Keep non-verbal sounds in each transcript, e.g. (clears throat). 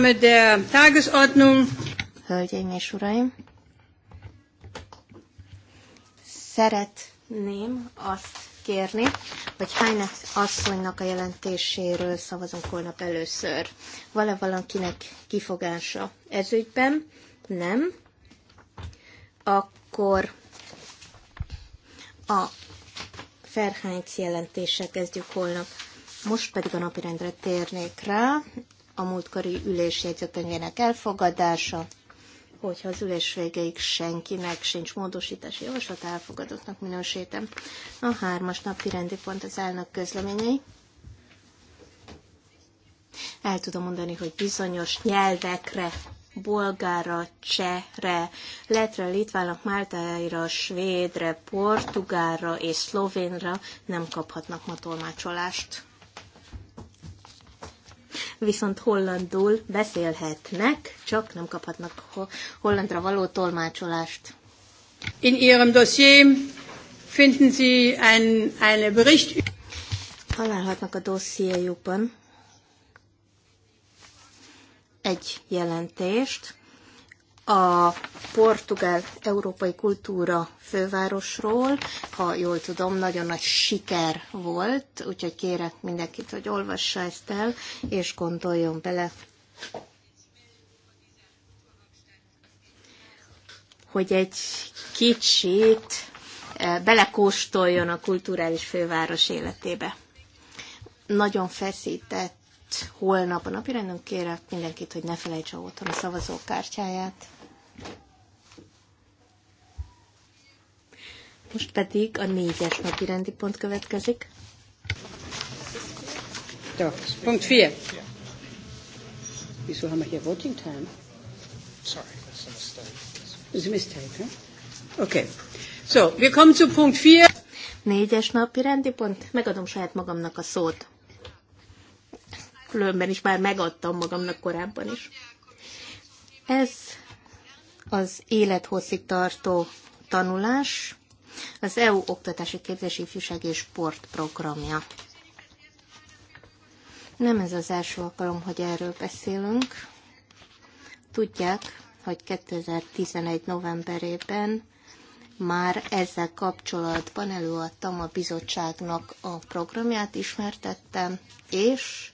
der Tagesordnung. Hölgyeim és uraim, szeretném azt kérni, hogy Heinek asszonynak a jelentéséről szavazunk holnap először. Vala valakinek kifogása ez ügyben? Nem. Akkor a Ferhányc jelentéssel kezdjük holnap. Most pedig a napirendre térnék rá, a múltkori ülés elfogadása, hogyha az ülés végéig senkinek sincs módosítási javaslat, elfogadottnak minősítem. A hármas napi rendi pont az elnök közleményei. El tudom mondani, hogy bizonyos nyelvekre bolgára, csehre, letre, litvának, máltáira, svédre, portugálra és szlovénra nem kaphatnak ma tolmácsolást viszont hollandul beszélhetnek, csak nem kaphatnak hollandra való tolmácsolást. In Ihrem Dossier finden Sie ein, eine Bericht. Találhatnak a dossziéjukban egy jelentést a portugál európai kultúra fővárosról. Ha jól tudom, nagyon nagy siker volt, úgyhogy kérek mindenkit, hogy olvassa ezt el, és gondoljon bele, hogy egy kicsit eh, belekóstoljon a kulturális főváros életébe. Nagyon feszített holnap a rendünk, Kérek mindenkit, hogy ne felejtse otthon a szavazókártyáját. Most pedig a négyes napi rendi pont következik. pont 4. Viszont haben wir hier voting time? Sorry, that's a mistake. It's a mistake, huh? Okay. So, we come to point 4. Négyes napi rendi pont. Megadom saját magamnak a szót különben is már megadtam magamnak korábban is. Ez az élethosszig tartó tanulás, az EU Oktatási Képzési Ifjúság és Sport programja. Nem ez az első alkalom, hogy erről beszélünk. Tudják, hogy 2011. novemberében már ezzel kapcsolatban előadtam a bizottságnak a programját, ismertettem, és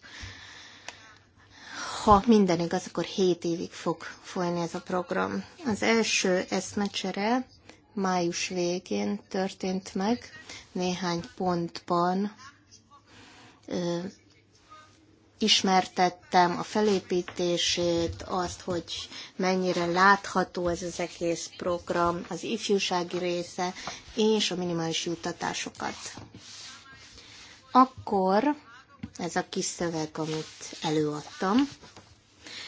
ha minden igaz, akkor 7 évig fog folyni ez a program. Az első eszmecsere május végén történt meg, néhány pontban ö, ismertettem a felépítését, azt, hogy mennyire látható ez az egész program, az ifjúsági része és a minimális juttatásokat. Akkor ez a kis szöveg, amit előadtam.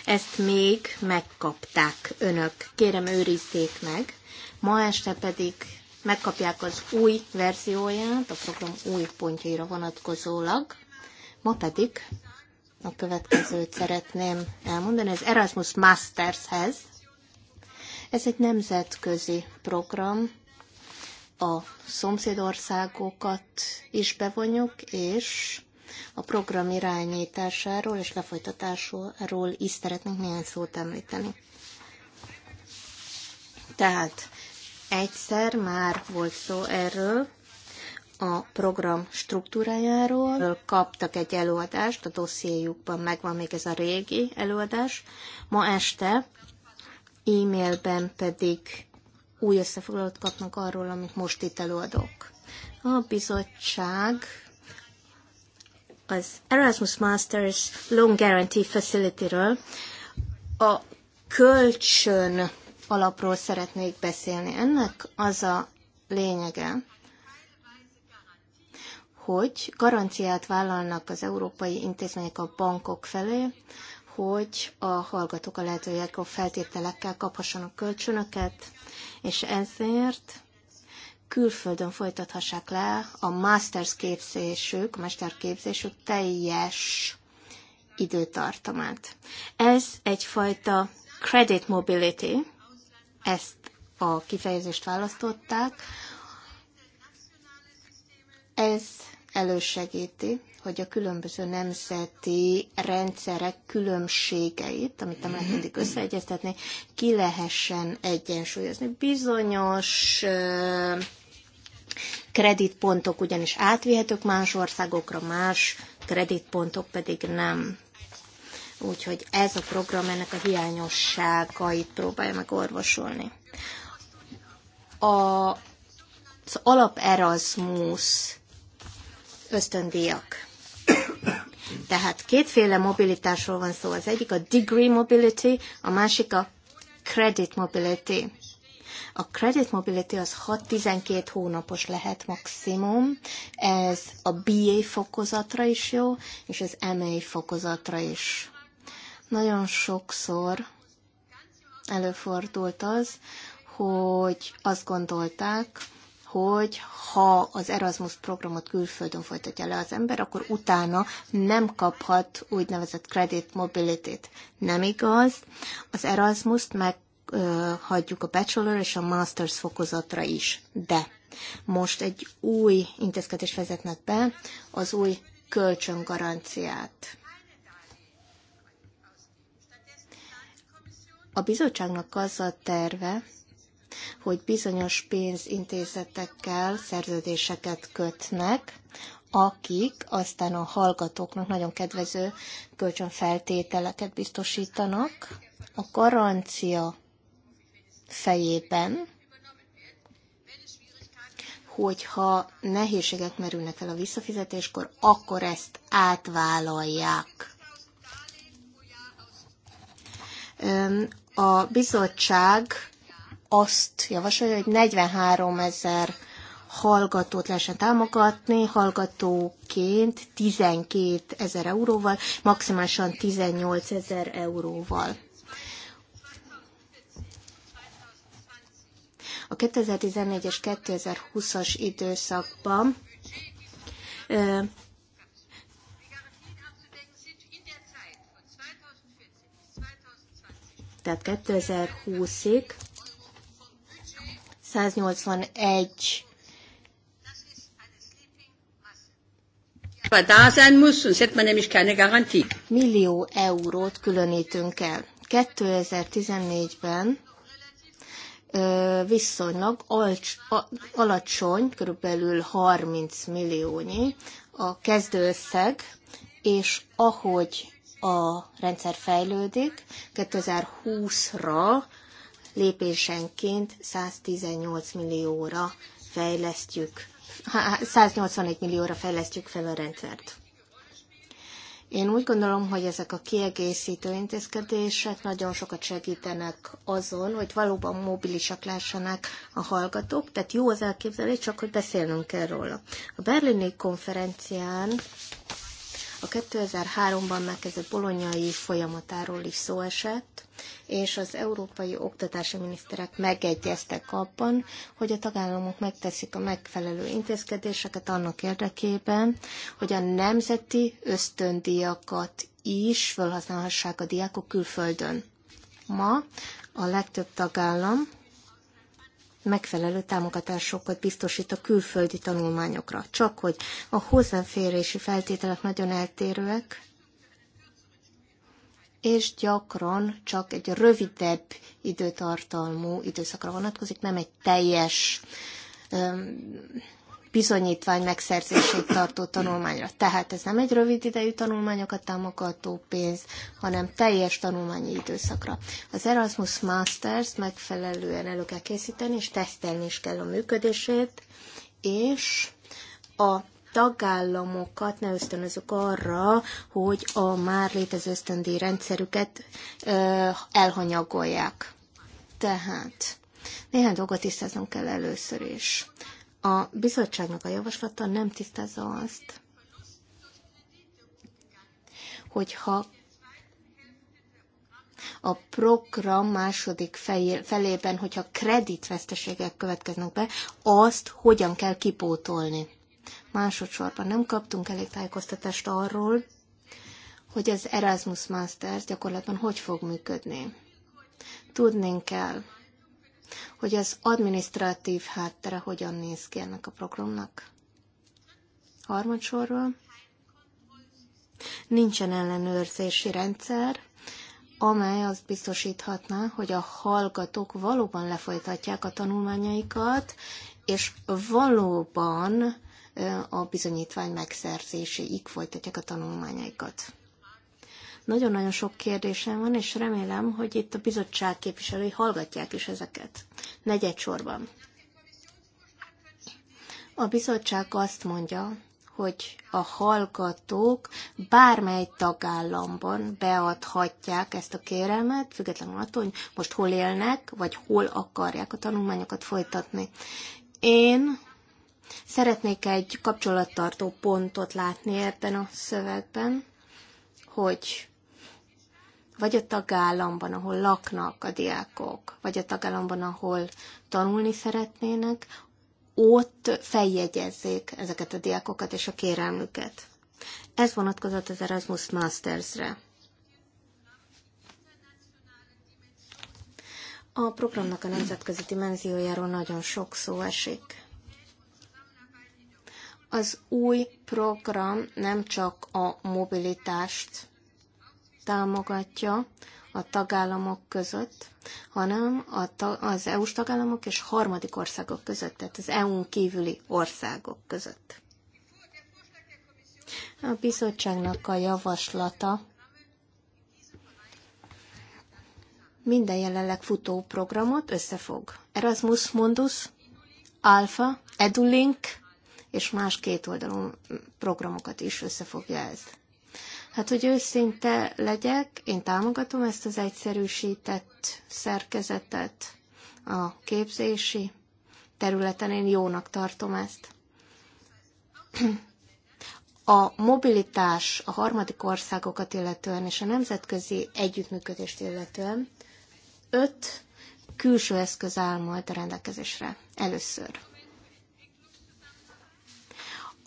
Ezt még megkapták önök. Kérem, őrizték meg. Ma este pedig megkapják az új verzióját, a program új pontjaira vonatkozólag. Ma pedig a következőt szeretném elmondani, az Erasmus Mastershez. Ez egy nemzetközi program, a szomszédországokat is bevonjuk, és a program irányításáról és lefolytatásáról is szeretnék néhány szót említeni. Tehát egyszer már volt szó erről, a program struktúrájáról. Kaptak egy előadást, a dossziéjukban megvan még ez a régi előadás. Ma este e-mailben pedig új összefoglalót kapnak arról, amit most itt előadok. A bizottság az Erasmus Masters Loan Guarantee Facility-ről, a kölcsön alapról szeretnék beszélni. Ennek az a lényege, hogy garanciát vállalnak az európai intézmények a bankok felé, hogy a hallgatók a lehető a feltételekkel kaphassanak kölcsönöket, és ezért külföldön folytathassák le a masters képzésük, mesterképzésük teljes időtartamát. Ez egyfajta credit mobility, ezt a kifejezést választották. Ez elősegíti, hogy a különböző nemzeti rendszerek különbségeit, amit nem lehet eddig összeegyeztetni, ki lehessen egyensúlyozni. Bizonyos kreditpontok ugyanis átvihetők más országokra, más kreditpontok pedig nem. Úgyhogy ez a program ennek a hiányosságait próbálja meg orvosolni. A, az alap Erasmus ösztöndíjak. Tehát kétféle mobilitásról van szó. Az egyik a degree mobility, a másik a credit mobility. A credit mobility az 6-12 hónapos lehet maximum, ez a BA fokozatra is jó, és az MA fokozatra is. Nagyon sokszor előfordult az, hogy azt gondolták, hogy ha az Erasmus programot külföldön folytatja le az ember, akkor utána nem kaphat úgynevezett credit mobility -t. Nem igaz. Az Erasmus-t meg hagyjuk a bachelor és a master's fokozatra is. De most egy új intézkedés vezetnek be, az új kölcsöngaranciát. A bizottságnak az a terve, hogy bizonyos pénzintézetekkel szerződéseket kötnek, akik aztán a hallgatóknak nagyon kedvező kölcsönfeltételeket biztosítanak. A garancia fejében, hogyha nehézségek merülnek fel a visszafizetéskor, akkor ezt átvállalják. A bizottság azt javasolja, hogy 43 ezer hallgatót lehessen támogatni, hallgatóként 12 ezer euróval, maximálisan 18 ezer euróval. A 2014-es 2020-as időszakban tehát 2020-ig 181 da sein muss, man keine Garantie. Millió eurót különítünk el. 2014-ben viszonylag alcs, alacsony, körülbelül 30 milliónyi a kezdőösszeg, és ahogy a rendszer fejlődik, 2020-ra lépésenként 118 millióra fejlesztjük, 181 millióra fejlesztjük fel a rendszert. Én úgy gondolom, hogy ezek a kiegészítő intézkedések nagyon sokat segítenek azon, hogy valóban mobilisak lássanak a hallgatók, tehát jó az elképzelés, csak hogy beszélnünk kell róla. A berlini konferencián a 2003-ban megkezdett bolonyai folyamatáról is szó esett, és az európai oktatási miniszterek megegyeztek abban, hogy a tagállamok megteszik a megfelelő intézkedéseket annak érdekében, hogy a nemzeti ösztöndíjakat is felhasználhassák a diákok külföldön. Ma a legtöbb tagállam megfelelő támogatásokat biztosít a külföldi tanulmányokra. Csak hogy a hozzáférési feltételek nagyon eltérőek, és gyakran csak egy rövidebb időtartalmú időszakra vonatkozik, nem egy teljes bizonyítvány megszerzését tartó tanulmányra. Tehát ez nem egy rövid idejű tanulmányokat támogató pénz, hanem teljes tanulmányi időszakra. Az Erasmus Masters megfelelően elő kell készíteni, és tesztelni is kell a működését, és a tagállamokat ne ösztönözök arra, hogy a már létező ösztöndi rendszerüket ö, elhanyagolják. Tehát néhány dolgot tisztáznom kell először is. A bizottságnak a javaslata nem tisztázza azt, hogyha a program második felében, hogyha kreditveszteségek következnek be, azt hogyan kell kipótolni. Másodszorban nem kaptunk elég tájékoztatást arról, hogy az Erasmus Masters gyakorlatban hogy fog működni. Tudnunk kell, hogy az administratív háttere hogyan néz ki ennek a programnak. Harmadsorról nincsen ellenőrzési rendszer, amely azt biztosíthatná, hogy a hallgatók valóban lefolytatják a tanulmányaikat, és valóban a bizonyítvány megszerzéséig folytatják a tanulmányaikat. Nagyon-nagyon sok kérdésem van, és remélem, hogy itt a bizottság képviselői hallgatják is ezeket. Negyed sorban. A bizottság azt mondja, hogy a hallgatók bármely tagállamban beadhatják ezt a kérelmet, függetlenül attól, hogy most hol élnek, vagy hol akarják a tanulmányokat folytatni. Én szeretnék egy kapcsolattartó pontot látni ebben a szövegben, hogy vagy a tagállamban, ahol laknak a diákok, vagy a tagállamban, ahol tanulni szeretnének, ott feljegyezzék ezeket a diákokat és a kérelmüket. Ez vonatkozott az Erasmus Masters-re. A programnak a nemzetközi dimenziójáról nagyon sok szó esik. Az új program nem csak a mobilitást támogatja a tagállamok között, hanem a ta, az EU-s tagállamok és harmadik országok között, tehát az EU-n kívüli országok között. A bizottságnak a javaslata minden jelenleg futó programot összefog. Erasmus Mundus, Alpha, EduLink és más kétoldalú programokat is összefogja ezt. Hát, hogy őszinte legyek, én támogatom ezt az egyszerűsített szerkezetet a képzési területen, én jónak tartom ezt. A mobilitás a harmadik országokat illetően és a nemzetközi együttműködést illetően öt külső eszköz áll majd a rendelkezésre először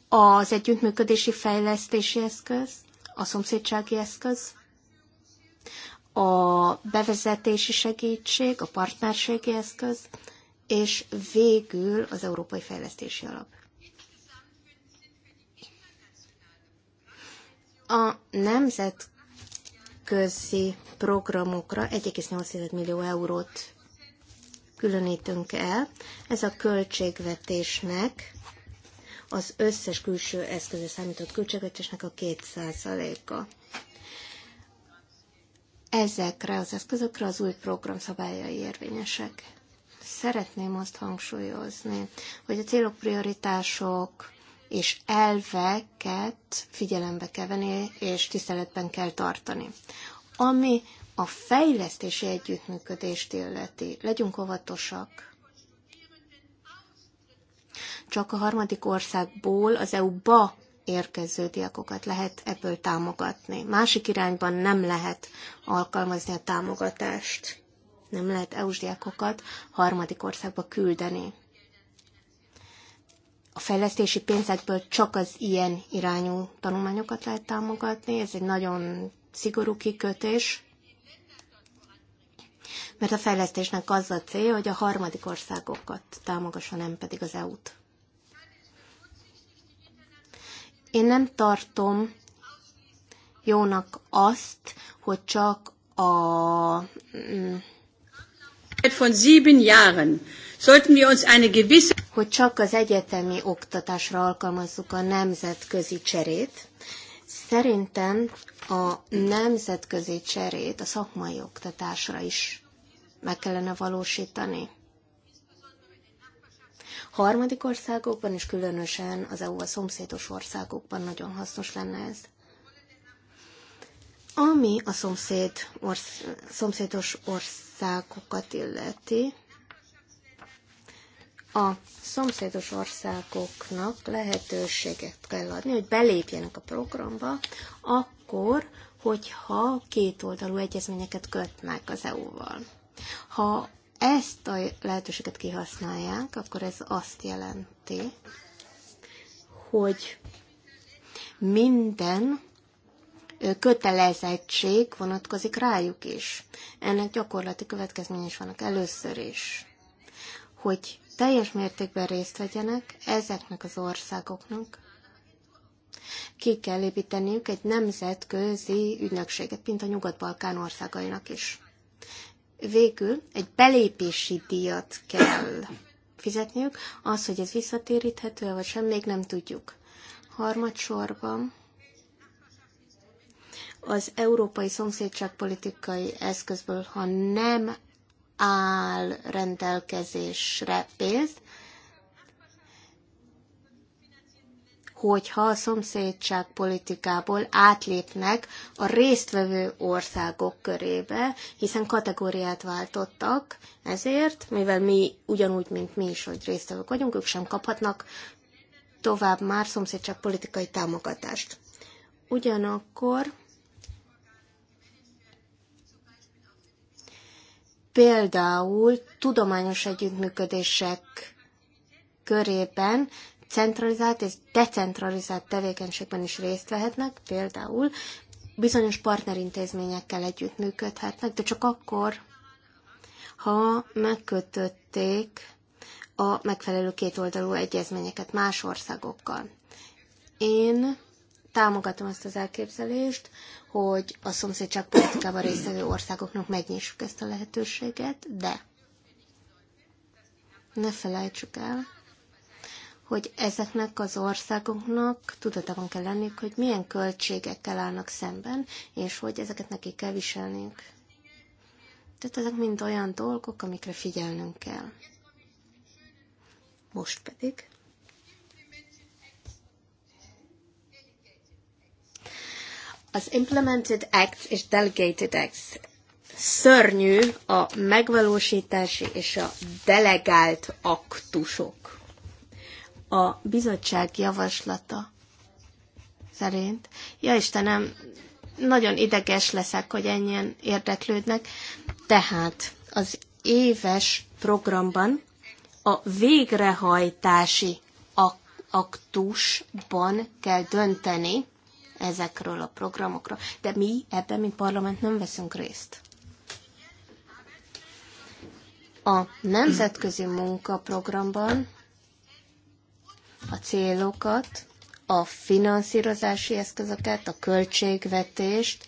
az együttműködési fejlesztési eszköz, a szomszédsági eszköz, a bevezetési segítség, a partnerségi eszköz, és végül az Európai Fejlesztési Alap. A nemzetközi programokra 1,8 millió eurót különítünk el. Ez a költségvetésnek az összes külső eszközre számított költségvetésnek a 2%-a. Ezekre az eszközökre az új program szabályai érvényesek. Szeretném azt hangsúlyozni, hogy a célok, prioritások és elveket figyelembe kell venni és tiszteletben kell tartani. Ami a fejlesztési együttműködést illeti, legyünk óvatosak, csak a harmadik országból az EU-ba érkező diákokat lehet ebből támogatni. Másik irányban nem lehet alkalmazni a támogatást. Nem lehet EU-s diákokat harmadik országba küldeni. A fejlesztési pénzekből csak az ilyen irányú tanulmányokat lehet támogatni. Ez egy nagyon szigorú kikötés, mert a fejlesztésnek az a cél, hogy a harmadik országokat támogassa, nem pedig az EU-t. Én nem tartom jónak azt, hogy csak a... Mm, Von sieben Jahren sollten wir uns eine gewisse... Hogy csak az egyetemi oktatásra alkalmazzuk a nemzetközi cserét. Szerintem a nemzetközi cserét a szakmai oktatásra is meg kellene valósítani harmadik országokban, és különösen az EU-val szomszédos országokban nagyon hasznos lenne ez. Ami a szomszéd orsz- szomszédos országokat illeti, a szomszédos országoknak lehetőséget kell adni, hogy belépjenek a programba, akkor, hogyha kétoldalú egyezményeket kötnek az EU-val. Ha ezt a lehetőséget kihasználják, akkor ez azt jelenti, hogy minden kötelezettség vonatkozik rájuk is. Ennek gyakorlati következménye is vannak először is, hogy teljes mértékben részt vegyenek ezeknek az országoknak. Ki kell építeniük egy nemzetközi ügynökséget, mint a Nyugat-Balkán országainak is végül egy belépési díjat kell fizetniük. Az, hogy ez visszatéríthető, vagy sem, még nem tudjuk. Harmadsorban az európai szomszédságpolitikai eszközből, ha nem áll rendelkezésre pénzt, hogyha a politikából átlépnek a résztvevő országok körébe, hiszen kategóriát váltottak, ezért, mivel mi ugyanúgy, mint mi is, hogy résztvevők vagyunk, ők sem kaphatnak tovább már politikai támogatást. Ugyanakkor például tudományos együttműködések körében centralizált és decentralizált tevékenységben is részt vehetnek, például bizonyos partnerintézményekkel együtt működhetnek, de csak akkor, ha megkötötték a megfelelő kétoldalú egyezményeket más országokkal. Én támogatom azt az elképzelést, hogy a szomszédság politikában résztvevő országoknak megnyissuk ezt a lehetőséget, de ne felejtsük el, hogy ezeknek az országoknak tudatában kell lenniük, hogy milyen költségekkel állnak szemben, és hogy ezeket neki kell viselniük. Tehát ezek mind olyan dolgok, amikre figyelnünk kell. Most pedig. Az Implemented Acts és Delegated Acts szörnyű a megvalósítási és a delegált aktusok a bizottság javaslata szerint. Ja Istenem, nagyon ideges leszek, hogy ennyien érdeklődnek. Tehát az éves programban a végrehajtási aktusban kell dönteni ezekről a programokról. De mi ebben, mint parlament nem veszünk részt. A nemzetközi munkaprogramban a célokat, a finanszírozási eszközöket, a költségvetést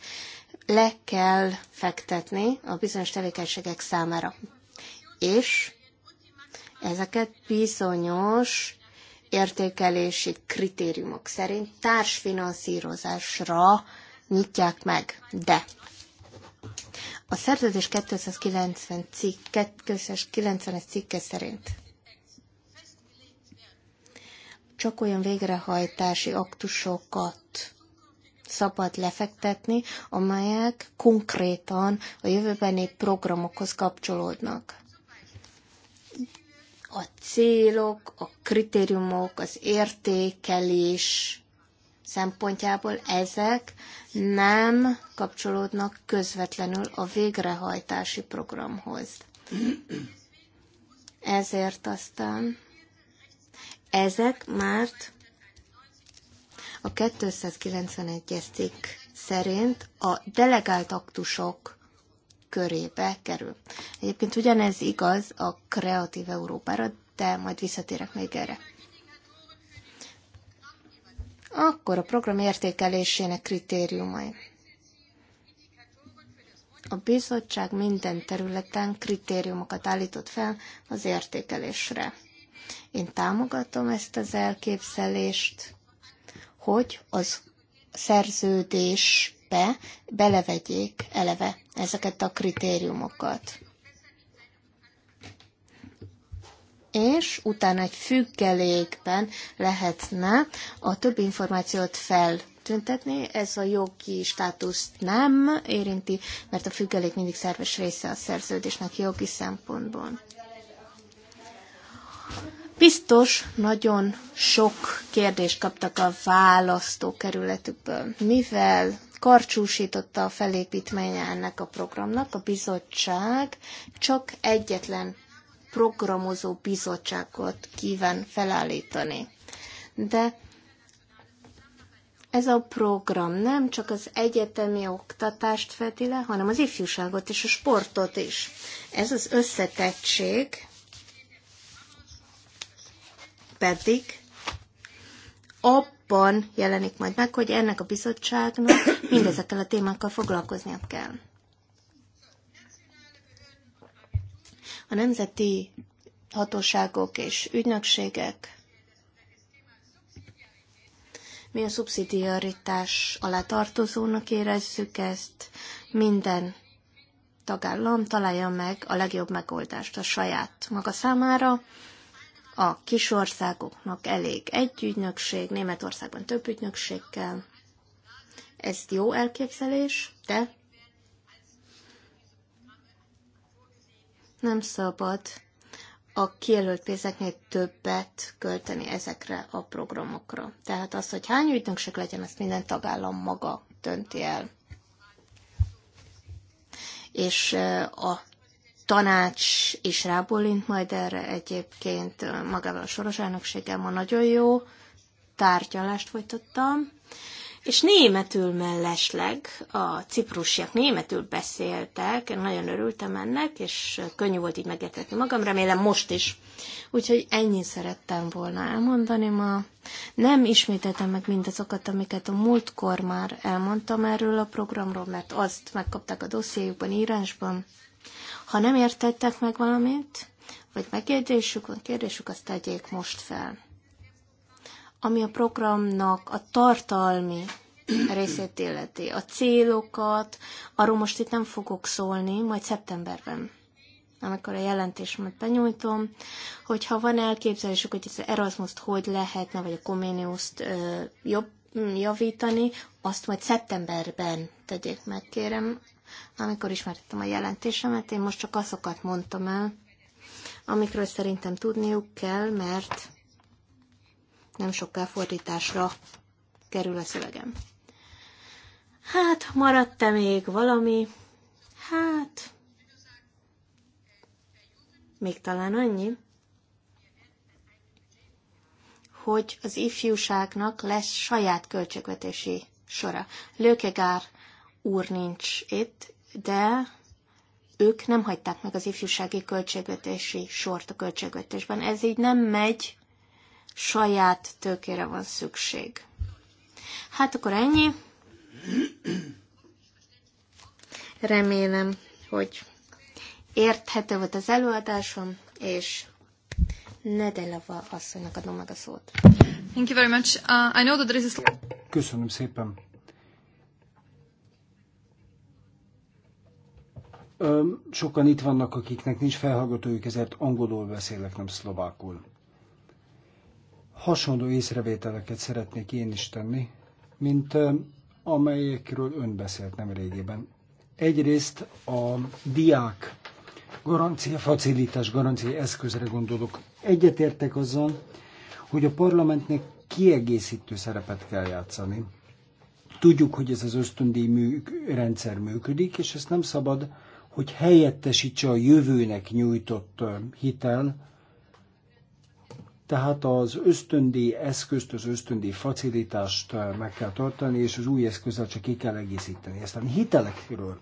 le kell fektetni a bizonyos tevékenységek számára. És ezeket bizonyos értékelési kritériumok szerint társfinanszírozásra nyitják meg. De a szerződés 290 cikk, 290 cikke szerint csak olyan végrehajtási aktusokat szabad lefektetni, amelyek konkrétan a jövőbeni programokhoz kapcsolódnak. A célok, a kritériumok, az értékelés szempontjából ezek nem kapcsolódnak közvetlenül a végrehajtási programhoz. Ezért aztán ezek már a 291-es cikk szerint a delegált aktusok körébe kerül. Egyébként ugyanez igaz a Kreatív Európára, de majd visszatérek még erre. Akkor a program értékelésének kritériumai. A bizottság minden területen kritériumokat állított fel az értékelésre. Én támogatom ezt az elképzelést, hogy az szerződésbe belevegyék eleve ezeket a kritériumokat. és utána egy függelékben lehetne a több információt feltüntetni. Ez a jogi státuszt nem érinti, mert a függelék mindig szerves része a szerződésnek jogi szempontból. Biztos nagyon sok kérdést kaptak a választókerületükből, mivel karcsúsította a felépítménye ennek a programnak, a bizottság csak egyetlen programozó bizottságot kíván felállítani. De ez a program nem csak az egyetemi oktatást fedi le, hanem az ifjúságot és a sportot is. Ez az összetettség pedig abban jelenik majd meg, hogy ennek a bizottságnak (clears throat) mindezekkel a témákkal foglalkoznia kell. A nemzeti hatóságok és ügynökségek mi a szubszidiaritás alá tartozónak érezzük ezt, minden tagállam találja meg a legjobb megoldást a saját maga számára, a kis országoknak elég egy ügynökség, Németországban több ügynökség kell. Ez jó elképzelés, de nem szabad a kijelölt pénzeknél többet költeni ezekre a programokra. Tehát az, hogy hány ügynökség legyen, ezt minden tagállam maga dönti el. És eh, a tanács is rábólint majd erre egyébként magával a soros elnökséggel ma nagyon jó tárgyalást folytattam, és németül mellesleg a ciprusiak németül beszéltek, én nagyon örültem ennek, és könnyű volt így megértetni magam, remélem most is. Úgyhogy ennyi szerettem volna elmondani ma. Nem ismételtem meg mindazokat, amiket a múltkor már elmondtam erről a programról, mert azt megkapták a dossziéjukban, írásban. Ha nem értettek meg valamit, vagy megjegyzésük van, kérdésük, azt tegyék most fel. Ami a programnak a tartalmi (clears throat) részét illeti, a célokat, arról most itt nem fogok szólni, majd szeptemberben amikor a jelentésemet benyújtom, hogyha van elképzelésük, hogy az erasmus hogy lehetne, vagy a Comenius-t jobb javítani, azt majd szeptemberben tegyék meg, kérem amikor ismertettem a jelentésemet, én most csak azokat mondtam el, amikről szerintem tudniuk kell, mert nem sokkal fordításra kerül a szövegem. Hát, maradt-e még valami? Hát, még talán annyi, hogy az ifjúságnak lesz saját költségvetési sora. Lökegár úr nincs itt, de ők nem hagyták meg az ifjúsági költségvetési sort a költségvetésben. Ez így nem megy, saját tőkére van szükség. Hát akkor ennyi. Remélem, hogy érthető volt az előadásom, és Nedelava asszonynak adom meg a szót. Thank you very much. Uh, I know that there is a... Köszönöm szépen. Sokan itt vannak, akiknek nincs felhallgatójuk, ezért angolul beszélek, nem szlovákul. Hasonló észrevételeket szeretnék én is tenni, mint amelyekről ön beszélt nem régében. Egyrészt a diák garancia, facilitás, garancia eszközre gondolok. Egyetértek azzal, hogy a parlamentnek kiegészítő szerepet kell játszani. Tudjuk, hogy ez az ösztöndíj mű, rendszer működik, és ezt nem szabad hogy helyettesítse a jövőnek nyújtott hitel, tehát az ösztöndi eszközt, az ösztöndi facilitást meg kell tartani, és az új eszközzel csak ki kell egészíteni. Aztán hitelekről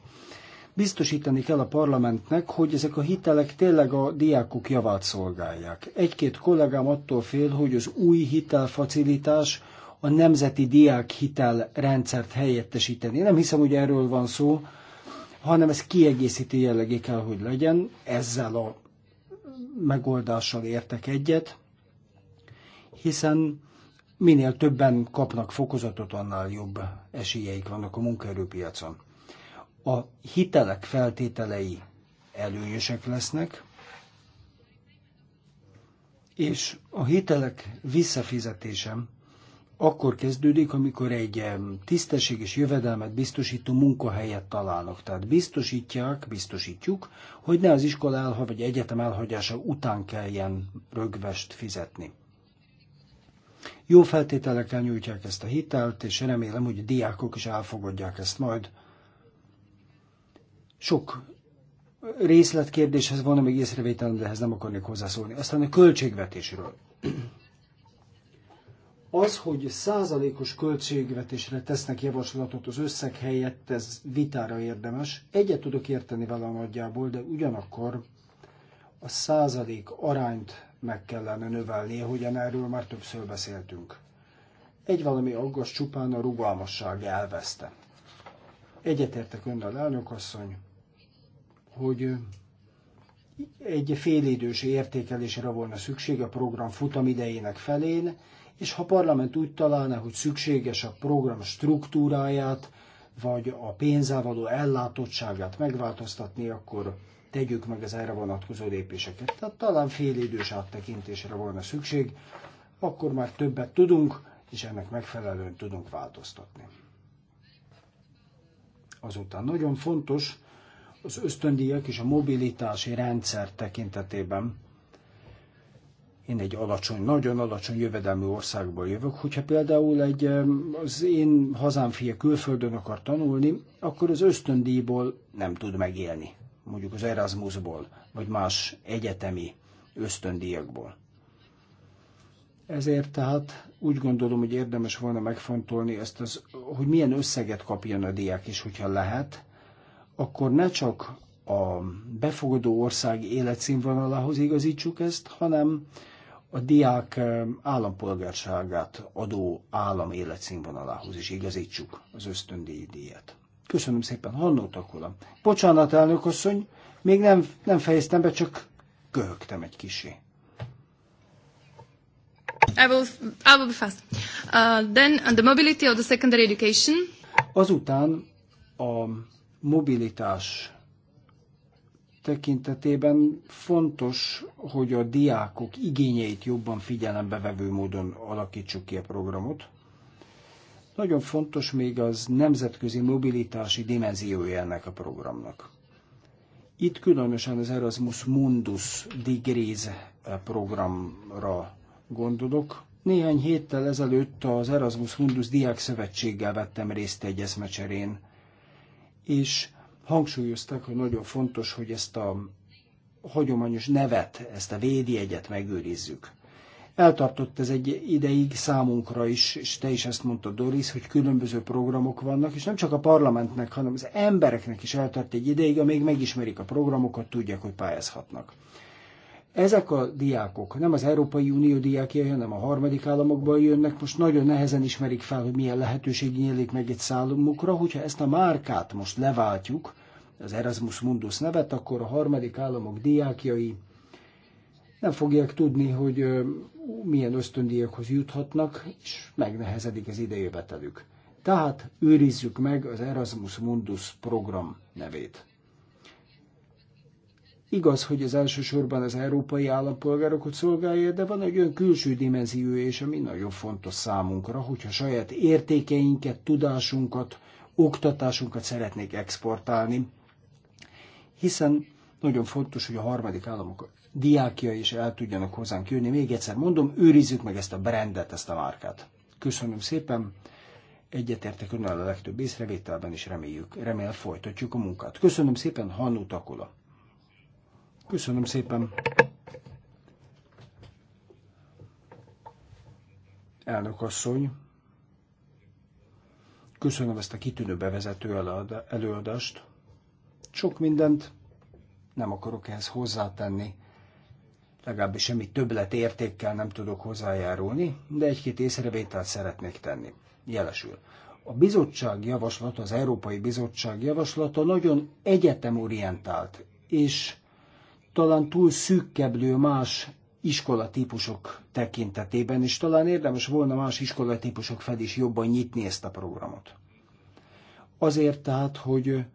biztosítani kell a parlamentnek, hogy ezek a hitelek tényleg a diákok javát szolgálják. Egy-két kollégám attól fél, hogy az új hitelfacilitás a nemzeti diákhitel rendszert helyettesíteni. Nem hiszem, hogy erről van szó, hanem ez kiegészíti jellegé kell, hogy legyen. Ezzel a megoldással értek egyet, hiszen minél többen kapnak fokozatot, annál jobb esélyeik vannak a munkaerőpiacon. A hitelek feltételei előnyösek lesznek, és a hitelek visszafizetése akkor kezdődik, amikor egy tisztességes jövedelmet biztosító munkahelyet találnak. Tehát biztosítják, biztosítjuk, hogy ne az iskola elha vagy egyetem elhagyása után kelljen rögvest fizetni. Jó feltételekkel nyújtják ezt a hitelt, és remélem, hogy a diákok is elfogadják ezt majd. Sok részletkérdéshez van, még észrevételem, de ehhez nem akarnék hozzászólni. Aztán a költségvetésről az, hogy százalékos költségvetésre tesznek javaslatot az összeg helyett, ez vitára érdemes. Egyet tudok érteni vele nagyjából, de ugyanakkor a százalék arányt meg kellene növelni, ahogyan erről már többször beszéltünk. Egy valami aggas csupán a rugalmasság elveszte. Egyetértek önnel, elnökasszony, hogy egy félidős értékelésre volna szükség a program futamidejének felén, és ha a parlament úgy találná, hogy szükséges a program struktúráját, vagy a pénzzel való ellátottságát megváltoztatni, akkor tegyük meg az erre vonatkozó lépéseket. Tehát talán félidős áttekintésre volna szükség, akkor már többet tudunk, és ennek megfelelően tudunk változtatni. Azután nagyon fontos az ösztöndíjak és a mobilitási rendszer tekintetében, én egy alacsony, nagyon alacsony jövedelmű országból jövök, hogyha például egy, az én hazám fia külföldön akar tanulni, akkor az ösztöndíjból nem tud megélni, mondjuk az Erasmusból, vagy más egyetemi ösztöndíjakból. Ezért tehát úgy gondolom, hogy érdemes volna megfontolni ezt, az, hogy milyen összeget kapjon a diák, is, hogyha lehet, akkor ne csak a befogadó ország életszínvonalához igazítsuk ezt, hanem a diák eh, állampolgárságát adó állam életszínvonalához is igazítsuk az díjat. Köszönöm szépen, hallottak uram. Bocsánat, elnök asszony, még nem, nem fejeztem be, csak köhögtem egy kisé. I will, I will be fast. Uh, then uh, the mobility of the secondary education. Azután a mobilitás tekintetében fontos, hogy a diákok igényeit jobban figyelembe vevő módon alakítsuk ki a programot. Nagyon fontos még az nemzetközi mobilitási dimenziója ennek a programnak. Itt különösen az Erasmus Mundus Degrees programra gondolok. Néhány héttel ezelőtt az Erasmus Mundus Diák Szövetséggel vettem részt egy eszmecserén, és hangsúlyozták, hogy nagyon fontos, hogy ezt a hagyományos nevet, ezt a védjegyet megőrizzük. Eltartott ez egy ideig számunkra is, és te is ezt mondta Doris, hogy különböző programok vannak, és nem csak a parlamentnek, hanem az embereknek is eltart egy ideig, amíg megismerik a programokat, tudják, hogy pályázhatnak. Ezek a diákok nem az Európai Unió diákjai, hanem a harmadik államokból jönnek, most nagyon nehezen ismerik fel, hogy milyen lehetőség nyílik meg egy szállomukra, hogyha ezt a márkát most leváltjuk, az Erasmus Mundus nevet, akkor a harmadik államok diákjai nem fogják tudni, hogy milyen ösztöndíjakhoz juthatnak, és megnehezedik az idejövetelük. Tehát őrizzük meg az Erasmus Mundus program nevét. Igaz, hogy ez elsősorban az európai állampolgárokat szolgálja, de van egy olyan külső dimenziója is, ami nagyon fontos számunkra, hogyha saját értékeinket, tudásunkat, oktatásunkat szeretnék exportálni. Hiszen nagyon fontos, hogy a harmadik államok diákja is el tudjanak hozzánk jönni. Még egyszer mondom, őrizzük meg ezt a brandet, ezt a márkát. Köszönöm szépen, egyetértek önnel a legtöbb észrevételben, és reméljük, remél folytatjuk a munkát. Köszönöm szépen, Hannu Takula. Köszönöm szépen. Elnök asszony, köszönöm ezt a kitűnő bevezető előadást. Sok mindent nem akarok ehhez hozzátenni, legalábbis semmi többlet értékkel nem tudok hozzájárulni, de egy-két észrevételt szeretnék tenni. Jelesül. A bizottság javaslata, az Európai Bizottság javaslata nagyon egyetemorientált, és talán túl szűkkeblő más iskolatípusok tekintetében, és talán érdemes volna más iskolatípusok fel is jobban nyitni ezt a programot. Azért tehát, hogy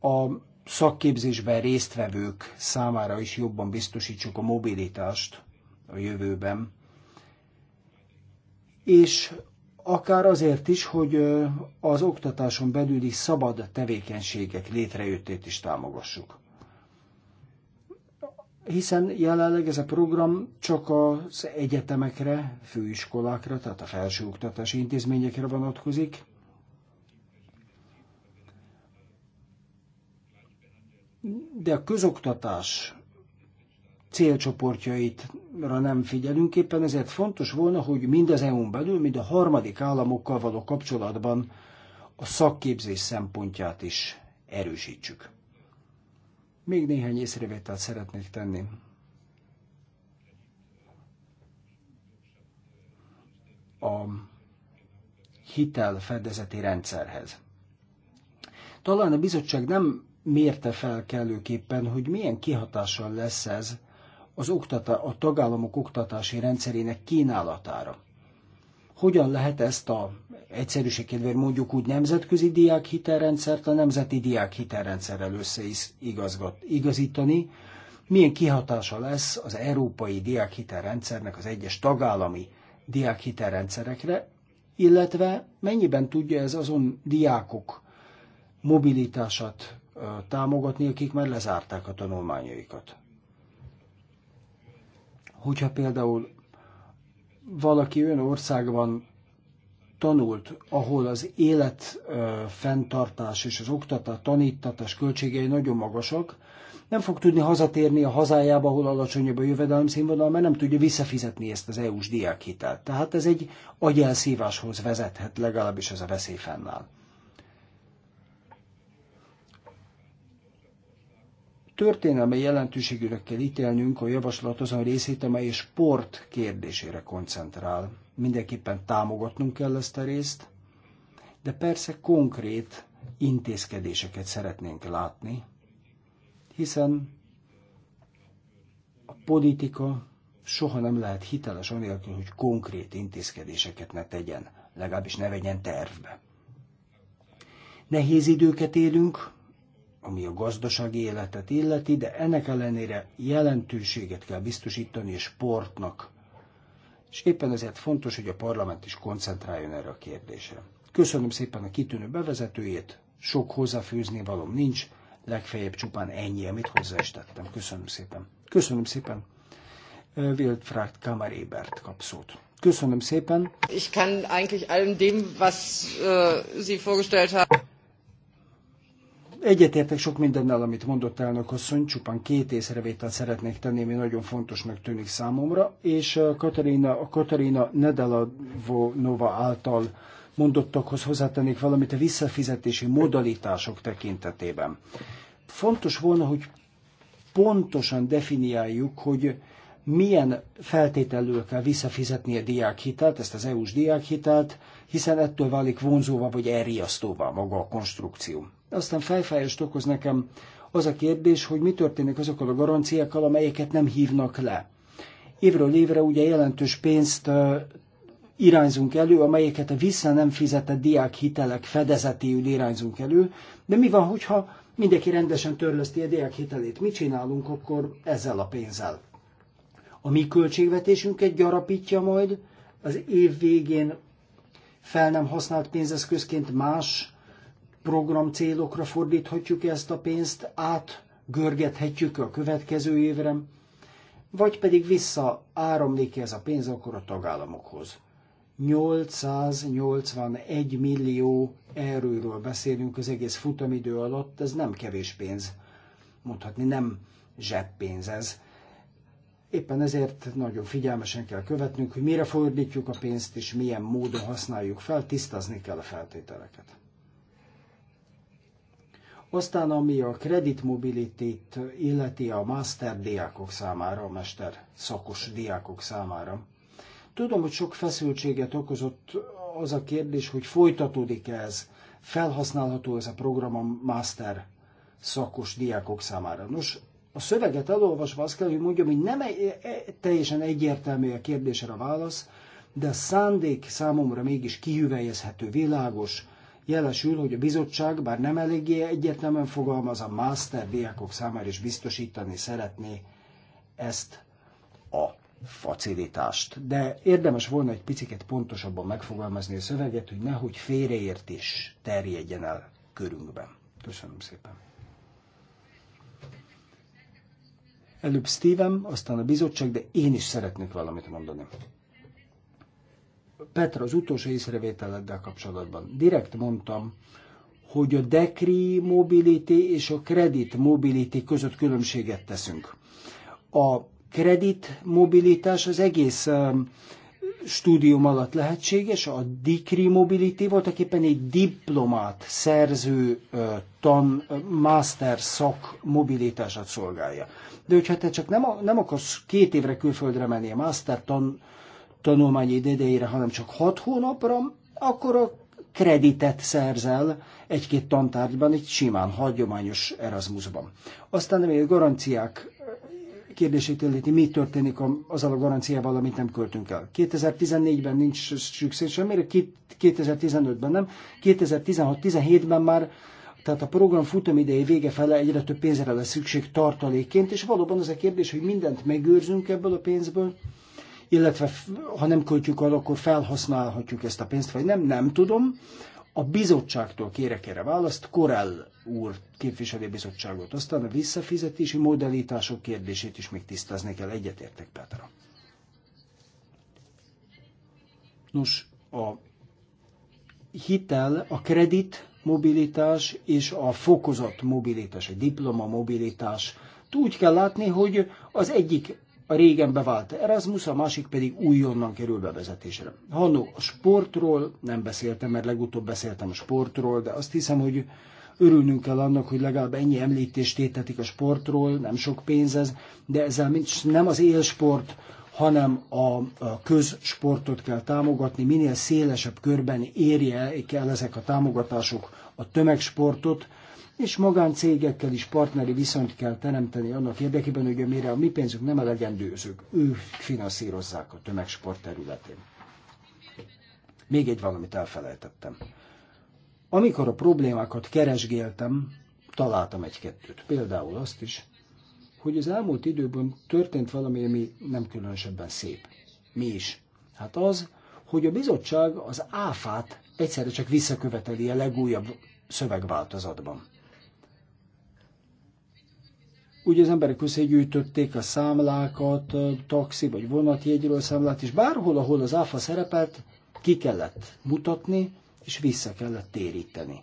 a szakképzésben résztvevők számára is jobban biztosítsuk a mobilitást a jövőben, és akár azért is, hogy az oktatáson belüli szabad tevékenységek létrejöttét is támogassuk hiszen jelenleg ez a program csak az egyetemekre, főiskolákra, tehát a felsőoktatási intézményekre vonatkozik. De a közoktatás célcsoportjaitra nem figyelünk, éppen ezért fontos volna, hogy mind az EU-n belül, mind a harmadik államokkal való kapcsolatban a szakképzés szempontját is erősítsük. Még néhány észrevételt szeretnék tenni. A hitel fedezeti rendszerhez. Talán a bizottság nem mérte fel kellőképpen, hogy milyen kihatással lesz ez az oktata, a tagállamok oktatási rendszerének kínálatára. Hogyan lehet ezt a egyszerűségkedvéért mondjuk úgy nemzetközi diákhitelrendszert a nemzeti diákhitelrendszerrel igazítani? Milyen kihatása lesz az európai diákhitelrendszernek az egyes tagállami diákhitelrendszerekre, illetve mennyiben tudja ez azon diákok mobilitását támogatni, akik már lezárták a tanulmányaikat. Hogyha például valaki olyan országban tanult, ahol az élet fenntartás és az oktatás, tanítatás költségei nagyon magasak, nem fog tudni hazatérni a hazájába, ahol alacsonyabb a jövedelem színvonal, mert nem tudja visszafizetni ezt az EU-s diákhitelt. Tehát ez egy agyelszíváshoz vezethet, legalábbis ez a veszély fennáll. történelmi jelentőségűre kell ítélnünk a javaslat azon részét, amely sport kérdésére koncentrál. Mindenképpen támogatnunk kell ezt a részt, de persze konkrét intézkedéseket szeretnénk látni, hiszen a politika soha nem lehet hiteles anélkül, hogy konkrét intézkedéseket ne tegyen, legalábbis ne vegyen tervbe. Nehéz időket élünk, ami a gazdasági életet illeti, de ennek ellenére jelentőséget kell biztosítani a sportnak. És éppen ezért fontos, hogy a parlament is koncentráljon erre a kérdésre. Köszönöm szépen a kitűnő bevezetőjét, sok hozzáfűzni valom nincs, legfeljebb csupán ennyi, amit hozzá is tettem. Köszönöm szépen. Köszönöm szépen. Wildfragt Kamar Ebert kap szót. Köszönöm szépen. Ich kann eigentlich allem dem, was uh, Sie vorgestellt haben. Egyetértek sok mindennel, amit mondott elnök asszony, csupán két észrevétel szeretnék tenni, ami nagyon fontosnak tűnik számomra, és uh, Katarina, a Katarina Nedelavonova által mondottakhoz hozzátennék valamit a visszafizetési modalitások tekintetében. Fontos volna, hogy pontosan definiáljuk, hogy milyen feltételül kell visszafizetni a diákhitelt, ezt az EU-s diákhitelt, hiszen ettől válik vonzóvá vagy elriasztóvá maga a konstrukció. Aztán fejfájást okoz nekem az a kérdés, hogy mi történik azokkal a garanciákkal, amelyeket nem hívnak le. Évről évre ugye jelentős pénzt irányzunk elő, amelyeket a vissza nem fizetett diák hitelek fedezetéül irányzunk elő, de mi van, hogyha mindenki rendesen törleszti a diák hitelét? Mit csinálunk akkor ezzel a pénzzel? A mi költségvetésünket gyarapítja majd, az év végén fel nem használt pénzeszközként más program célokra fordíthatjuk ezt a pénzt, át görgethetjük a következő évre, vagy pedig vissza áramlik ez a pénz akkor a tagállamokhoz. 881 millió erőről beszélünk az egész futamidő alatt, ez nem kevés pénz. Mondhatni nem zseppénz ez. Éppen ezért nagyon figyelmesen kell követnünk, hogy mire fordítjuk a pénzt és milyen módon használjuk fel, tisztázni kell a feltételeket. Aztán ami a Credit mobility illeti a master diákok számára, a mester szakos diákok számára. Tudom, hogy sok feszültséget okozott az a kérdés, hogy folytatódik -e ez, felhasználható ez a program a master szakos diákok számára. Nos, a szöveget elolvasva azt kell, hogy mondjam, hogy nem e, teljesen egyértelmű a kérdésre a válasz, de a szándék számomra mégis kihüvelyezhető, világos, jelesül, hogy a bizottság bár nem eléggé egyetlemen fogalmaz, a master diákok számára is biztosítani szeretné ezt a facilitást. De érdemes volna egy picit pontosabban megfogalmazni a szöveget, hogy nehogy félreértés terjedjen el körünkben. Köszönöm szépen. Előbb Steven, aztán a bizottság, de én is szeretnék valamit mondani. Petra, az utolsó észrevételeddel kapcsolatban. Direkt mondtam, hogy a Decree Mobility és a Credit Mobility között különbséget teszünk. A kredit mobilitás az egész um, stúdium alatt lehetséges, a Decree Mobility voltak éppen egy diplomát szerző uh, tan, uh, master szak mobilitását szolgálja. De hogyha te csak nem, nem akarsz két évre külföldre menni a master tan tanulmányi idejére, hanem csak hat hónapra, akkor a kreditet szerzel egy-két tantárgyban, egy simán hagyományos Erasmusban. Aztán ami a garanciák kérdését illeti, mi történik azzal a garanciával, amit nem költünk el. 2014-ben nincs szükség semmire, 2015-ben nem, 2016-17-ben már tehát a program futamideje vége fele egyre több pénzre lesz szükség tartalékként, és valóban az a kérdés, hogy mindent megőrzünk ebből a pénzből, illetve ha nem költjük el, akkor felhasználhatjuk ezt a pénzt, vagy nem, nem tudom. A bizottságtól kérek erre választ, Korell úr képviseli bizottságot. Aztán a visszafizetési modellítások kérdését is még tisztázni kell. Egyetértek Petra. Nos, a hitel, a kredit mobilitás és a fokozat mobilitás, a diploma mobilitás úgy kell látni, hogy az egyik a régen bevált Erasmus, a másik pedig újonnan kerül bevezetésre. Hannó, a sportról nem beszéltem, mert legutóbb beszéltem a sportról, de azt hiszem, hogy örülnünk kell annak, hogy legalább ennyi említést tétetik a sportról, nem sok pénz ez, de ezzel nem az élsport, hanem a, a közsportot kell támogatni, minél szélesebb körben érje el ezek a támogatások a tömegsportot, és magáncégekkel is partneri viszonyt kell teremteni annak érdekében, hogy mire a mi pénzünk nem elegendőzők, ők finanszírozzák a tömegsport területén. Még egy valamit elfelejtettem. Amikor a problémákat keresgéltem, találtam egy-kettőt. Például azt is, hogy az elmúlt időben történt valami, ami nem különösebben szép. Mi is? Hát az, hogy a bizottság az áfát egyszerre csak visszaköveteli a legújabb szövegváltozatban. Ugye az emberek összegyűjtötték a számlákat, a taxi vagy vonatjegyről számlát, és bárhol, ahol az áfa szerepelt, ki kellett mutatni, és vissza kellett téríteni.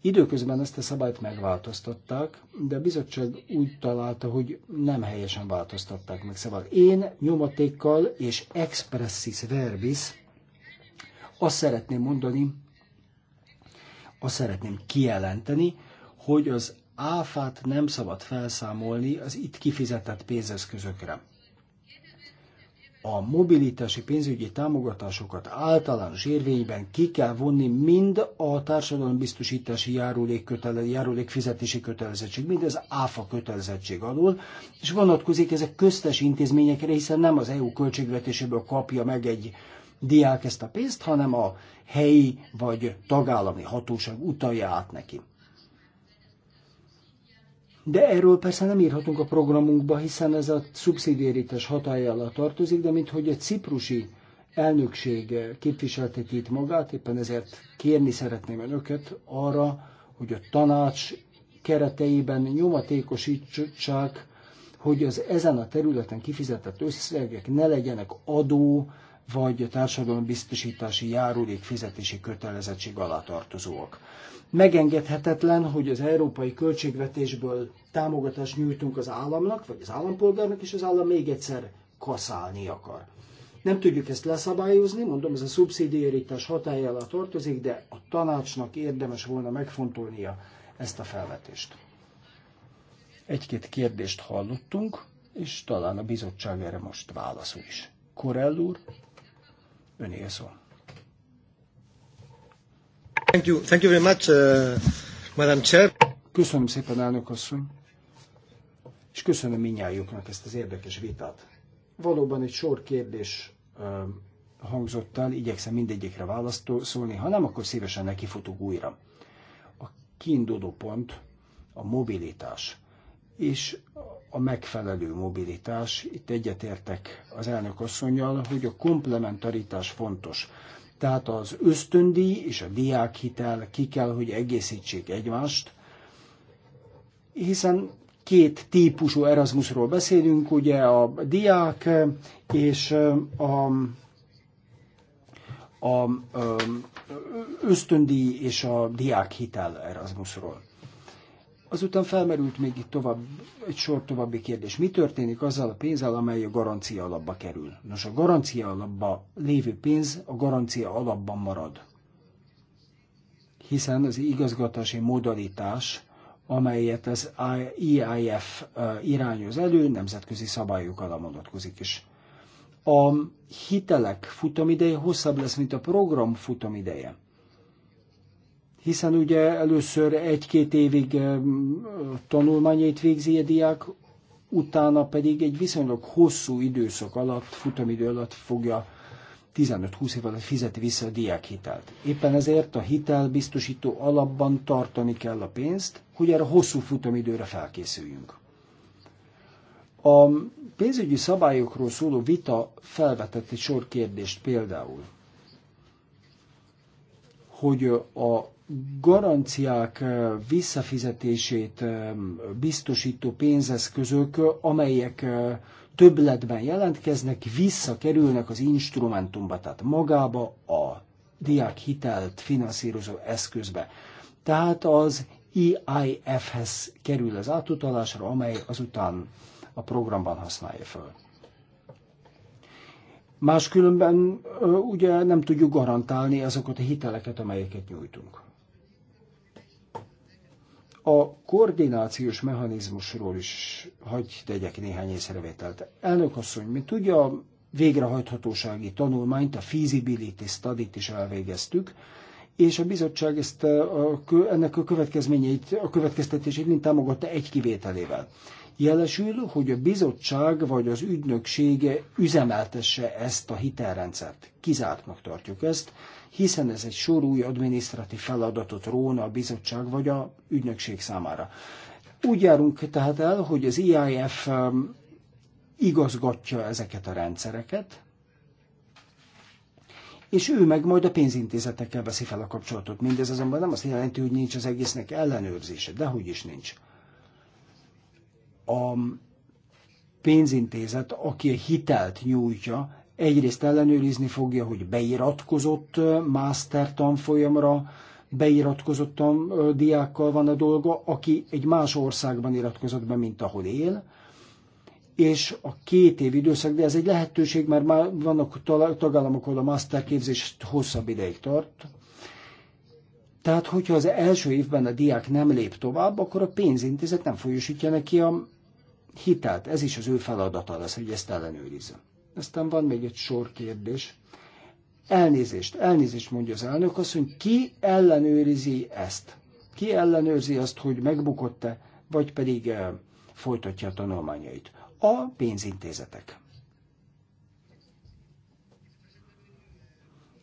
Időközben ezt a szabályt megváltoztatták, de a bizottság úgy találta, hogy nem helyesen változtatták meg szabályt. Én nyomatékkal és expressis verbis azt szeretném mondani, azt szeretném kijelenteni, hogy az áfát nem szabad felszámolni az itt kifizetett pénzeszközökre. A mobilitási pénzügyi támogatásokat általános érvényben ki kell vonni mind a társadalombiztosítási járulék, kötele, járulék fizetési kötelezettség, mind az áfa kötelezettség alól, és vonatkozik ezek köztes intézményekre, hiszen nem az EU költségvetéséből kapja meg egy diák ezt a pénzt, hanem a helyi vagy tagállami hatóság utalja át neki. De erről persze nem írhatunk a programunkba, hiszen ez a szubszidiérítés hatája alá tartozik, de minthogy a ciprusi elnökség képviselteti itt magát, éppen ezért kérni szeretném önöket arra, hogy a tanács kereteiben nyomatékosítsák, hogy az ezen a területen kifizetett összegek ne legyenek adó vagy a társadalombiztosítási járulék fizetési kötelezettség alá tartozóak. Megengedhetetlen, hogy az európai költségvetésből támogatást nyújtunk az államnak, vagy az állampolgárnak, és az állam még egyszer kaszálni akar. Nem tudjuk ezt leszabályozni, mondom, ez a szubszidiaritás hatájára tartozik, de a tanácsnak érdemes volna megfontolnia ezt a felvetést. Egy-két kérdést hallottunk, és talán a bizottság erre most válaszol is. Korell úr, önéhez szól. Thank you, thank you very much, uh, Madam Chair. Köszönöm szépen, elnök asszony, és köszönöm minnyájuknak ezt az érdekes vitát. Valóban egy sor kérdés uh, hangzott el, igyekszem mindegyikre választ szólni, ha nem, akkor szívesen nekifutok újra. A kiinduló pont a mobilitás, és a megfelelő mobilitás. Itt egyetértek az elnök asszonyjal, hogy a komplementaritás fontos. Tehát az ösztöndíj és a diákhitel ki kell, hogy egészítsék egymást, hiszen két típusú Erasmusról beszélünk, ugye a diák és a, a, a ösztöndíj és a diákhitel Erasmusról. Azután felmerült még itt tovább, egy sor további kérdés. Mi történik azzal a pénzzel, amely a garancia alapba kerül? Nos, a garancia alapba lévő pénz a garancia alapban marad. Hiszen az igazgatási modalitás, amelyet az e IIF irányoz elő, nemzetközi szabályok alá vonatkozik is. A hitelek futamideje hosszabb lesz, mint a program futamideje hiszen ugye először egy-két évig eh, tanulmányait végzi a diák, utána pedig egy viszonylag hosszú időszak alatt, futamidő alatt fogja 15-20 év alatt fizeti vissza a diákhitelt. Éppen ezért a hitelbiztosító alapban tartani kell a pénzt, hogy erre hosszú futamidőre felkészüljünk. A pénzügyi szabályokról szóló vita felvetett egy sor kérdést például, hogy a garanciák visszafizetését biztosító pénzeszközök, amelyek többletben jelentkeznek, visszakerülnek az instrumentumba, tehát magába a diák hitelt finanszírozó eszközbe. Tehát az EIF-hez kerül az átutalásra, amely azután a programban használja föl. Máskülönben ugye nem tudjuk garantálni azokat a hiteleket, amelyeket nyújtunk. A koordinációs mechanizmusról is hagy tegyek néhány észrevételt. Elnök asszony, mint tudja, a végrehajthatósági tanulmányt, a feasibility study-t is elvégeztük, és a bizottság ezt a, ennek a következményeit, a következtetését mind támogatta egy kivételével. Jelesül, hogy a bizottság vagy az ügynöksége üzemeltesse ezt a hitelrendszert. Kizártnak tartjuk ezt, hiszen ez egy sor új adminisztratív feladatot róna a bizottság vagy a ügynökség számára. Úgy járunk tehát el, hogy az e IIF um, igazgatja ezeket a rendszereket, és ő meg majd a pénzintézetekkel veszi fel a kapcsolatot. Mindez azonban nem azt jelenti, hogy nincs az egésznek ellenőrzése, de hogy is nincs. A pénzintézet, aki a hitelt nyújtja, egyrészt ellenőrizni fogja, hogy beiratkozott master tanfolyamra, beiratkozott diákkal van a dolga, aki egy más országban iratkozott be, mint ahol él, és a két év időszak, de ez egy lehetőség, mert már vannak tagállamok, ahol a master képzés hosszabb ideig tart. Tehát, hogyha az első évben a diák nem lép tovább, akkor a pénzintézet nem folyosítja neki a hitelt. Ez is az ő feladata lesz, hogy ezt ellenőrizze. Aztán van még egy sor kérdés. Elnézést, elnézést mondja az elnök azt, mondja, ki ellenőrizi ezt? Ki ellenőrzi azt, hogy megbukott-e, vagy pedig eh, folytatja a tanulmányait? A pénzintézetek.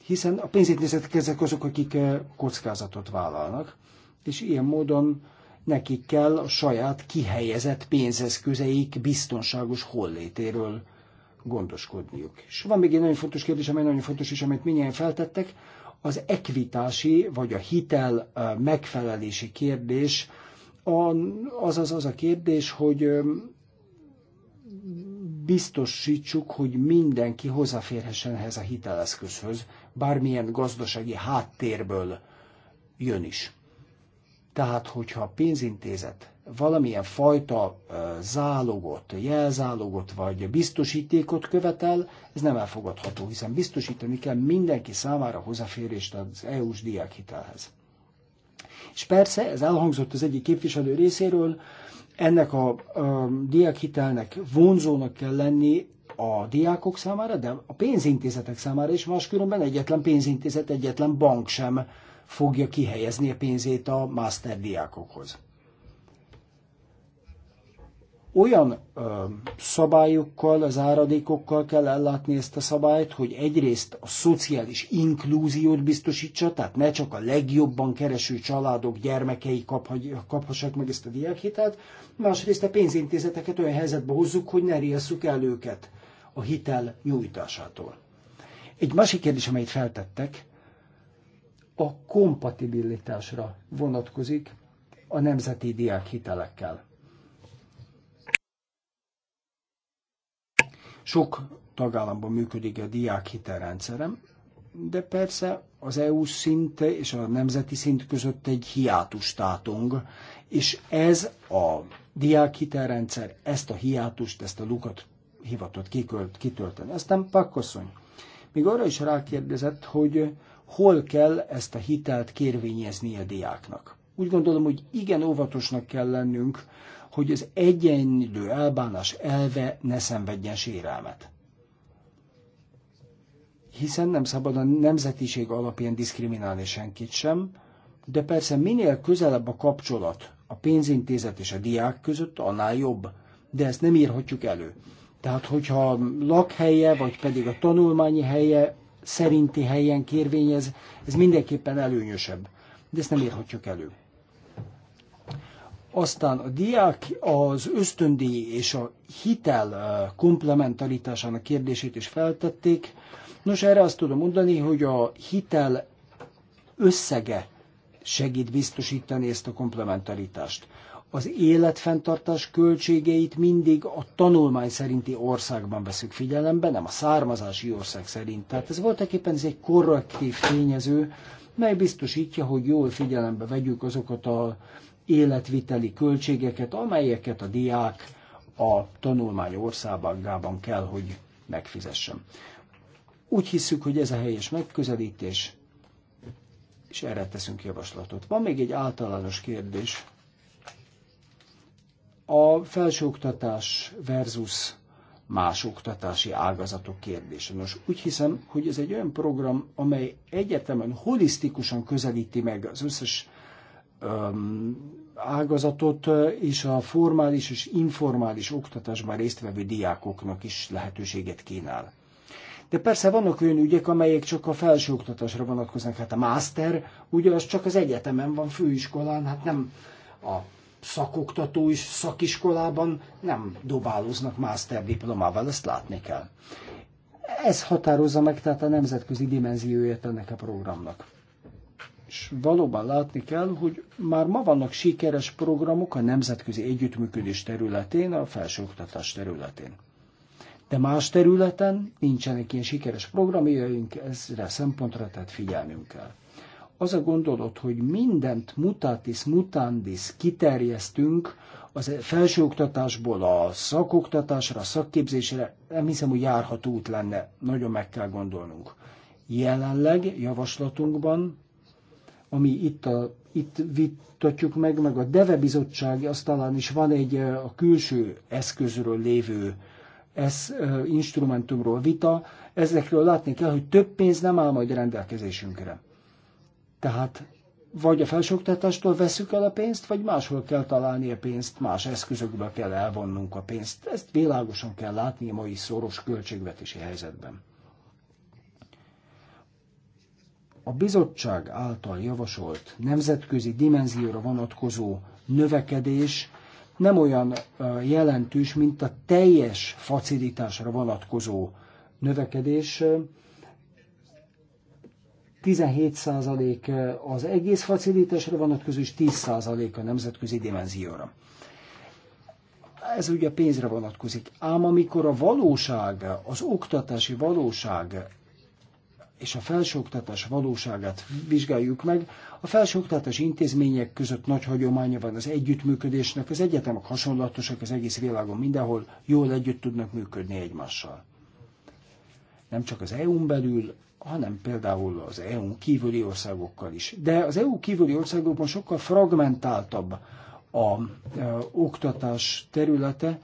Hiszen a pénzintézetek ezek azok, akik eh, kockázatot vállalnak, és ilyen módon nekik kell a saját kihelyezett pénzeszközeik biztonságos hollétéről gondoskodniuk. És van még egy nagyon fontos kérdés, amely nagyon fontos is, amit minnyien feltettek, az ekvitási vagy a hitel megfelelési kérdés, az az, az a kérdés, hogy biztosítsuk, hogy mindenki hozzáférhessen ehhez a hiteleszközhöz, bármilyen gazdasági háttérből jön is. Tehát, hogyha a pénzintézet valamilyen fajta zálogot, jelzálogot vagy biztosítékot követel, ez nem elfogadható, hiszen biztosítani kell mindenki számára hozzáférést az EU-s diákhitelhez. És persze, ez elhangzott az egyik képviselő részéről, ennek a, a diákhitelnek vonzónak kell lenni a diákok számára, de a pénzintézetek számára is, máskülönben egyetlen pénzintézet, egyetlen bank sem fogja kihelyezni a pénzét a master diákokhoz olyan ö, szabályokkal, az áradékokkal kell ellátni ezt a szabályt, hogy egyrészt a szociális inklúziót biztosítsa, tehát ne csak a legjobban kereső családok gyermekei kaphassák meg ezt a diákhitelt, másrészt a pénzintézeteket olyan helyzetbe hozzuk, hogy ne riasszuk el őket a hitel nyújtásától. Egy másik kérdés, amelyet feltettek, a kompatibilitásra vonatkozik a nemzeti diákhitelekkel Sok tagállamban működik a diák hitelrendszerem, de persze az EU szint és a nemzeti szint között egy hiátus tátong, és ez a diákhitelrendszer ezt a hiátust, ezt a lukat hivatott kikölt, kitölteni. Aztán Pakkoszony még arra is rákérdezett, hogy hol kell ezt a hitelt kérvényezni a diáknak. Úgy gondolom, hogy igen óvatosnak kell lennünk hogy az egyenlő elbánás elve ne szenvedjen sérelmet. Hiszen nem szabad a nemzetiség alapján diszkriminálni senkit sem, de persze minél közelebb a kapcsolat a pénzintézet és a diák között, annál jobb. De ezt nem írhatjuk elő. Tehát, hogyha lakhelye, vagy pedig a tanulmányi helye szerinti helyen kérvényez, ez mindenképpen előnyösebb. De ezt nem írhatjuk elő. Aztán a diák az ösztöndíj és a hitel komplementaritásának kérdését is feltették. Nos, erre azt tudom mondani, hogy a hitel összege segít biztosítani ezt a komplementaritást. Az életfenntartás költségeit mindig a tanulmány szerinti országban veszük figyelembe, nem a származási ország szerint. Tehát ez volt éppen ez egy korrektív tényező, mely biztosítja, hogy jól figyelembe vegyük azokat a életviteli költségeket, amelyeket a diák a tanulmány országában kell, hogy megfizessem. Úgy hiszük, hogy ez a helyes megközelítés, és erre teszünk javaslatot. Van még egy általános kérdés. A felsőoktatás versus más oktatási ágazatok kérdése. Nos, úgy hiszem, hogy ez egy olyan program, amely egyetemen holisztikusan közelíti meg az összes Um, ágazatot eh, és a formális és informális oktatásban résztvevő diákoknak is lehetőséget kínál. De persze vannak olyan ügyek, amelyek csak a felsőoktatásra vonatkoznak. Hát a master, ugye az csak az egyetemen van, főiskolán, hát nem a szakoktató is szakiskolában nem dobálóznak master diplomával, ezt látni kell. Ez határozza meg tehát a nemzetközi dimenzióját ennek a programnak és valóban látni kell, hogy már ma vannak sikeres programok a nemzetközi együttműködés területén, a felsőoktatás területén. De más területen nincsenek ilyen sikeres programjaink, ezre szempontra tehát figyelnünk kell. Az a gondolat, hogy mindent mutatis mutandis kiterjesztünk az felsőoktatásból a szakoktatásra, a szakképzésre, nem hiszem, hogy járható út lenne, nagyon meg kell gondolnunk. Jelenleg javaslatunkban ami itt, a, itt vitatjuk meg, meg a DEVE bizottság, az talán is van egy a külső eszközről lévő ez instrumentumról vita, ezekről látni kell, hogy több pénz nem áll majd rendelkezésünkre. Tehát vagy a felsőoktatástól veszük el a pénzt, vagy máshol kell találni a pénzt, más eszközökből kell elvonnunk a pénzt. Ezt világosan kell látni a mai szoros költségvetési helyzetben. a bizottság által javasolt nemzetközi dimenzióra vonatkozó növekedés nem olyan jelentős, mint a teljes facilitásra vonatkozó növekedés. 17% az egész facilitásra vonatkozó, és 10% a nemzetközi dimenzióra. Ez ugye pénzre vonatkozik. Ám amikor a valóság, az oktatási valóság és a felsőoktatás valóságát vizsgáljuk meg. A felsőoktatás intézmények között nagy hagyománya van az együttműködésnek, az egyetemek hasonlatosak az egész világon mindenhol, jól együtt tudnak működni egymással. Nem csak az EU-n belül, hanem például az EU kívüli országokkal is. De az EU kívüli országokban sokkal fragmentáltabb a, a oktatás területe,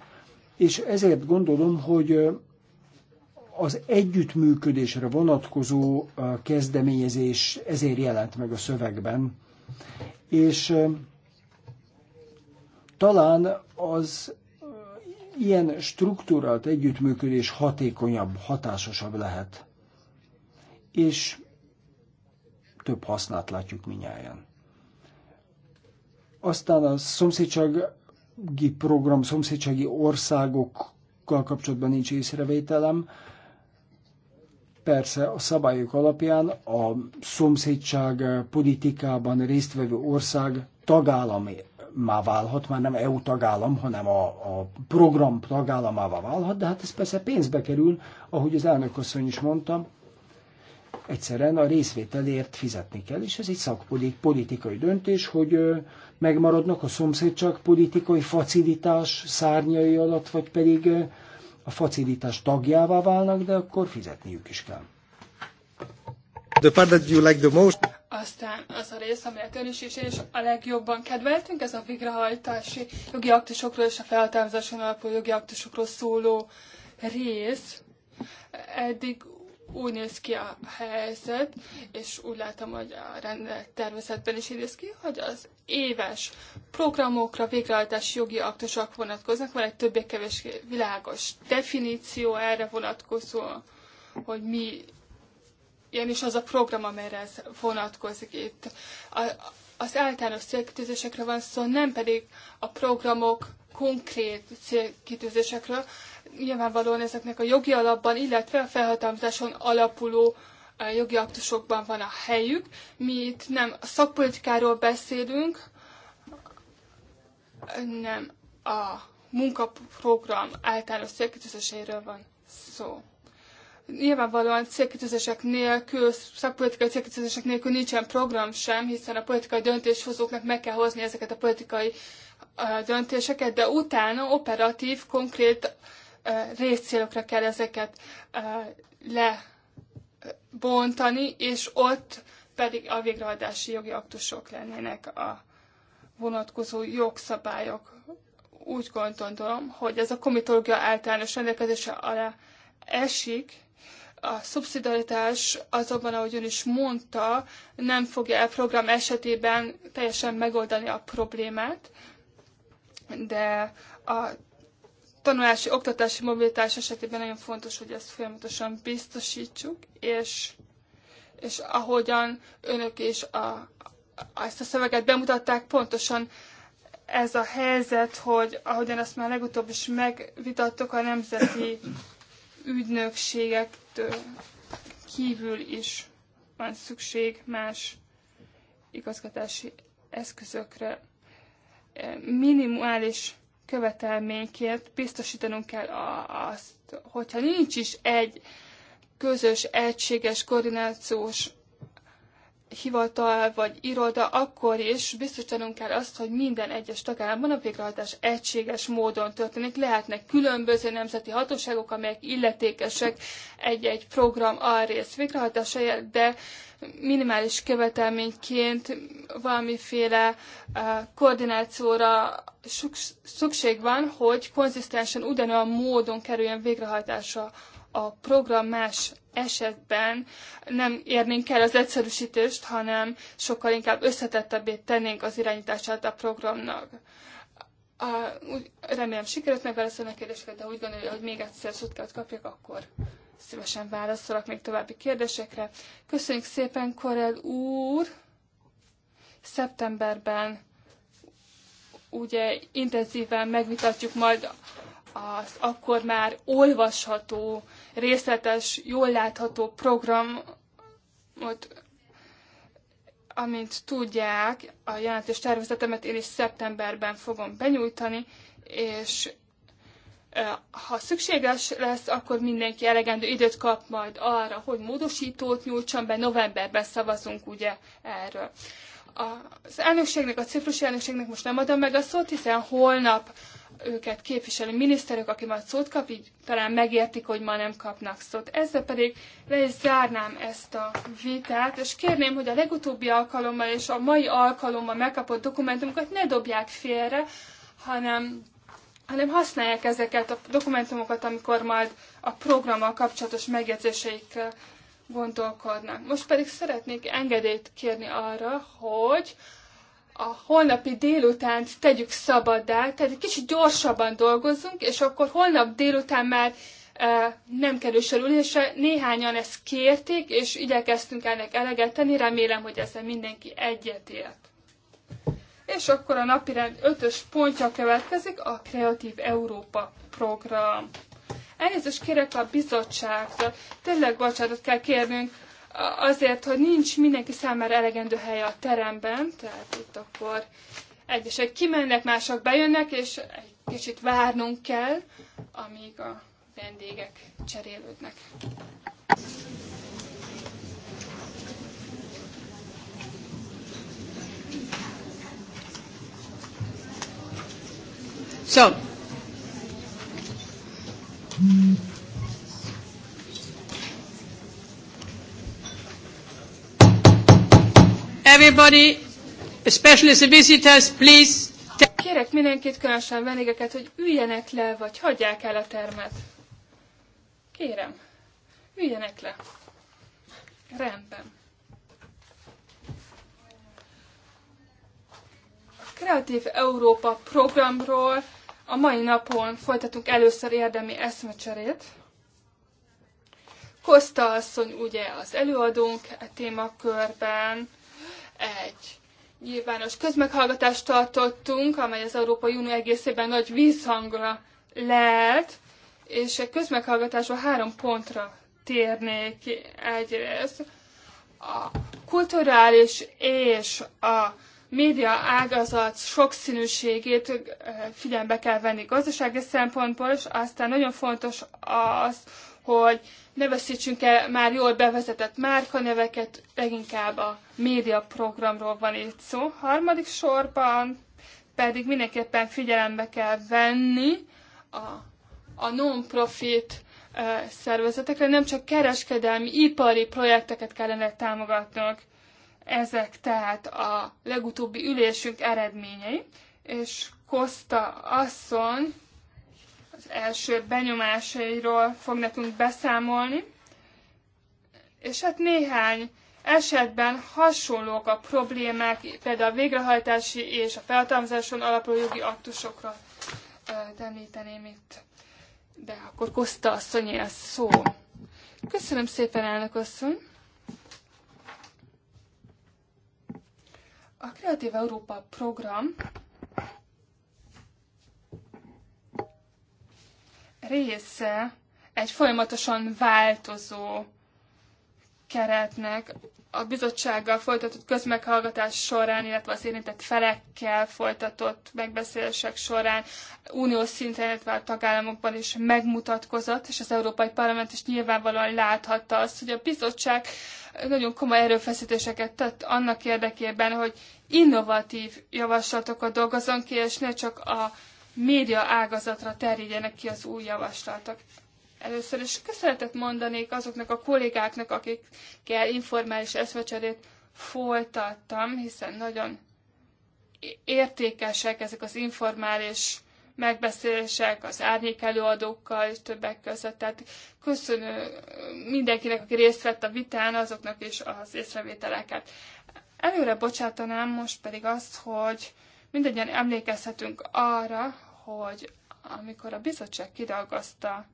és ezért gondolom, hogy az együttműködésre vonatkozó kezdeményezés ezért jelent meg a szövegben. És talán az ilyen struktúrált együttműködés hatékonyabb, hatásosabb lehet. És több hasznát látjuk minnyáján. Aztán a szomszédsági program, szomszédsági országokkal kapcsolatban nincs észrevételem. Persze a szabályok alapján a szomszédság politikában résztvevő ország tagállami má válhat, már nem EU tagállam, hanem a, a program tagállamává válhat, de hát ez persze pénzbe kerül, ahogy az elnökasszony is mondta, egyszerűen a részvételért fizetni kell, és ez egy szakpolitikai döntés, hogy megmaradnak a szomszédság politikai facilitás szárnyai alatt, vagy pedig a facilitás tagjává válnak, de akkor fizetniük is kell. The part that you like the most. Aztán az a rész, amelyet ön is és én is a legjobban kedveltünk, ez a végrehajtási jogi aktusokról és a felhatározáson alapú jogi aktusokról szóló rész. Eddig úgy néz ki a helyzet, és úgy látom, hogy a rendelet tervezetben is így néz ki, hogy az éves programokra végrehajtási jogi aktusok vonatkoznak, van egy többé-kevés világos definíció erre vonatkozó, hogy mi ilyen is az a program, amelyre ez vonatkozik itt. A, az általános célkitűzésekre van szó, nem pedig a programok konkrét célkitűzésekről, nyilvánvalóan ezeknek a jogi alapban, illetve a felhatalmazáson alapuló eh, jogi aktusokban van a helyük. Mi itt nem a szakpolitikáról beszélünk, nem a munkaprogram általános célkitűzéséről van szó. Nyilvánvalóan célkitűzések nélkül, szakpolitikai célkitűzések nélkül nincsen program sem, hiszen a politikai döntéshozóknak meg kell hozni ezeket a politikai eh, döntéseket, de utána operatív, konkrét részcélokra kell ezeket lebontani, és ott pedig a végrehajtási jogi aktusok lennének a vonatkozó jogszabályok. Úgy gondolom, hogy ez a komitológia általános rendelkezése alá esik, a szubszidaritás azonban, ahogy ön is mondta, nem fogja a program esetében teljesen megoldani a problémát, de a tanulási, oktatási mobilitás esetében nagyon fontos, hogy ezt folyamatosan biztosítsuk, és, és ahogyan önök is a, a, ezt a szöveget bemutatták, pontosan ez a helyzet, hogy ahogyan ezt már legutóbb is megvitattuk, a nemzeti ügynökségektől kívül is van szükség más igazgatási eszközökre. Minimális követelményként biztosítanunk kell azt, hogyha nincs is egy közös, egységes, koordinációs hivatal vagy iroda, akkor is biztosítanunk kell azt, hogy minden egyes tagállamban a végrehajtás egységes módon történik. Lehetnek különböző nemzeti hatóságok, amelyek illetékesek egy-egy program alrész végrehajtásáért, de minimális követelményként valamiféle uh, koordinációra szükség van, hogy konzisztensen ugyanolyan módon kerüljön végrehajtásra a program más esetben nem érnénk el az egyszerűsítést, hanem sokkal inkább összetettebbé tennénk az irányítását a programnak. A, úgy, remélem sikerült megválaszolni a kérdéseket, de úgy gondolja, hogy még egyszer szutkát kapjak, akkor szívesen válaszolok még további kérdésekre. Köszönjük szépen, Korel úr! Szeptemberben ugye intenzíven megvitatjuk majd az akkor már olvasható részletes, jól látható programot, amint tudják, a jelentés tervezetemet én is szeptemberben fogom benyújtani, és ha szükséges lesz, akkor mindenki elegendő időt kap majd arra, hogy módosítót nyújtson be, novemberben szavazunk ugye erről. Az elnökségnek, a ciprus elnökségnek most nem adom meg a szót, hiszen holnap őket képviselő miniszterük, aki majd szót kap, így talán megértik, hogy ma nem kapnak szót. Ezzel pedig le is zárnám ezt a vitát, és kérném, hogy a legutóbbi alkalommal és a mai alkalommal megkapott dokumentumokat ne dobják félre, hanem hanem használják ezeket a dokumentumokat, amikor majd a programmal kapcsolatos megjegyzéseikkel eh, gondolkodnak. Most pedig szeretnék engedélyt kérni arra, hogy a holnapi délutánt tegyük szabaddá, tehát egy kicsit gyorsabban dolgozzunk, és akkor holnap délután már e, nem kerül sor ülésre. Néhányan ezt kérték, és igyekeztünk ennek eleget tenni, remélem, hogy ezzel mindenki egyetért. És akkor a napirend ötös pontja következik, a Kreatív Európa program. Elnézést kérek a bizottságtól, tényleg bocsánatot kell kérnünk, azért, hogy nincs mindenki számára elegendő hely a teremben, tehát itt akkor egyesek kimennek, mások bejönnek, és egy kicsit várnunk kell, amíg a vendégek cserélődnek. So, everybody, especially the visitors, please. Kérek mindenkit, különösen vendégeket, hogy üljenek le, vagy hagyják el a termet. Kérem, üljenek le. Rendben. A Kreatív Európa programról a mai napon folytatunk először érdemi eszmecserét. Kosta asszony ugye az előadónk a e témakörben, egy nyilvános közmeghallgatást tartottunk, amely az Európai Unió egészében nagy vízhangra lelt, és egy közmeghallgatásban három pontra térnék egyrészt. A kulturális és a média ágazat sokszínűségét figyelembe kell venni gazdasági szempontból, és aztán nagyon fontos az, hogy ne veszítsünk el már jól bevezetett márkaneveket, leginkább a média programról van itt szó. Harmadik sorban pedig mindenképpen figyelembe kell venni a, a non-profit szervezetekre, nem csak kereskedelmi, ipari projekteket kellene támogatnunk. Ezek tehát a legutóbbi ülésünk eredményei, és Kosta asszony az első benyomásairól fog nekünk beszámolni, és hát néhány esetben hasonlók a problémák, például a végrehajtási és a feltalmazáson alapuló jogi aktusokra említeném itt. De akkor Koszta asszony a szó. Köszönöm szépen, elnök asszony! A Kreatív Európa program része egy folyamatosan változó keretnek a bizottsággal folytatott közmeghallgatás során, illetve az érintett felekkel folytatott megbeszélések során uniós szinten, illetve a tagállamokban is megmutatkozott, és az Európai Parlament is nyilvánvalóan láthatta azt, hogy a bizottság nagyon komoly erőfeszítéseket tett annak érdekében, hogy innovatív javaslatokat dolgozzon ki, és ne csak a média ágazatra terjedjenek ki az új javaslatok. Először is köszönetet mondanék azoknak a kollégáknak, akikkel informális eszmecserét folytattam, hiszen nagyon értékesek ezek az informális megbeszélések az árnyék előadókkal és többek között. Tehát köszönöm mindenkinek, aki részt vett a vitán, azoknak is az észrevételeket. Előre bocsátanám most pedig azt, hogy Mindegyen emlékezhetünk arra, hogy amikor a bizottság kidolgozta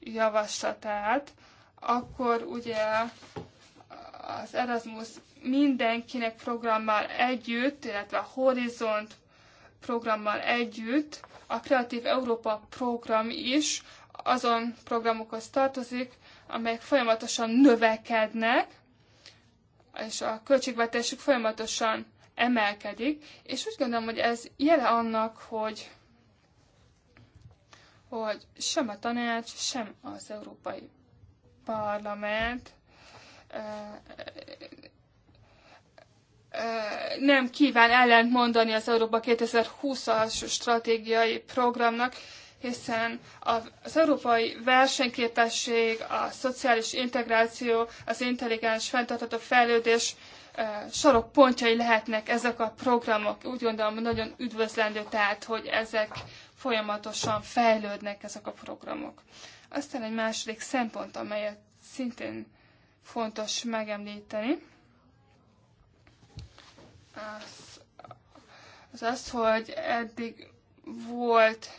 javaslatát, akkor ugye az Erasmus mindenkinek programmal együtt, illetve a Horizont programmal együtt, a Kreatív Európa program is azon programokhoz tartozik, amelyek folyamatosan növekednek, és a költségvetésük folyamatosan emelkedik, és úgy gondolom, hogy ez jele annak, hogy hogy sem a tanács, sem az Európai Parlament nem kíván ellent mondani az Európa 2020-as stratégiai programnak, hiszen az európai versenyképesség, a szociális integráció, az intelligens fenntartható fejlődés sorok pontjai lehetnek ezek a programok. Úgy gondolom, nagyon üdvözlendő tehát, hogy ezek folyamatosan fejlődnek ezek a programok. Aztán egy második szempont, amelyet szintén fontos megemlíteni, az az, az hogy eddig volt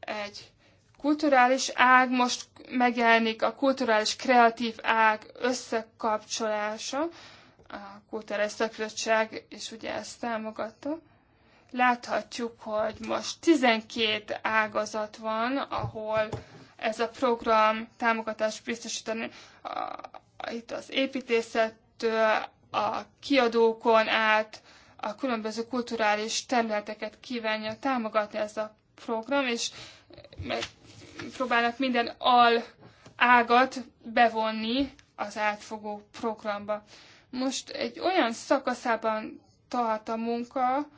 egy kulturális ág, most megjelenik a kulturális kreatív ág összekapcsolása, a kulturális szakbizottság és ugye ezt támogatta. Láthatjuk, hogy most 12 ágazat van, ahol ez a program támogatást biztosítani a, itt az építészettől, a kiadókon át, a különböző kulturális területeket kívánja támogatni ez a program, és próbálnak minden al ágat bevonni az átfogó programba most egy olyan szakaszában tart a munka,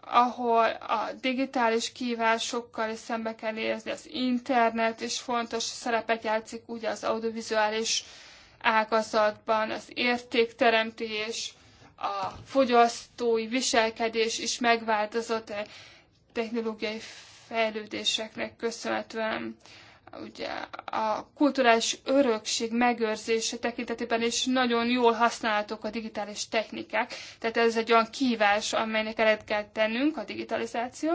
ahol a digitális kívásokkal is szembe kell nézni, az internet is fontos szerepet játszik ugye az audiovizuális ágazatban, az értékteremtés, a fogyasztói viselkedés is megváltozott a technológiai fejlődéseknek köszönhetően ugye a kulturális örökség megőrzése tekintetében is nagyon jól használhatók a digitális technikák. Tehát ez egy olyan kívás, amelynek elet kell tennünk, a digitalizáció.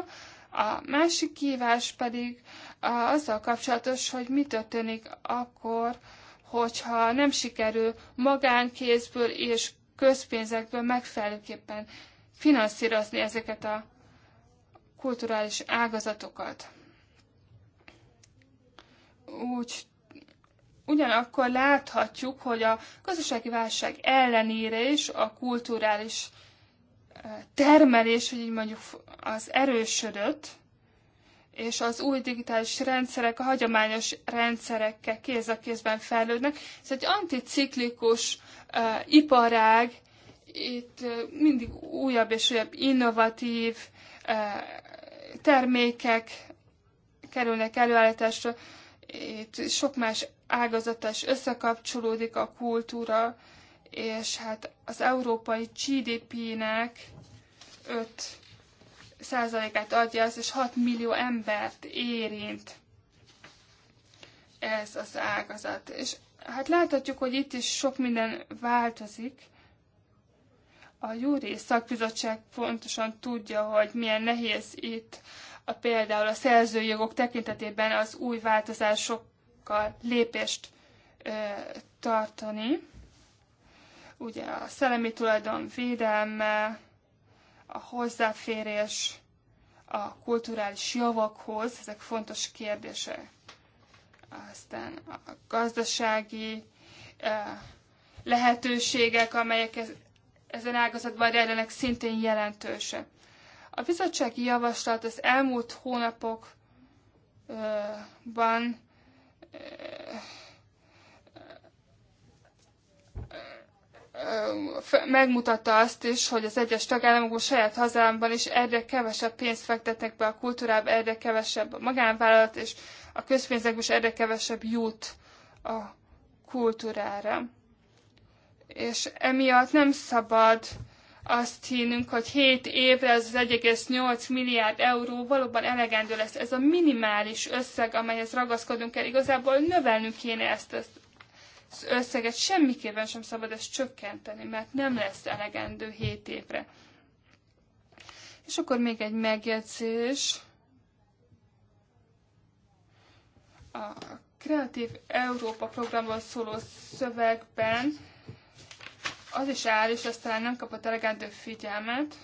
A másik kívás pedig azzal kapcsolatos, hogy mi történik akkor, hogyha nem sikerül magánkézből és közpénzekből megfelelőképpen finanszírozni ezeket a kulturális ágazatokat úgy ugyanakkor láthatjuk, hogy a gazdasági válság ellenére is a kulturális eh, termelés, hogy így mondjuk az erősödött, és az új digitális rendszerek a hagyományos rendszerekkel kéz a kézben fejlődnek. Ez egy anticiklikus uh, iparág, itt uh, mindig újabb és újabb innovatív uh, termékek kerülnek előállításra. Uh, itt sok más ágazata is összekapcsolódik a kultúra, és hát az európai GDP-nek 5 százalékát adja az, és 6 millió embert érint ez az ágazat. És hát láthatjuk, hogy itt is sok minden változik. A júri szakbizottság pontosan tudja, hogy milyen nehéz itt a, például a szerzőjogok tekintetében az új változásokkal lépést ö, tartani. Ugye a szellemi tulajdon védelme, a hozzáférés a kulturális javakhoz, ezek fontos kérdések. Aztán a gazdasági ö, lehetőségek, amelyek ez, ezen ágazatban rejlenek, szintén jelentősek a bizottsági javaslat az elmúlt hónapokban megmutatta azt is, hogy az egyes tagállamokban, saját hazámban is egyre kevesebb pénzt fektetnek be a kultúrába, egyre kevesebb a magánvállalat, és a közpénzekből is egyre kevesebb jut a kultúrára. És emiatt nem szabad azt hinnünk, hogy 7 évre ez az 1,8 milliárd euró valóban elegendő lesz. Ez a minimális összeg, amelyhez ragaszkodunk el, igazából növelnünk kéne ezt, ezt az összeget, semmiképpen sem szabad ezt csökkenteni, mert nem lesz elegendő 7 évre. És akkor még egy megjegyzés. A Kreatív Európa programról szóló szövegben az is áll, és aztán nem kapott elegendő figyelmet,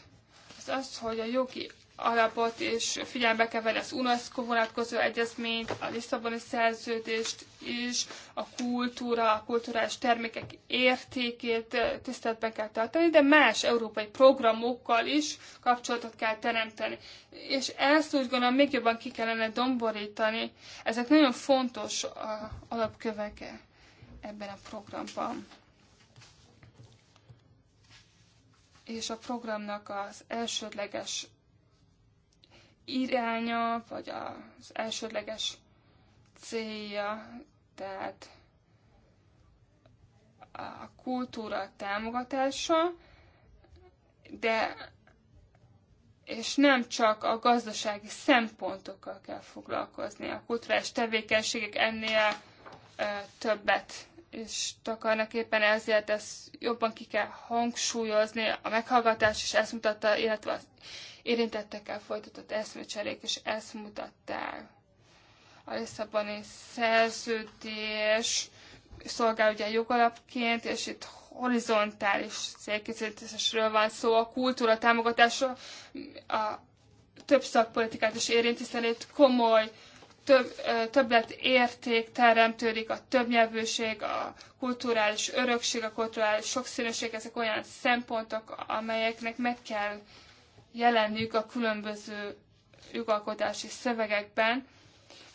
az az, hogy a jogi alapot és figyelembe kell venni az UNESCO vonatkozó egyezményt, a Lisszaboni szerződést is, a kultúra, a kulturális termékek értékét tiszteletben kell tartani, de más európai programokkal is kapcsolatot kell teremteni. És ezt úgy gondolom még jobban ki kellene domborítani. Ezek nagyon fontos alapköveke ebben a programban. és a programnak az elsődleges iránya, vagy az elsődleges célja, tehát a kultúra támogatása, de és nem csak a gazdasági szempontokkal kell foglalkozni. A kulturális tevékenységek ennél többet és akarnak éppen ezért ezt jobban ki kell hangsúlyozni, a meghallgatás is ezt mutatta, illetve az érintettekkel folytatott eszmecserék is ezt mutatták. A Lisszaboni szerződés szolgál ugye jogalapként, és itt horizontális célkészítésről van szó, a kultúra támogatásról, a több szakpolitikát is érint, hiszen itt komoly uh, több, többlet érték teremtődik, a többnyelvűség, a kulturális örökség, a kulturális sokszínűség, ezek olyan szempontok, amelyeknek meg kell jelenniük a különböző jogalkotási szövegekben.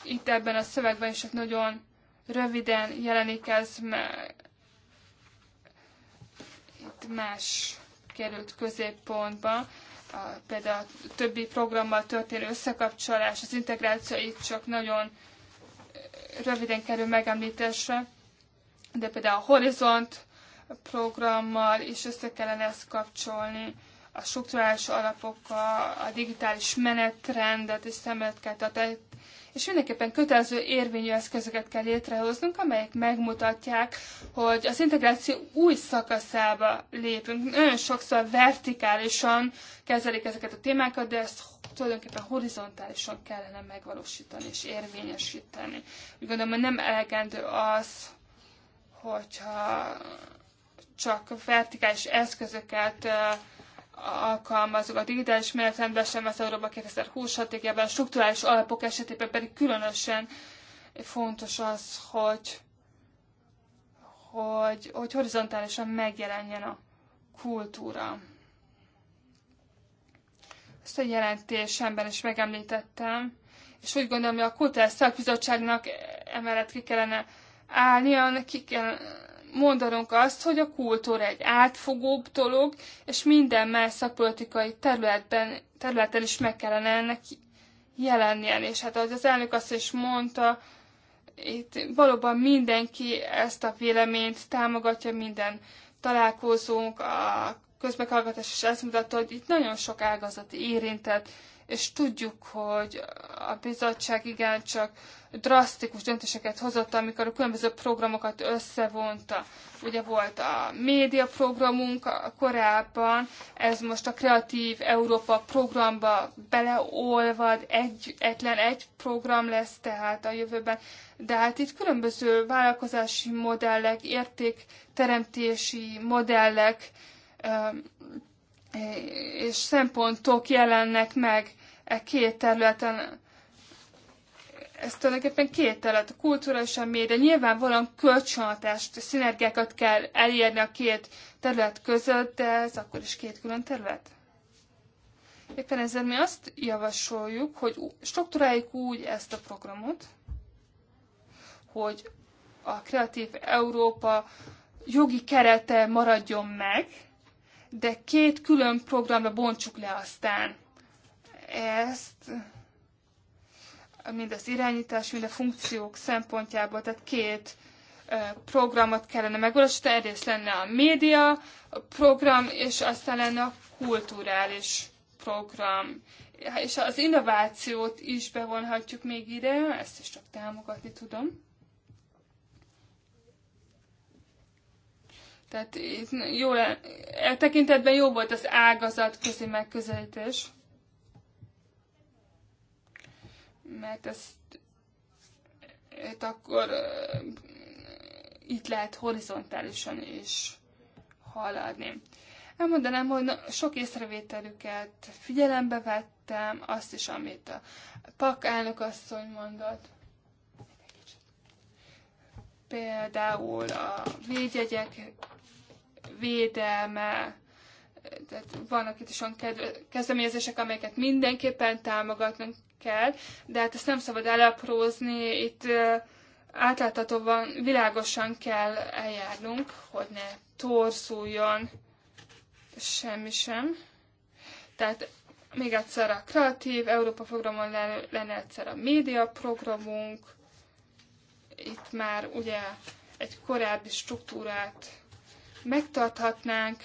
Itt ebben a szövegben is nagyon röviden jelenik ez, mert itt más került középpontba, a, például a többi programmal történő összekapcsolás, az integráció itt csak nagyon röviden kerül megemlítésre, de például a Horizont programmal is össze kellene ezt kapcsolni, a strukturális alapokkal, a digitális menetrendet és szemet kell tartani és mindenképpen kötelező érvényű eszközöket kell létrehoznunk, amelyek megmutatják, hogy az integráció új szakaszába lépünk. Nagyon sokszor vertikálisan kezelik ezeket a témákat, de ezt tulajdonképpen horizontálisan kellene megvalósítani és érvényesíteni. Úgy gondolom, hogy nem elegendő az, hogyha csak vertikális eszközöket alkalmazzuk a digitális menetrendben, sem az Európa 2020 stratégiában, a strukturális alapok esetében pedig különösen fontos az, hogy, hogy, hogy horizontálisan megjelenjen a kultúra. Ezt a jelentésemben is megemlítettem, és úgy gondolom, hogy a Kultúrás Szakbizottságnak emellett ki kellene állnia, ki mondanunk azt, hogy a kultúra egy átfogóbb dolog, és minden más szakpolitikai területben, területen is meg kellene ennek jelennie. És hát ahogy az elnök azt is mondta, itt valóban mindenki ezt a véleményt támogatja, minden találkozónk, a közbekallgatás is ezt mutatta, hogy itt nagyon sok ágazat érintett, és tudjuk, hogy a bizottság igencsak drasztikus döntéseket hozott, amikor a különböző programokat összevonta. Ugye volt a média programunk korábban, ez most a Kreatív Európa programba beleolvad, egy, egyetlen egy program lesz tehát a jövőben. De hát itt különböző vállalkozási modellek, értékteremtési modellek és szempontok jelennek meg e két területen ez tulajdonképpen két terület, a kultúra és a média. Nyilvánvalóan kölcsönhatást, szinergiákat kell elérni a két terület között, de ez akkor is két külön terület. Éppen ezzel mi azt javasoljuk, hogy struktúráljuk úgy ezt a programot, hogy a Kreatív Európa jogi kerete maradjon meg, de két külön programra bontsuk le aztán ezt mind az irányítás, mind a funkciók szempontjából, tehát két programot kellene megvalósítani, egyrészt lenne a média program, és aztán lenne a kulturális program. És az innovációt is bevonhatjuk még ide, ezt is csak támogatni tudom. Tehát jó, e tekintetben jó volt az ágazat közé megközelítés. mert ezt ezt akkor itt lehet horizontálisan is haladni. Elmondanám, hogy sok észrevételüket figyelembe vettem, azt is, amit a PAK asszony mondott. Például a védjegyek védelme, tehát vannak itt is olyan kezdeményezések, amelyeket mindenképpen támogatnunk kell, de hát ezt nem szabad elaprózni, itt átláthatóan, világosan kell eljárnunk, hogy ne torzuljon semmi sem. Tehát még egyszer a Kreatív Európa programon lenne egyszer a média programunk, itt már ugye egy korábbi struktúrát megtarthatnánk,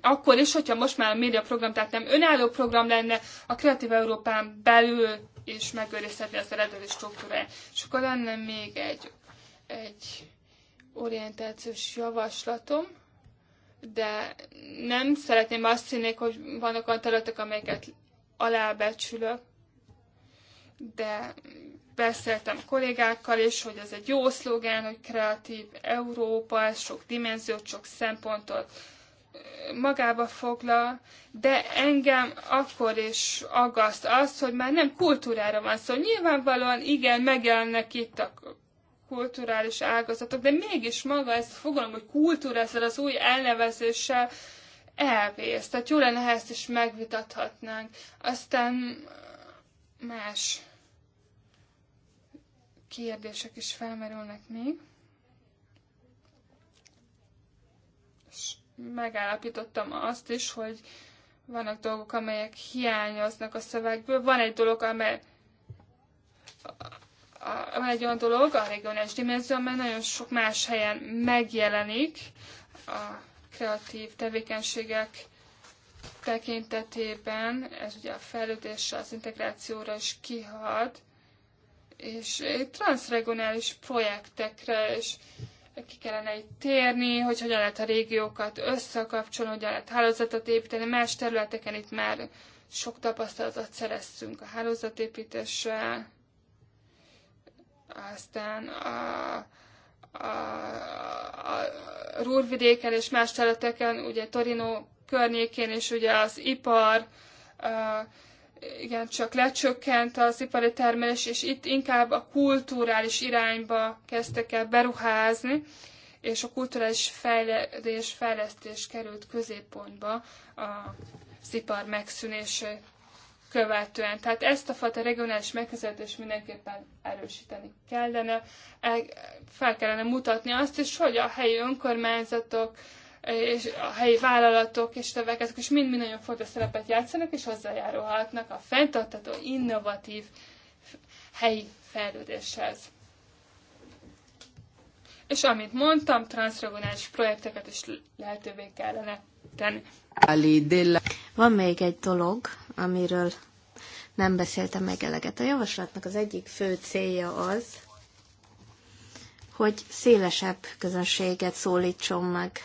akkor is, hogyha most már a médiaprogram, tehát nem önálló program lenne, a Kreatív Európán belül is megőrizhetné az eredeti struktúráját. És akkor lenne még egy, egy orientációs javaslatom, de nem szeretném azt hinni, hogy vannak olyan területek, amelyeket alábecsülök, de beszéltem a kollégákkal is, hogy ez egy jó szlogán, hogy kreatív Európa, sok dimenziót, sok szempontot magába foglal, de engem akkor is aggaszt az, hogy már nem kultúrára van szó. Szóval nyilvánvalóan igen, megjelennek itt a kulturális ágazatok, de mégis maga ez a fogalom, hogy kultúra ezzel az új elnevezéssel elvész. Tehát jó lenne, ha ezt is megvitathatnánk. Aztán más kérdések is felmerülnek még. megállapítottam azt is, hogy vannak dolgok, amelyek hiányoznak a szövegből. Van egy dolog, amely van egy olyan dolog, a regionális dimenzió, amely nagyon sok más helyen megjelenik a kreatív tevékenységek tekintetében, ez ugye a fejlődésre, az integrációra is kihat, és transregionális projektekre és ki kellene itt térni, hogy hogyan lehet a régiókat összekapcsolni, hogyan lehet hálózatot építeni. Más területeken itt már sok tapasztalatot szereztünk a hálózatépítéssel, aztán a, a, a, a Rúrvidéken és más területeken, ugye Torino környékén és ugye az ipar, a, igen, csak lecsökkent az ipari termelés, és itt inkább a kulturális irányba kezdtek el beruházni, és a kulturális fejlődés, fejlesztés került középpontba az ipar megszűnése követően. Tehát ezt a fajta regionális megközelítést mindenképpen erősíteni kellene, fel kellene mutatni azt is, hogy a helyi önkormányzatok, és a helyi vállalatok és tövek, ezek is mind-mind nagyon fontos szerepet játszanak, és hozzájárulhatnak a fenntartható, innovatív helyi fejlődéshez. És amit mondtam, transregionális projekteket is lehetővé kellene tenni. Van még egy dolog, amiről nem beszéltem meg eleget. A javaslatnak az egyik fő célja az, hogy szélesebb közönséget szólítson meg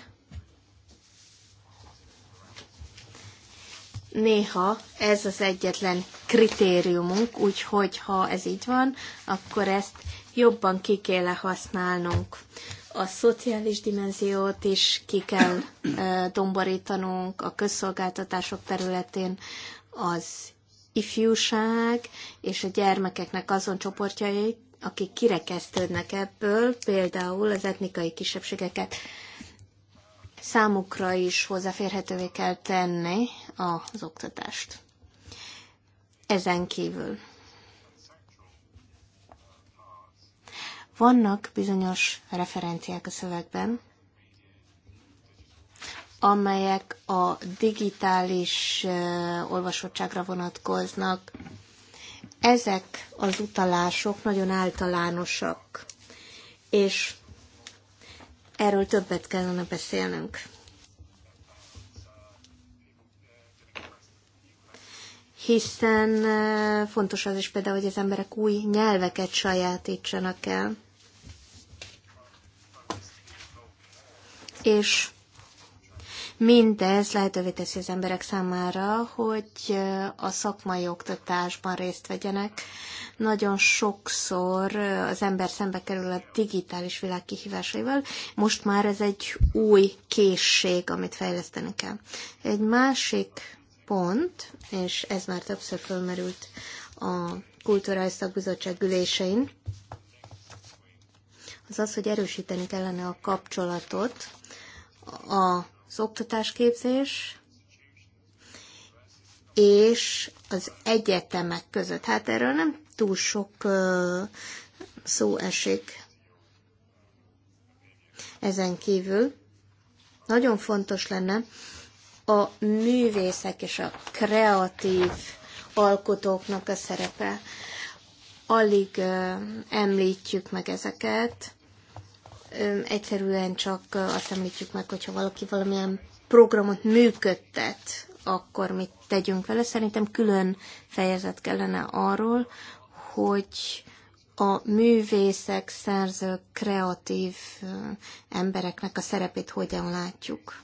néha ez az egyetlen kritériumunk, úgyhogy ha ez így van, akkor ezt jobban ki kéne használnunk. A szociális dimenziót is ki kell domborítanunk a közszolgáltatások területén, az ifjúság és a gyermekeknek azon csoportjait, akik kirekesztődnek ebből, például az etnikai kisebbségeket számukra is hozzáférhetővé kell tenni az oktatást. Ezen kívül vannak bizonyos referenciák a szövegben, amelyek a digitális olvasottságra vonatkoznak. Ezek az utalások nagyon általánosak, és Erről többet kellene beszélnünk. Hiszen fontos az is például, hogy az emberek új nyelveket sajátítsanak el. És Mindez lehetővé teszi az emberek számára, hogy a szakmai oktatásban részt vegyenek. Nagyon sokszor az ember szembe kerül a digitális világ kihívásaival. Most már ez egy új készség, amit fejleszteni kell. Egy másik pont, és ez már többször fölmerült a Kulturális Szakbizottság ülésein, az az, hogy erősíteni kellene a kapcsolatot a az oktatásképzés és az egyetemek között. Hát erről nem túl sok szó esik. Ezen kívül nagyon fontos lenne a művészek és a kreatív alkotóknak a szerepe. Alig említjük meg ezeket, egyszerűen csak azt említjük meg, hogyha valaki valamilyen programot működtet, akkor mit tegyünk vele. Szerintem külön fejezet kellene arról, hogy a művészek, szerzők, kreatív embereknek a szerepét hogyan látjuk.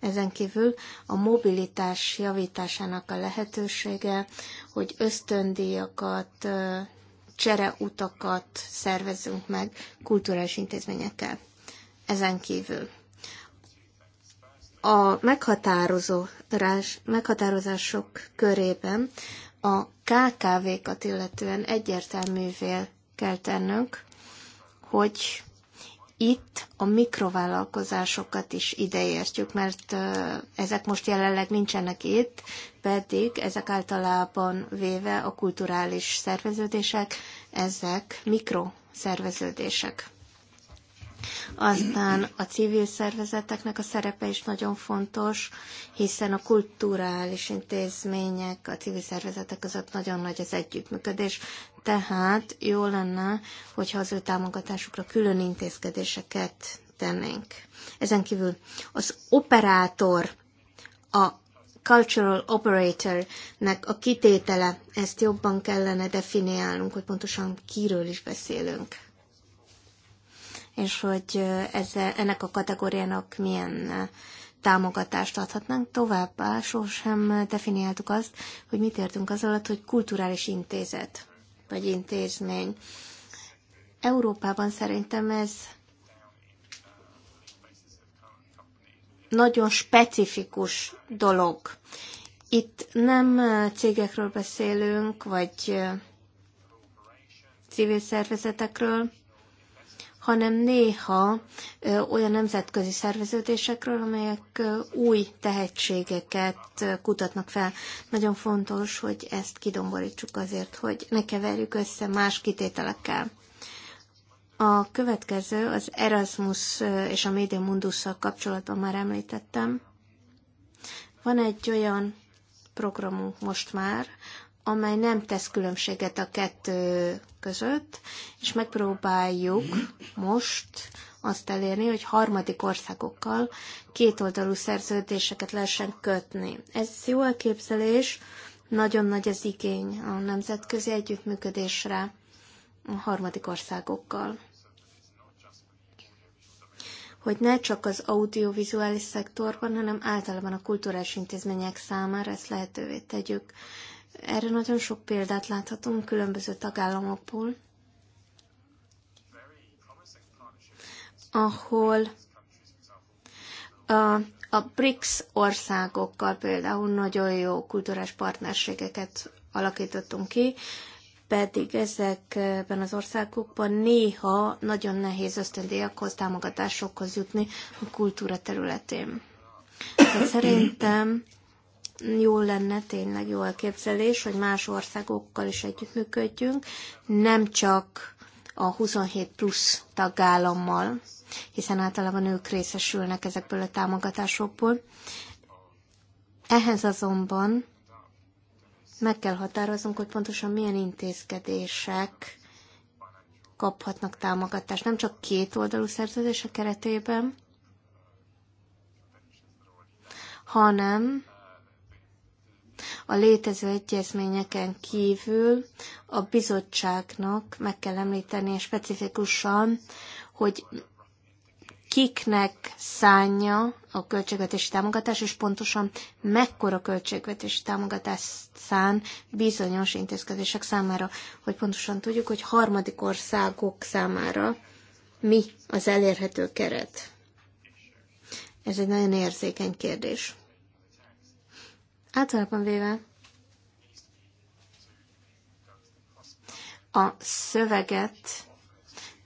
Ezen kívül a mobilitás javításának a lehetősége, hogy ösztöndíjakat csereutakat szervezünk meg kulturális intézményekkel. Ezen kívül a meghatározó, meghatározások körében a KKV-kat illetően egyértelművé kell tennünk, hogy itt a mikrovállalkozásokat is ideértjük, mert ezek most jelenleg nincsenek itt, pedig ezek általában véve a kulturális szerveződések, ezek mikroszerveződések. Aztán a civil szervezeteknek a szerepe is nagyon fontos, hiszen a kulturális intézmények, a civil szervezetek között nagyon nagy az együttműködés, tehát jó lenne, hogyha az ő támogatásukra külön intézkedéseket tennénk. Ezen kívül az operátor, a cultural operatornek a kitétele, ezt jobban kellene definiálnunk, hogy pontosan kiről is beszélünk. És hogy ezzel, ennek a kategóriának milyen támogatást adhatnánk. Továbbá sosem definiáltuk azt, hogy mit értünk az alatt, hogy kulturális intézet vagy intézmény. Európában szerintem ez nagyon specifikus dolog. Itt nem cégekről beszélünk, vagy civil szervezetekről, hanem néha olyan nemzetközi szerveződésekről, amelyek új tehetségeket kutatnak fel. Nagyon fontos, hogy ezt kidomborítsuk azért, hogy ne keverjük össze más kitételekkel. A következő az Erasmus eh, és a média Mundusszal kapcsolatban már említettem. Van egy olyan programunk most már, amely nem tesz különbséget a kettő között, és megpróbáljuk most azt elérni, hogy harmadik országokkal kétoldalú szerződéseket lehessen kötni. Ez jó elképzelés, nagyon nagy az igény a nemzetközi együttműködésre a harmadik országokkal hogy ne csak az audiovizuális szektorban, hanem általában a kulturális intézmények számára ezt lehetővé tegyük. Erre nagyon sok példát láthatunk különböző tagállamokból, ahol a, a BRICS országokkal például nagyon jó kulturális partnerségeket alakítottunk ki, pedig ezekben az országokban néha nagyon nehéz ösztöndíjakhoz, támogatásokhoz jutni a kultúra területén. Tehát szerintem jó lenne, tényleg jó elképzelés, hogy más országokkal is együttműködjünk, nem csak a 27 plusz tagállammal, hiszen általában ők részesülnek ezekből a támogatásokból. Ehhez azonban meg kell határoznunk, hogy pontosan milyen intézkedések kaphatnak támogatást. Nem csak két oldalú szerződések keretében, hanem a létező egyezményeken kívül a bizottságnak meg kell említeni specifikusan, hogy kiknek szánja a költségvetési támogatás, és pontosan mekkora költségvetési támogatást szán bizonyos intézkedések számára, hogy pontosan tudjuk, hogy harmadik országok számára mi az elérhető keret. Ez egy nagyon érzékeny kérdés. Általában véve a szöveget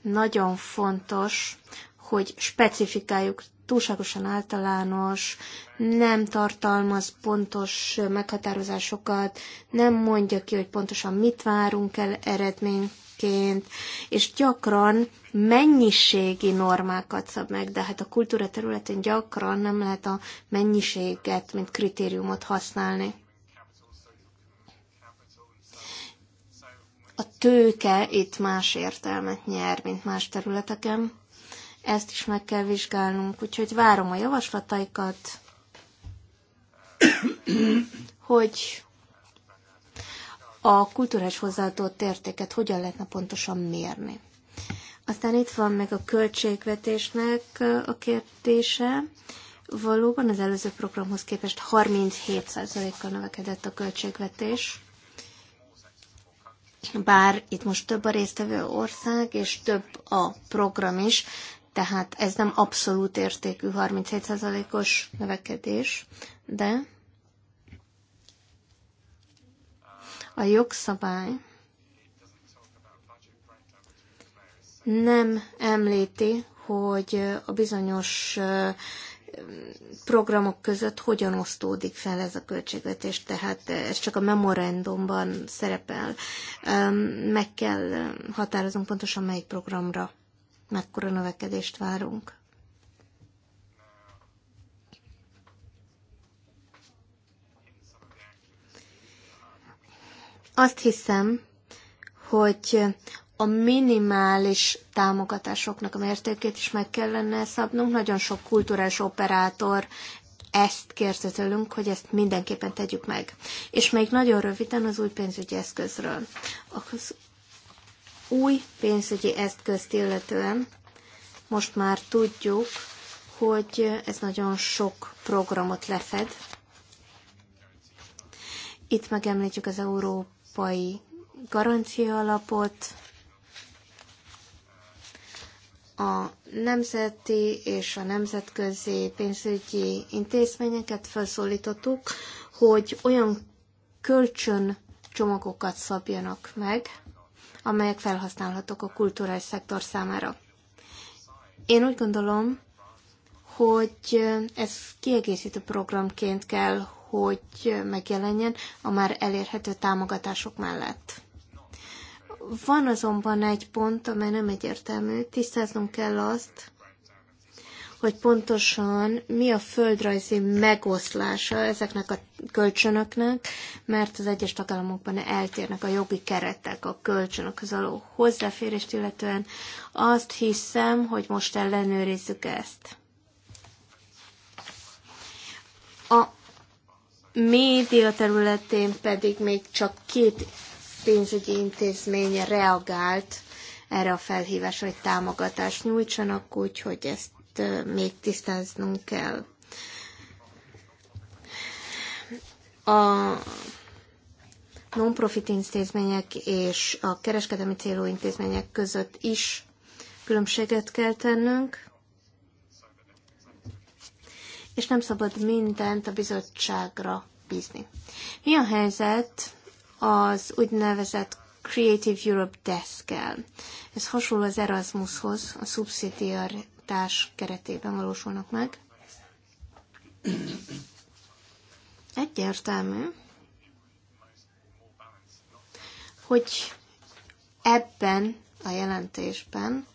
nagyon fontos hogy specifikáljuk túlságosan általános, nem tartalmaz pontos meghatározásokat, nem mondja ki, hogy pontosan mit várunk el eredményként, és gyakran mennyiségi normákat szab meg, de hát a kultúra területén gyakran nem lehet a mennyiséget, mint kritériumot használni. A tőke itt más értelmet nyer, mint más területeken ezt is meg kell vizsgálnunk, úgyhogy várom a javaslataikat, hogy a kulturális hozzáadott értéket hogyan lehetne pontosan mérni. Aztán itt van meg a költségvetésnek a kérdése. Valóban az előző programhoz képest 37%-kal növekedett a költségvetés. Bár itt most több a résztvevő ország, és több a program is, tehát ez nem abszolút értékű 37%-os növekedés, de a jogszabály nem említi, hogy a bizonyos programok között hogyan osztódik fel ez a költségvetés, tehát ez csak a memorandumban szerepel. Meg kell határoznunk pontosan, melyik programra mekkora növekedést várunk. Azt hiszem, hogy a minimális támogatásoknak a mértékét is meg kellene szabnunk. Nagyon sok kulturális operátor ezt kérte tőlünk, hogy ezt mindenképpen tegyük meg. És még nagyon röviden az új pénzügyi eszközről. Az új pénzügyi eszközt illetően most már tudjuk, hogy ez nagyon sok programot lefed. Itt megemlítjük az európai garancia alapot, a nemzeti és a nemzetközi pénzügyi intézményeket felszólítottuk, hogy olyan csomagokat szabjanak meg, amelyek felhasználhatók a kulturális szektor számára. Én úgy gondolom, hogy ez kiegészítő programként kell, hogy megjelenjen a már elérhető támogatások mellett. Van azonban egy pont, amely nem egyértelmű. Tisztáznunk kell azt, hogy pontosan mi a földrajzi megoszlása ezeknek a kölcsönöknek, mert az egyes tagállamokban eltérnek a jogi keretek a kölcsönökhöz való hozzáférést, illetően azt hiszem, hogy most ellenőrizzük ezt. A média területén pedig még csak két pénzügyi intézmény reagált erre a felhívásra, hogy támogatást nyújtsanak, úgyhogy ezt amit még tisztáznunk kell. A non-profit intézmények és a kereskedelmi célú intézmények között is különbséget kell tennünk, és nem szabad mindent a bizottságra bízni. Mi a helyzet az úgynevezett Creative Europe Desk-el? Ez hasonló az Erasmushoz, a oktatás keretében valósulnak meg. Egyértelmű, hogy ebben a jelentésben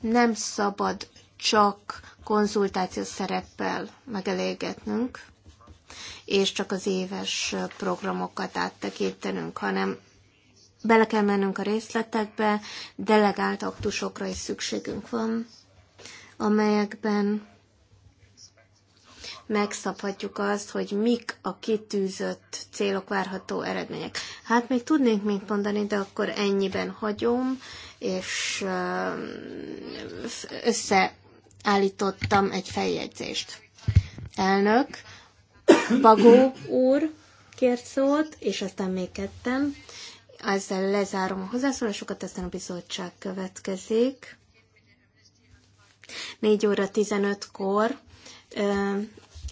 nem szabad csak konzultáció szereppel megelégetnünk, és csak az éves programokat áttekintenünk, hanem bele kell mennünk a részletekbe, delegált aktusokra is szükségünk van, amelyekben megszabhatjuk azt, hogy mik a kitűzött célok várható eredmények. Hát még tudnénk mit mondani, de akkor ennyiben hagyom, és összeállítottam egy feljegyzést. Elnök, Bagó úr kért szót, és aztán még kettem. Ezzel lezárom a hozzászólásokat, aztán a bizottság következik. 4 óra 15-kor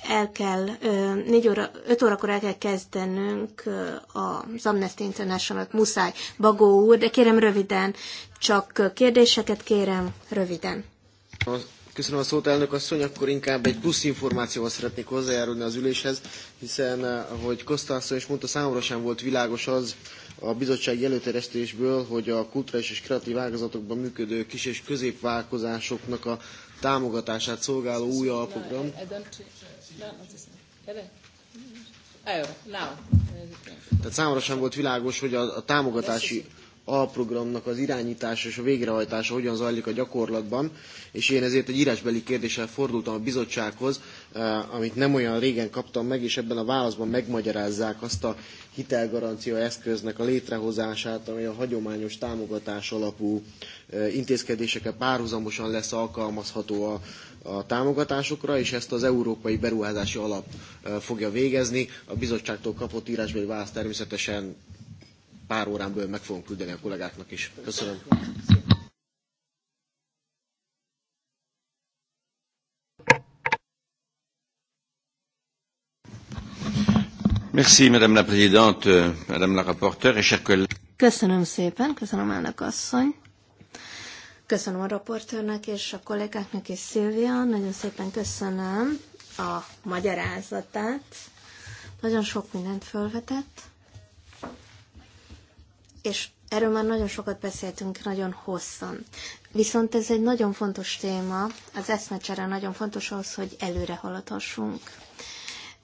el kell, 4 óra, 5 órakor el kell kezdenünk az Amnesty international -t. muszáj, Bagó úr, de kérem röviden, csak kérdéseket kérem röviden. Köszönöm a szót, elnök asszony. Akkor inkább egy plusz információval szeretnék hozzájárulni az üléshez, hiszen, eh, ahogy Koszta asszony is mondta, számomra sem volt világos az a bizottsági előterjesztésből, hogy a kulturális és kreatív ágazatokban működő kis- és középvállalkozásoknak a támogatását szolgáló új alprogram. Oh, Tehát számomra sem volt világos, hogy a, a támogatási alprogramnak az irányítása és a végrehajtása hogyan zajlik a gyakorlatban, és én ezért egy írásbeli kérdéssel fordultam a bizottsághoz, eh, amit nem olyan régen kaptam meg, és ebben a válaszban megmagyarázzák azt a hitelgarancia eszköznek a létrehozását, ami a hagyományos támogatás alapú eh, intézkedéseket párhuzamosan lesz alkalmazható a, a támogatásokra, és ezt az Európai Beruházási Alap eh, fogja végezni. A bizottságtól kapott írásbeli választ természetesen pár órán belül meg fogom küldeni a kollégáknak is. Köszönöm. Merci, Madame la Présidente, Madame la Rapporteure et chers collègues. Köszönöm szépen, köszönöm elnök asszony. Köszönöm a raportőrnek és a kollégáknak is. Szilvia, nagyon szépen köszönöm a magyarázatát. Nagyon sok mindent felvetett és erről már nagyon sokat beszéltünk, nagyon hosszan. Viszont ez egy nagyon fontos téma, az eszmecsere nagyon fontos ahhoz, hogy előre haladhassunk.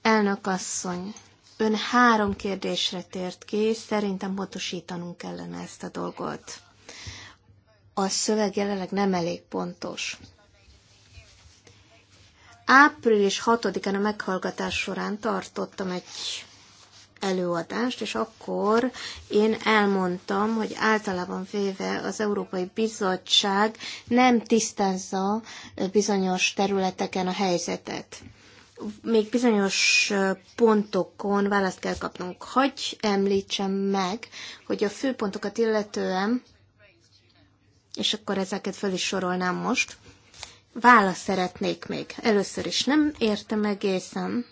Elnök asszony, ön három kérdésre tért ki, szerintem pontosítanunk kellene ezt a dolgot. A szöveg jelenleg nem elég pontos. Április 6-án a meghallgatás során tartottam egy előadást, és akkor én elmondtam, hogy általában véve az Európai Bizottság nem tisztázza bizonyos területeken a helyzetet. Még bizonyos pontokon választ kell kapnunk. Hagy említsem meg, hogy a főpontokat illetően, és akkor ezeket föl is sorolnám most, választ szeretnék még. Először is nem értem egészen,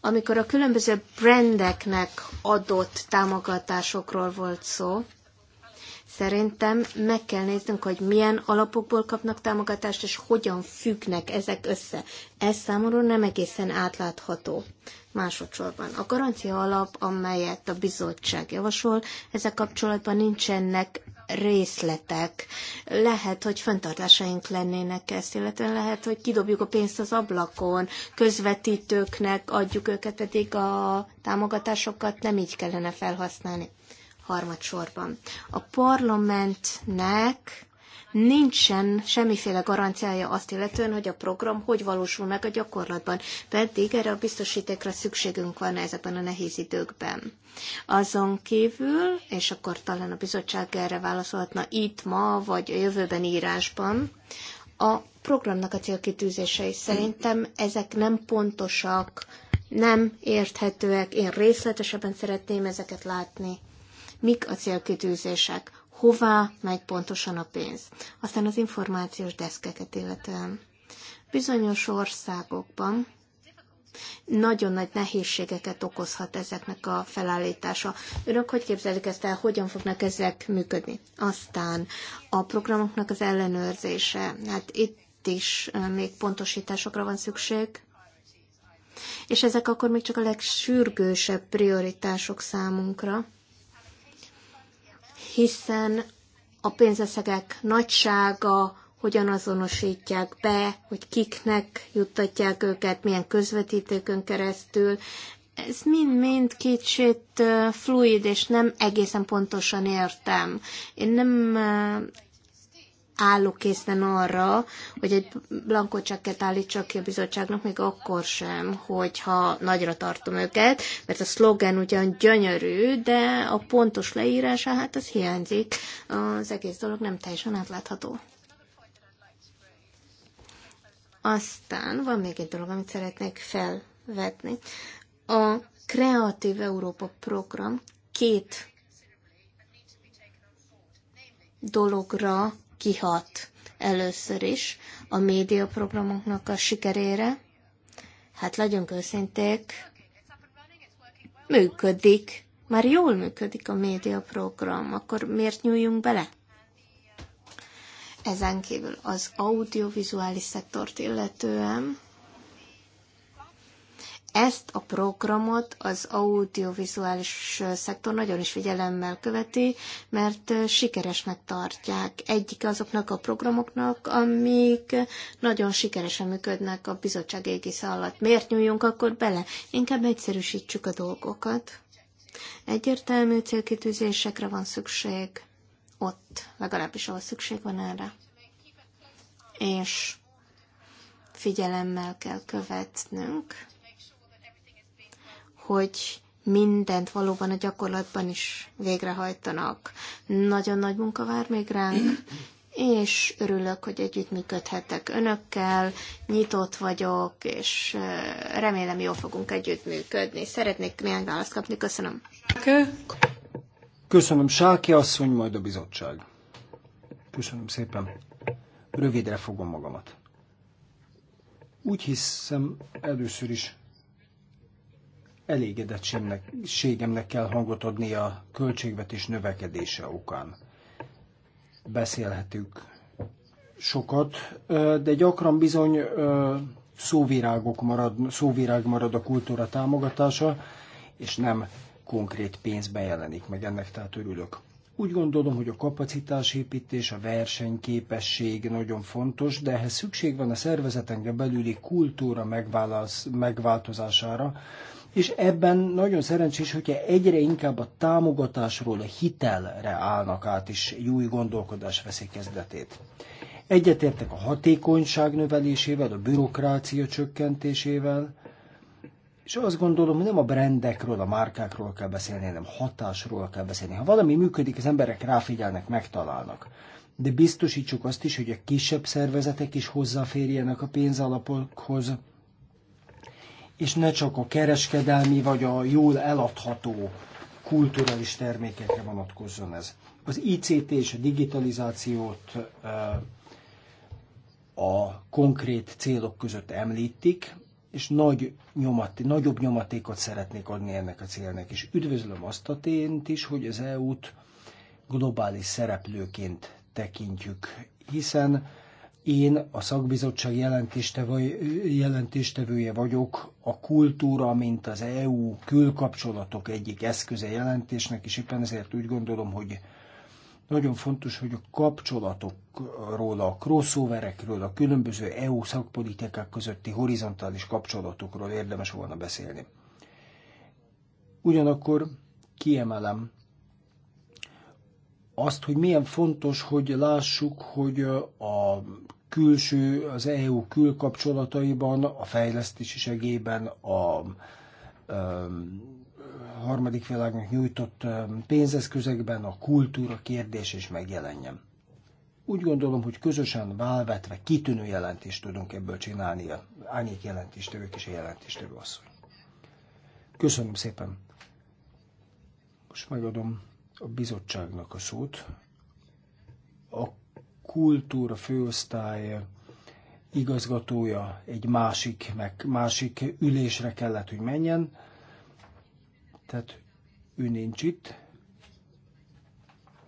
amikor a különböző brandeknek adott támogatásokról volt szó, szerintem meg kell néznünk, hogy milyen alapokból kapnak támogatást, és hogyan függnek ezek össze. Ez számomra nem egészen átlátható. Másodszorban a garancia alap, amelyet a bizottság javasol, ezzel kapcsolatban nincsenek részletek. Lehet, hogy fenntartásaink lennének ezt, illetve lehet, hogy kidobjuk a pénzt az ablakon, közvetítőknek adjuk őket, pedig a támogatásokat nem így kellene felhasználni harmadsorban. A parlamentnek nincsen semmiféle garanciája azt illetően, hogy a program hogy valósul meg a gyakorlatban, pedig erre a biztosítékra szükségünk van ezekben a nehéz időkben. Azon kívül, és akkor talán a bizottság erre válaszolhatna itt ma, vagy a jövőben írásban, a programnak a célkitűzései szerintem ezek nem pontosak, nem érthetőek. Én részletesebben szeretném ezeket látni. Mik a célkitűzések? hová megy pontosan a pénz. Aztán az információs deszkeket illetően. Bizonyos országokban nagyon nagy nehézségeket okozhat ezeknek a felállítása. Önök hogy képzelik ezt el, hogyan fognak ezek működni? Aztán a programoknak az ellenőrzése. Hát itt is még pontosításokra van szükség. És ezek akkor még csak a legsürgősebb prioritások számunkra hiszen a pénzeszegek nagysága, hogyan azonosítják be, hogy kiknek juttatják őket, milyen közvetítőkön keresztül. Ez mind-mind kicsit fluid, és nem egészen pontosan értem. Én nem állok készen arra, hogy egy blankó csekket állítsak ki a bizottságnak, még akkor sem, hogyha nagyra tartom őket, mert a szlogen ugyan gyönyörű, de a pontos leírása, hát az hiányzik. Az egész dolog nem teljesen átlátható. Aztán van még egy dolog, amit szeretnék felvetni. A Kreatív Európa program két dologra kihat először is a médiaprogramoknak a sikerére. Hát legyünk őszinték, működik, már jól működik a médiaprogram, akkor miért nyúljunk bele? Ezen kívül az audiovizuális szektort illetően ezt a programot az audiovizuális szektor nagyon is figyelemmel követi, mert sikeresnek tartják. Egyik azoknak a programoknak, amik nagyon sikeresen működnek a bizottság égisze alatt. Miért nyúljunk akkor bele? Inkább egyszerűsítsük a dolgokat. Egyértelmű célkitűzésekre van szükség ott, legalábbis ahol szükség van erre. És figyelemmel kell követnünk hogy mindent valóban a gyakorlatban is végrehajtanak. Nagyon nagy munka vár még ránk, és örülök, hogy együttműködhetek önökkel, nyitott vagyok, és remélem jól fogunk együttműködni. Szeretnék néhány választ kapni, köszönöm. Köszönöm, Sáki asszony, majd a bizottság. Köszönöm szépen. Rövidre fogom magamat. Úgy hiszem, először is elégedettségemnek kell hangot adni a költségvetés növekedése okán. Beszélhetünk sokat, de gyakran bizony szóvirágok marad, szóvirág marad a kultúra támogatása, és nem konkrét pénzben jelenik meg ennek, tehát örülök. Úgy gondolom, hogy a kapacitásépítés, a versenyképesség nagyon fontos, de ehhez szükség van a szervezetenkre belüli kultúra megváltozására, és ebben nagyon szerencsés, hogyha egyre inkább a támogatásról a hitelre állnak át, és egy új gondolkodás veszi kezdetét. Egyetértek a hatékonyság növelésével, a bürokrácia csökkentésével, és azt gondolom, hogy nem a brendekről, a márkákról kell beszélni, hanem hatásról kell beszélni. Ha valami működik, az emberek ráfigyelnek, megtalálnak. De biztosítsuk azt is, hogy a kisebb szervezetek is hozzáférjenek a pénzalapokhoz, és ne csak a kereskedelmi vagy a jól eladható kulturális termékekre vonatkozzon ez. Az ICT és a digitalizációt a konkrét célok között említik, és nagy nyomat, nagyobb nyomatékot szeretnék adni ennek a célnak. És üdvözlöm azt a tényt is, hogy az EU-t globális szereplőként tekintjük, hiszen én a szakbizottság jelentéstevője vagyok a kultúra, mint az EU külkapcsolatok egyik eszköze jelentésnek, és éppen ezért úgy gondolom, hogy nagyon fontos, hogy a kapcsolatokról, a crossoverekről, a különböző EU szakpolitikák közötti horizontális kapcsolatokról érdemes volna beszélni. Ugyanakkor kiemelem azt, hogy milyen fontos, hogy lássuk, hogy a külső, az EU külkapcsolataiban, a fejlesztési segélyben, a um, harmadik világnak nyújtott um, pénzeszközekben a kultúra kérdés is megjelenjen. Úgy gondolom, hogy közösen válvetve kitűnő jelentést tudunk ebből csinálni, a árnyék jelentéstevők és a jelentéstevő asszony. Köszönöm szépen. Most megadom a bizottságnak a szót. A kultúra főosztály igazgatója egy másik, meg másik ülésre kellett, hogy menjen, tehát ő nincs itt.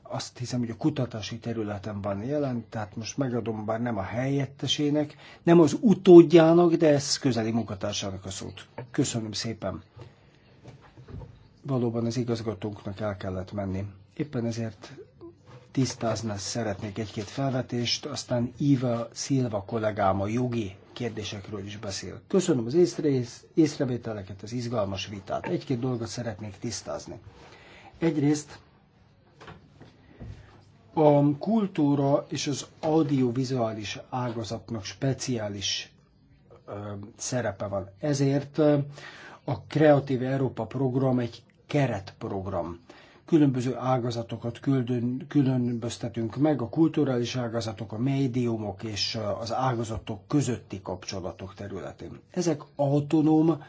Azt hiszem, hogy a kutatási területen van jelen, tehát most megadom bár nem a helyettesének, nem az utódjának, de ez közeli munkatársának a szót. Köszönöm szépen. Valóban az igazgatónknak el kellett menni. Éppen ezért tisztázni szeretnék egy-két felvetést, aztán Iva Szilva kollégám a jogi kérdésekről is beszél. Köszönöm az észre, észrevételeket, az izgalmas vitát. Egy-két dolgot szeretnék tisztázni. Egyrészt a kultúra és az audiovizuális ágazatnak speciális ö, szerepe van. Ezért a Kreatív Európa program egy keretprogram különböző ágazatokat küldön, különböztetünk meg, a kulturális ágazatok, a médiumok és az ágazatok közötti kapcsolatok területén. Ezek autonóm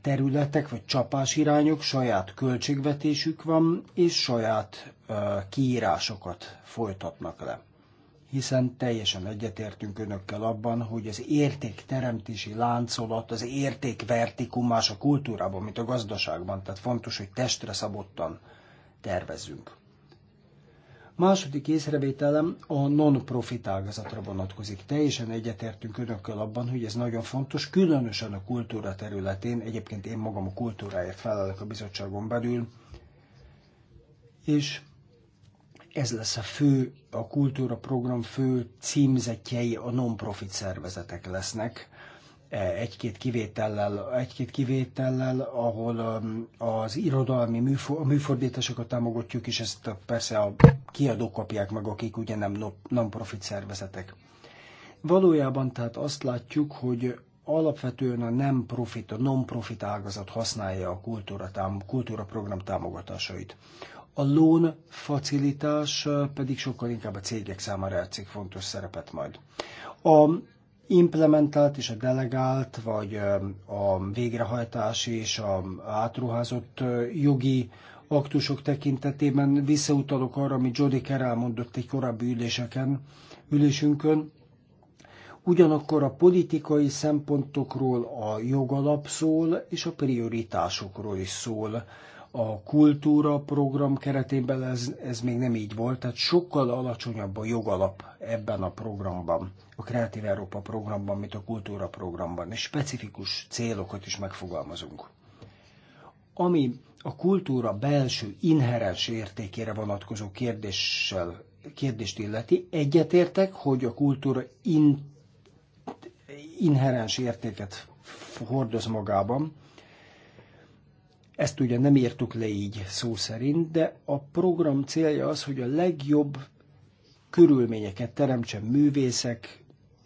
területek vagy csapásirányok, saját költségvetésük van, és saját uh, kiírásokat folytatnak le hiszen teljesen egyetértünk önökkel abban, hogy az értékteremtési láncolat, az érték más a kultúrában, mint a gazdaságban, tehát fontos, hogy testre szabottan tervezünk. Második észrevételem a non-profit ágazatra vonatkozik. Teljesen egyetértünk önökkel abban, hogy ez nagyon fontos, különösen a kultúra területén, egyébként én magam a kultúráért felelek a bizottságon belül, és ez lesz a fő, a kultúra program fő címzetjei a non-profit szervezetek lesznek. E, egy-két kivétellel, egy-két kivétellel, ahol um, az irodalmi műfo- a műfordításokat támogatjuk, és ezt persze a kiadók kapják meg, akik ugye nem non-profit szervezetek. Valójában tehát azt látjuk, hogy alapvetően a nem profit, a non-profit ágazat használja a kultúra, tám- kultúra program támogatásait a loan facilitás pedig sokkal inkább a cégek számára játszik fontos szerepet majd. A implementált és a delegált, vagy a végrehajtás és a átruházott jogi aktusok tekintetében visszautalok arra, amit Jody Kerr mondott egy korábbi üléseken, ülésünkön. Ugyanakkor a politikai szempontokról a jogalap szól, és a prioritásokról is szól a kultúra program keretében ez, ez még nem így volt, tehát sokkal alacsonyabb a jogalap ebben a programban, a Kreatív Európa programban, mint a kultúra programban, és specifikus célokat is megfogalmazunk. Ami a kultúra belső inherens értékére vonatkozó kérdéssel, kérdést illeti, egyetértek, hogy a kultúra in, inherens értéket hordoz magában, ezt ugye nem írtuk le így szó szerint, de a program célja az, hogy a legjobb körülményeket teremtsen művészek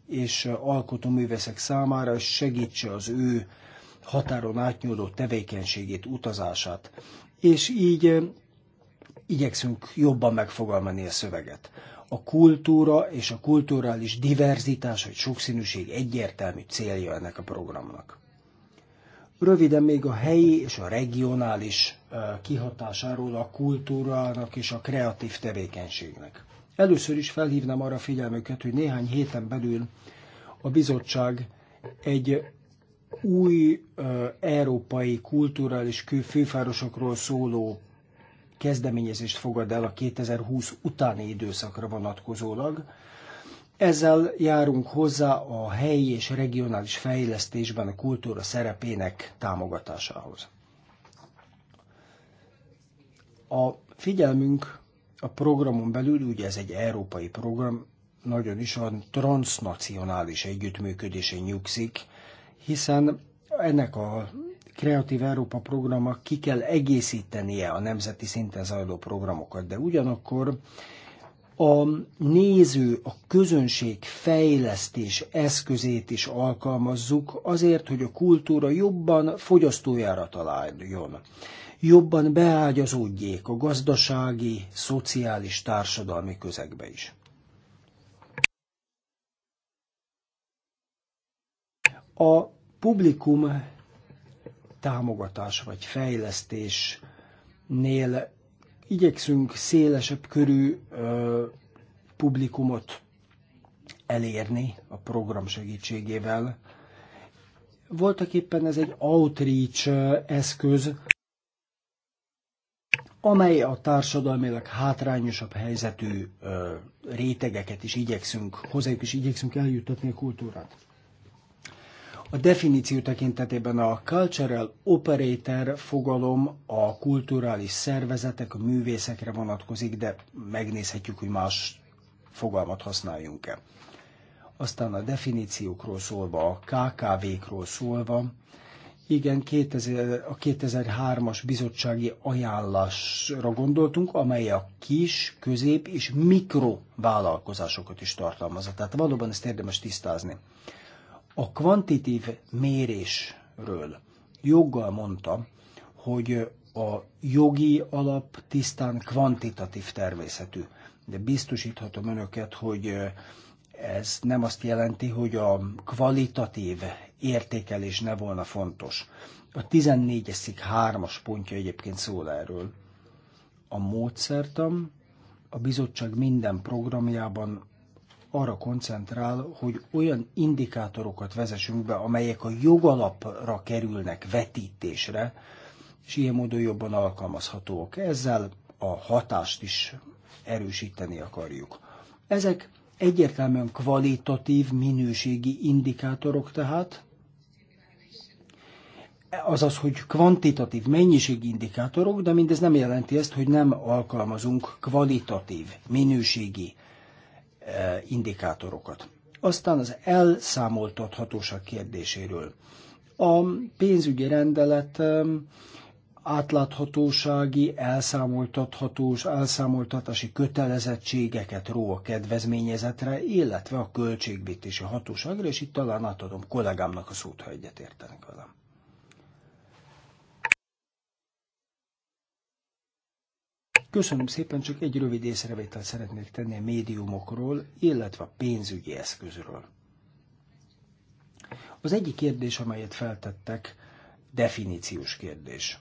és alkotóművészek számára, és segítse az ő határon átnyúló tevékenységét, utazását. És így eh, igyekszünk jobban megfogalmazni a szöveget. A kultúra és a kulturális diverzitás vagy sokszínűség egyértelmű célja ennek a programnak. Röviden még a helyi és a regionális kihatásáról a kultúrának és a kreatív tevékenységnek. Először is felhívnám arra figyelmüket, hogy néhány héten belül a bizottság egy új ö, európai kulturális főfárosokról szóló kezdeményezést fogad el a 2020 utáni időszakra vonatkozólag, ezzel járunk hozzá a helyi és regionális fejlesztésben a kultúra szerepének támogatásához. A figyelmünk a programon belül, ugye ez egy európai program, nagyon is a transnacionális együttműködésén nyugszik, hiszen ennek a Kreatív Európa programnak ki kell egészítenie a nemzeti szinten zajló programokat, de ugyanakkor a néző, a közönség fejlesztés eszközét is alkalmazzuk azért, hogy a kultúra jobban fogyasztójára találjon, jobban beágyazódjék a gazdasági, szociális, társadalmi közegbe is. A publikum támogatás vagy fejlesztésnél igyekszünk szélesebb körű ö, publikumot elérni a program segítségével. Voltak éppen ez egy outreach eszköz, amely a társadalmilag hátrányosabb helyzetű ö, rétegeket is igyekszünk, hozzájuk is igyekszünk eljutatni a kultúrát. A definíció tekintetében a cultural operator fogalom a kulturális szervezetek, a művészekre vonatkozik, de megnézhetjük, hogy más fogalmat használjunk-e. Aztán a definíciókról szólva, a KKV-król szólva, igen, 2000, a 2003-as bizottsági ajánlásra gondoltunk, amely a kis, közép és mikrovállalkozásokat is tartalmazza. Tehát valóban ezt érdemes tisztázni. A kvantitív mérésről joggal mondta, hogy a jogi alap tisztán kvantitatív természetű. De biztosíthatom önöket, hogy ez nem azt jelenti, hogy a kvalitatív értékelés ne volna fontos. A 14-es szik 3-as pontja egyébként szól erről. A módszertam a bizottság minden programjában arra koncentrál, hogy olyan indikátorokat vezessünk be, amelyek a jogalapra kerülnek vetítésre, és ilyen módon jobban alkalmazhatóak. Ezzel a hatást is erősíteni akarjuk. Ezek egyértelműen kvalitatív, minőségi indikátorok tehát, azaz, hogy kvantitatív, mennyiségi indikátorok, de mindez nem jelenti ezt, hogy nem alkalmazunk kvalitatív, minőségi Eh, indikátorokat. Aztán az elszámoltathatóság kérdéséről. A pénzügyi rendelet eh, átláthatósági, elszámoltathatós, elszámoltatási kötelezettségeket ró a kedvezményezetre, illetve a költségvetési hatóságra, és itt talán átadom kollégámnak a szót, ha értenek velem. Köszönöm szépen, csak egy rövid észrevételt szeretnék tenni a médiumokról, illetve a pénzügyi eszközről. Az egyik kérdés, amelyet feltettek, definíciós kérdés.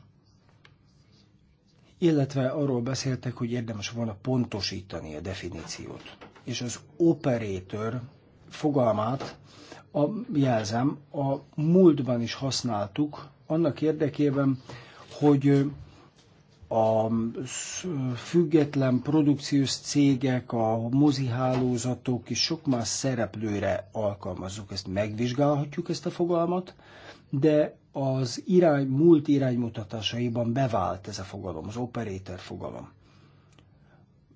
Illetve arról beszéltek, hogy érdemes volna pontosítani a definíciót. És az operator fogalmát, a, jelzem, a múltban is használtuk, annak érdekében, hogy a független produkciós cégek, a mozihálózatok és sok más szereplőre alkalmazzuk. Ezt megvizsgálhatjuk, ezt a fogalmat, de az irány, múlt iránymutatásaiban bevált ez a fogalom, az operator fogalom.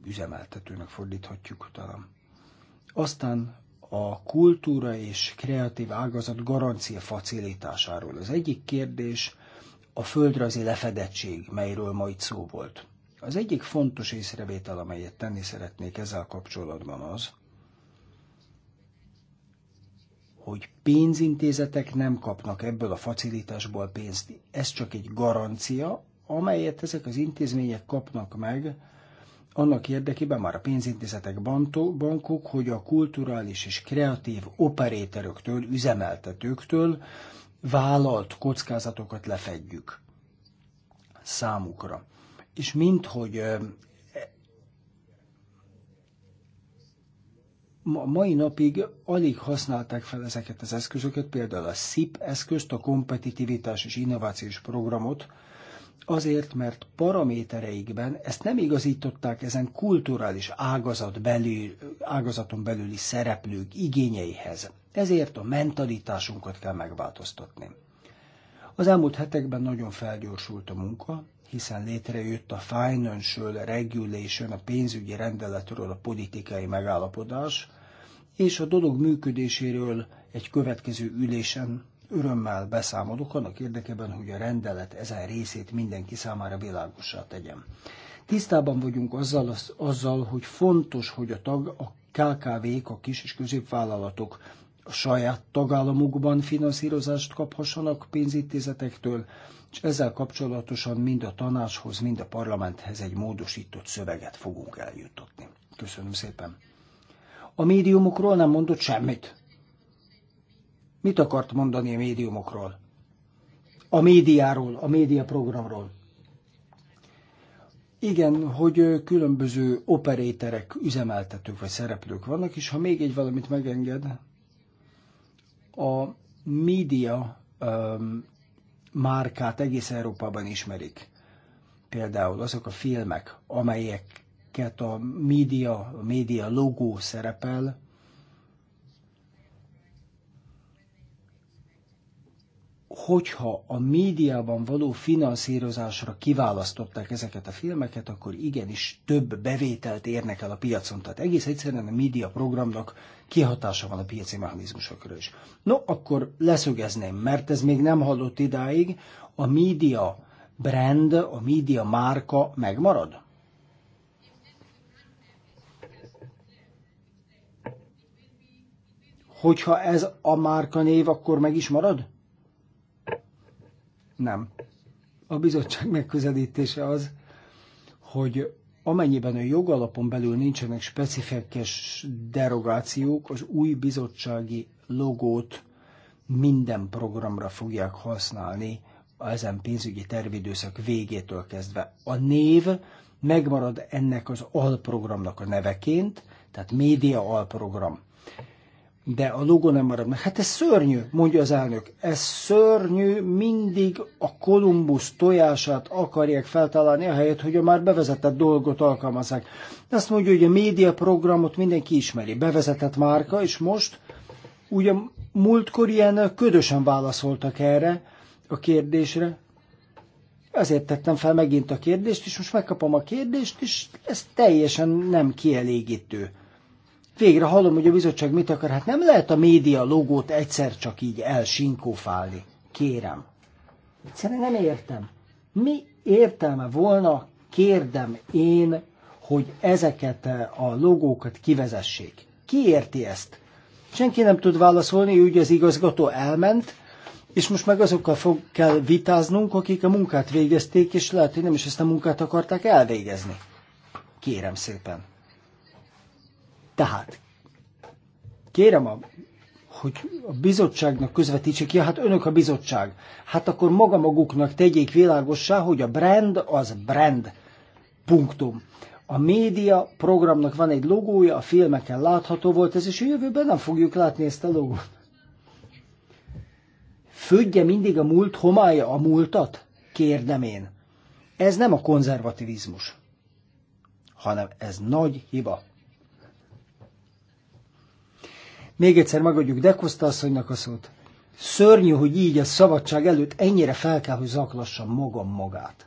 Üzemeltetőnek fordíthatjuk talán. Aztán a kultúra és kreatív ágazat garancia facilitásáról. Az egyik kérdés, a földrajzi lefedettség, melyről majd szó volt. Az egyik fontos észrevétel, amelyet tenni szeretnék ezzel kapcsolatban az, hogy pénzintézetek nem kapnak ebből a facilitásból pénzt. Ez csak egy garancia, amelyet ezek az intézmények kapnak meg, annak érdekében már a pénzintézetek bankok, hogy a kulturális és kreatív operétöröktől, üzemeltetőktől vállalt kockázatokat lefedjük számukra. És minthogy a mai napig alig használták fel ezeket az eszközöket, például a SIP eszközt, a kompetitivitás és innovációs programot, azért, mert paramétereikben ezt nem igazították ezen kulturális ágazat belül, ágazaton belüli szereplők igényeihez. Ezért a mentalitásunkat kell megváltoztatni. Az elmúlt hetekben nagyon felgyorsult a munka, hiszen létrejött a Financial Regulation, a pénzügyi rendeletről a politikai megállapodás, és a dolog működéséről egy következő ülésen örömmel beszámolok annak érdekében, hogy a rendelet ezen részét mindenki számára világosá tegyem. Tisztában vagyunk azzal, azzal hogy fontos, hogy a tag, a KKV-k, a kis és középvállalatok a saját tagállamukban finanszírozást kaphassanak pénzintézetektől, és ezzel kapcsolatosan mind a tanácshoz, mind a parlamenthez egy módosított szöveget fogunk eljuttatni. Köszönöm szépen. A médiumokról nem mondott semmit. Mit akart mondani a médiumokról? A médiáról, a médiaprogramról. Igen, hogy különböző operéterek, üzemeltetők vagy szereplők vannak, és ha még egy valamit megenged, a média um, márkát egész Európában ismerik. Például azok a filmek, amelyeket a média, a média logó szerepel, hogyha a médiában való finanszírozásra kiválasztották ezeket a filmeket, akkor igenis több bevételt érnek el a piacon. Tehát egész egyszerűen a média programnak kihatása van a piaci mechanizmusokra is. No, akkor leszögezném, mert ez még nem hallott idáig, a média brand, a média márka megmarad? Hogyha ez a márka név, akkor meg is marad? Nem. A bizottság megközelítése az, hogy amennyiben a jogalapon belül nincsenek specifikus derogációk, az új bizottsági logót minden programra fogják használni ezen pénzügyi tervidőszak végétől kezdve. A név megmarad ennek az alprogramnak a neveként, tehát média alprogram de a logó nem marad meg. Hát ez szörnyű, mondja az elnök. Ez szörnyű, mindig a Kolumbusz tojását akarják feltalálni, ahelyett, hogy a már bevezetett dolgot alkalmazzák. Azt mondja, hogy a médiaprogramot mindenki ismeri, bevezetett márka, és most ugye múltkor ilyen ködösen válaszoltak erre a kérdésre, ezért tettem fel megint a kérdést, és most megkapom a kérdést, és ez teljesen nem kielégítő végre hallom, hogy a bizottság mit akar. Hát nem lehet a média logót egyszer csak így elsinkófálni. Kérem. Egyszerűen nem értem. Mi értelme volna, kérdem én, hogy ezeket a logókat kivezessék? Ki érti ezt? Senki nem tud válaszolni, úgy az igazgató elment, és most meg azokkal fog, kell vitáznunk, akik a munkát végezték, és lehet, hogy nem is ezt a munkát akarták elvégezni. Kérem szépen. Tehát kérem a hogy a bizottságnak közvetítsék, ja, hát önök a bizottság. Hát akkor maga maguknak tegyék világossá, hogy a brand az brand. Punktum. A média programnak van egy logója, a filmeken látható volt ez, és a jövőben nem fogjuk látni ezt a logót. Födje mindig a múlt homálya a múltat? Kérdem én. Ez nem a konzervativizmus, hanem ez nagy hiba. Még egyszer megadjuk Dekoszta asszonynak a szót. Szörnyű, hogy így a szabadság előtt ennyire fel kell, hogy zaklassam magam magát.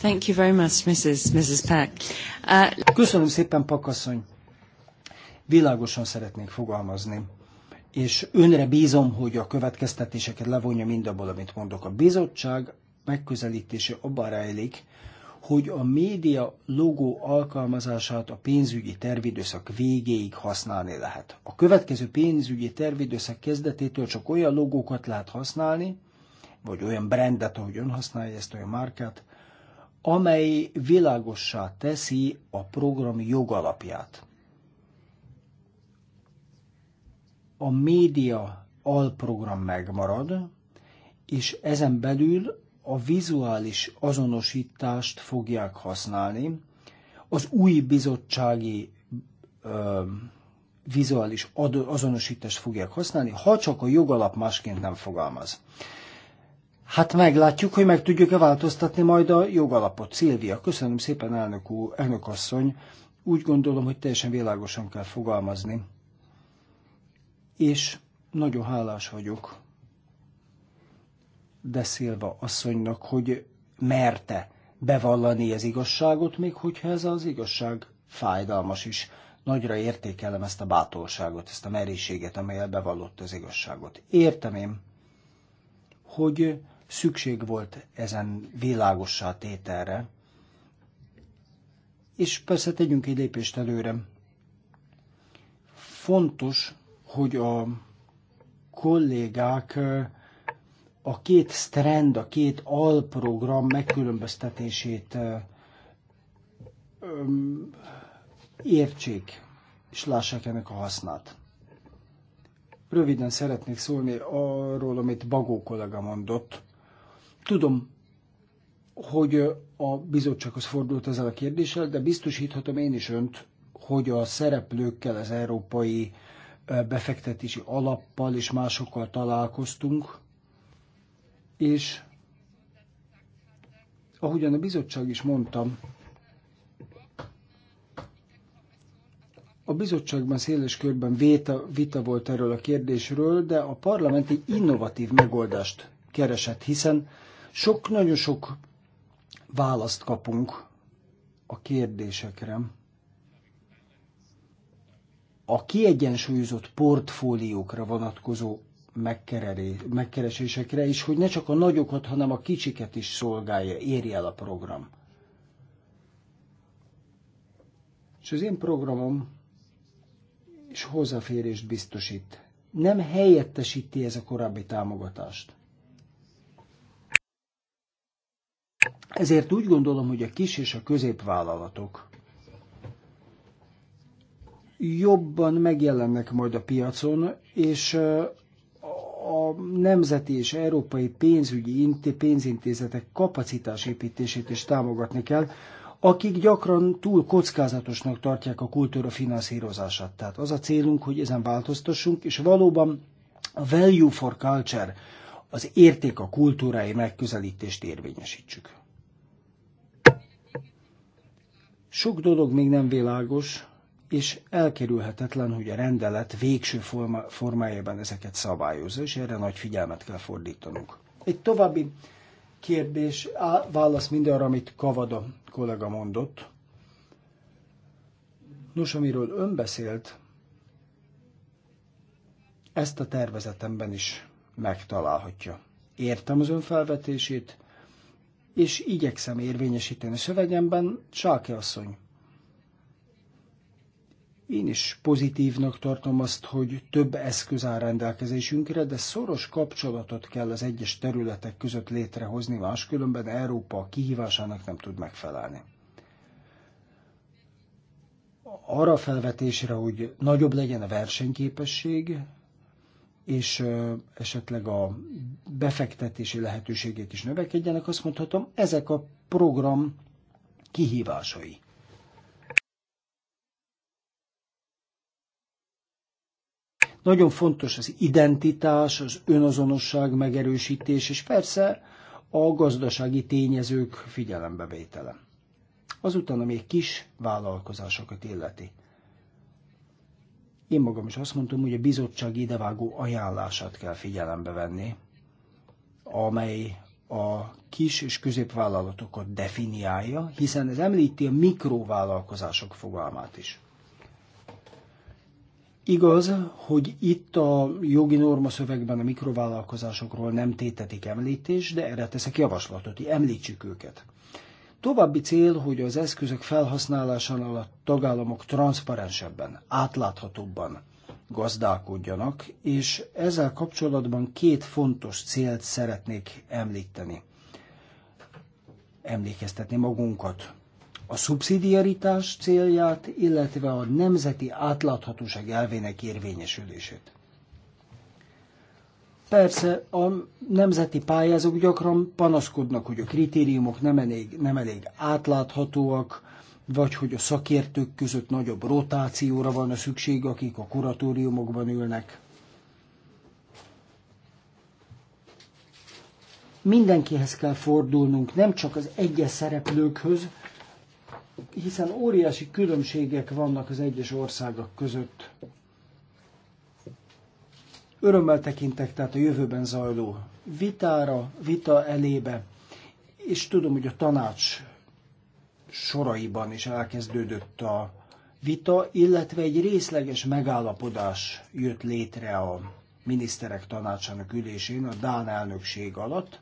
Thank you very much, Mrs. Mrs. Pack. Uh... Köszönöm szépen, Pakasszony. Világosan szeretnék fogalmazni és önre bízom, hogy a következtetéseket levonja mindabból, amit mondok. A bizottság megközelítése abban rejlik, hogy a média logó alkalmazását a pénzügyi tervidőszak végéig használni lehet. A következő pénzügyi tervidőszak kezdetétől csak olyan logókat lehet használni, vagy olyan brendet, ahogy ön használja ezt, olyan márkát, amely világossá teszi a program jogalapját. A média alprogram megmarad, és ezen belül a vizuális azonosítást fogják használni, az új bizottsági ö, vizuális azonosítást fogják használni, ha csak a jogalap másként nem fogalmaz. Hát meglátjuk, hogy meg tudjuk-e változtatni majd a jogalapot. Szilvia, köszönöm szépen, elnök, úr, elnök asszony. Úgy gondolom, hogy teljesen világosan kell fogalmazni. És nagyon hálás vagyok de Szilva asszonynak, hogy merte bevallani az igazságot, még hogyha ez az igazság fájdalmas is. Nagyra értékelem ezt a bátorságot, ezt a merészséget, amelyel bevallott az igazságot. Értem én, hogy szükség volt ezen világossá tételre, és persze tegyünk egy lépést előre. Fontos, hogy a kollégák a két strand, a két alprogram megkülönböztetését értsék, és lássák ennek a hasznát. Röviden szeretnék szólni arról, amit Bagó kollega mondott. Tudom, hogy a bizottsághoz fordult ezzel a kérdéssel, de biztosíthatom én is önt, hogy a szereplőkkel, az európai befektetési alappal és másokkal találkoztunk, és ahogyan a bizottság is mondtam, a bizottságban széles körben véta, vita volt erről a kérdésről, de a parlament egy innovatív megoldást keresett, hiszen sok, nagyon sok választ kapunk a kérdésekre. A kiegyensúlyozott portfóliókra vonatkozó megkeresésekre, és hogy ne csak a nagyokat, hanem a kicsiket is szolgálja, érje el a program. És az én programom és hozzáférést biztosít. Nem helyettesíti ez a korábbi támogatást. Ezért úgy gondolom, hogy a kis és a középvállalatok jobban megjelennek majd a piacon, és a nemzeti és európai pénzügyi pénzintézetek kapacitásépítését is támogatni kell, akik gyakran túl kockázatosnak tartják a kultúra finanszírozását. Tehát az a célunk, hogy ezen változtassunk, és valóban a value for culture, az érték a kultúrái megközelítést érvényesítsük. Sok dolog még nem világos, és elkerülhetetlen, hogy a rendelet végső forma, formájában ezeket szabályozza, és erre nagy figyelmet kell fordítanunk. Egy további kérdés, á, válasz mindenre, amit Kavada kollega mondott. Nos, amiről ön beszélt, ezt a tervezetemben is megtalálhatja. Értem az ön felvetését, és igyekszem érvényesíteni szövegemben. Sáki asszony, én is pozitívnak tartom azt, hogy több eszköz áll rendelkezésünkre, de szoros kapcsolatot kell az egyes területek között létrehozni, máskülönben Európa a kihívásának nem tud megfelelni. Arra felvetésre, hogy nagyobb legyen a versenyképesség, és esetleg a befektetési lehetőségek is növekedjenek, azt mondhatom, ezek a program kihívásai Nagyon fontos az identitás, az önazonosság megerősítés, és persze a gazdasági tényezők figyelembevétele. Azután, ami egy kis vállalkozásokat illeti. Én magam is azt mondtam, hogy a bizottság idevágó ajánlását kell figyelembe venni, amely a kis és középvállalatokat definiálja, hiszen ez említi a mikrovállalkozások fogalmát is. Igaz, hogy itt a jogi norma szövegben a mikrovállalkozásokról nem tétetik említés, de erre teszek javaslatot, hogy említsük őket. További cél, hogy az eszközök felhasználásán a tagállamok transzparensebben, átláthatóbban gazdálkodjanak, és ezzel kapcsolatban két fontos célt szeretnék említeni. Emlékeztetni magunkat a szubszidiaritás célját, illetve a nemzeti átláthatóság elvének érvényesülését. Persze a nemzeti pályázók gyakran panaszkodnak, hogy a kritériumok nem elég, nem elég átláthatóak, vagy hogy a szakértők között nagyobb rotációra van a szükség, akik a kuratóriumokban ülnek. Mindenkihez kell fordulnunk, nem csak az egyes szereplőkhöz, hiszen óriási különbségek vannak az egyes országok között. Örömmel tekintek tehát a jövőben zajló vitára, vita elébe, és tudom, hogy a tanács soraiban is elkezdődött a vita, illetve egy részleges megállapodás jött létre a miniszterek tanácsának ülésén a Dán elnökség alatt,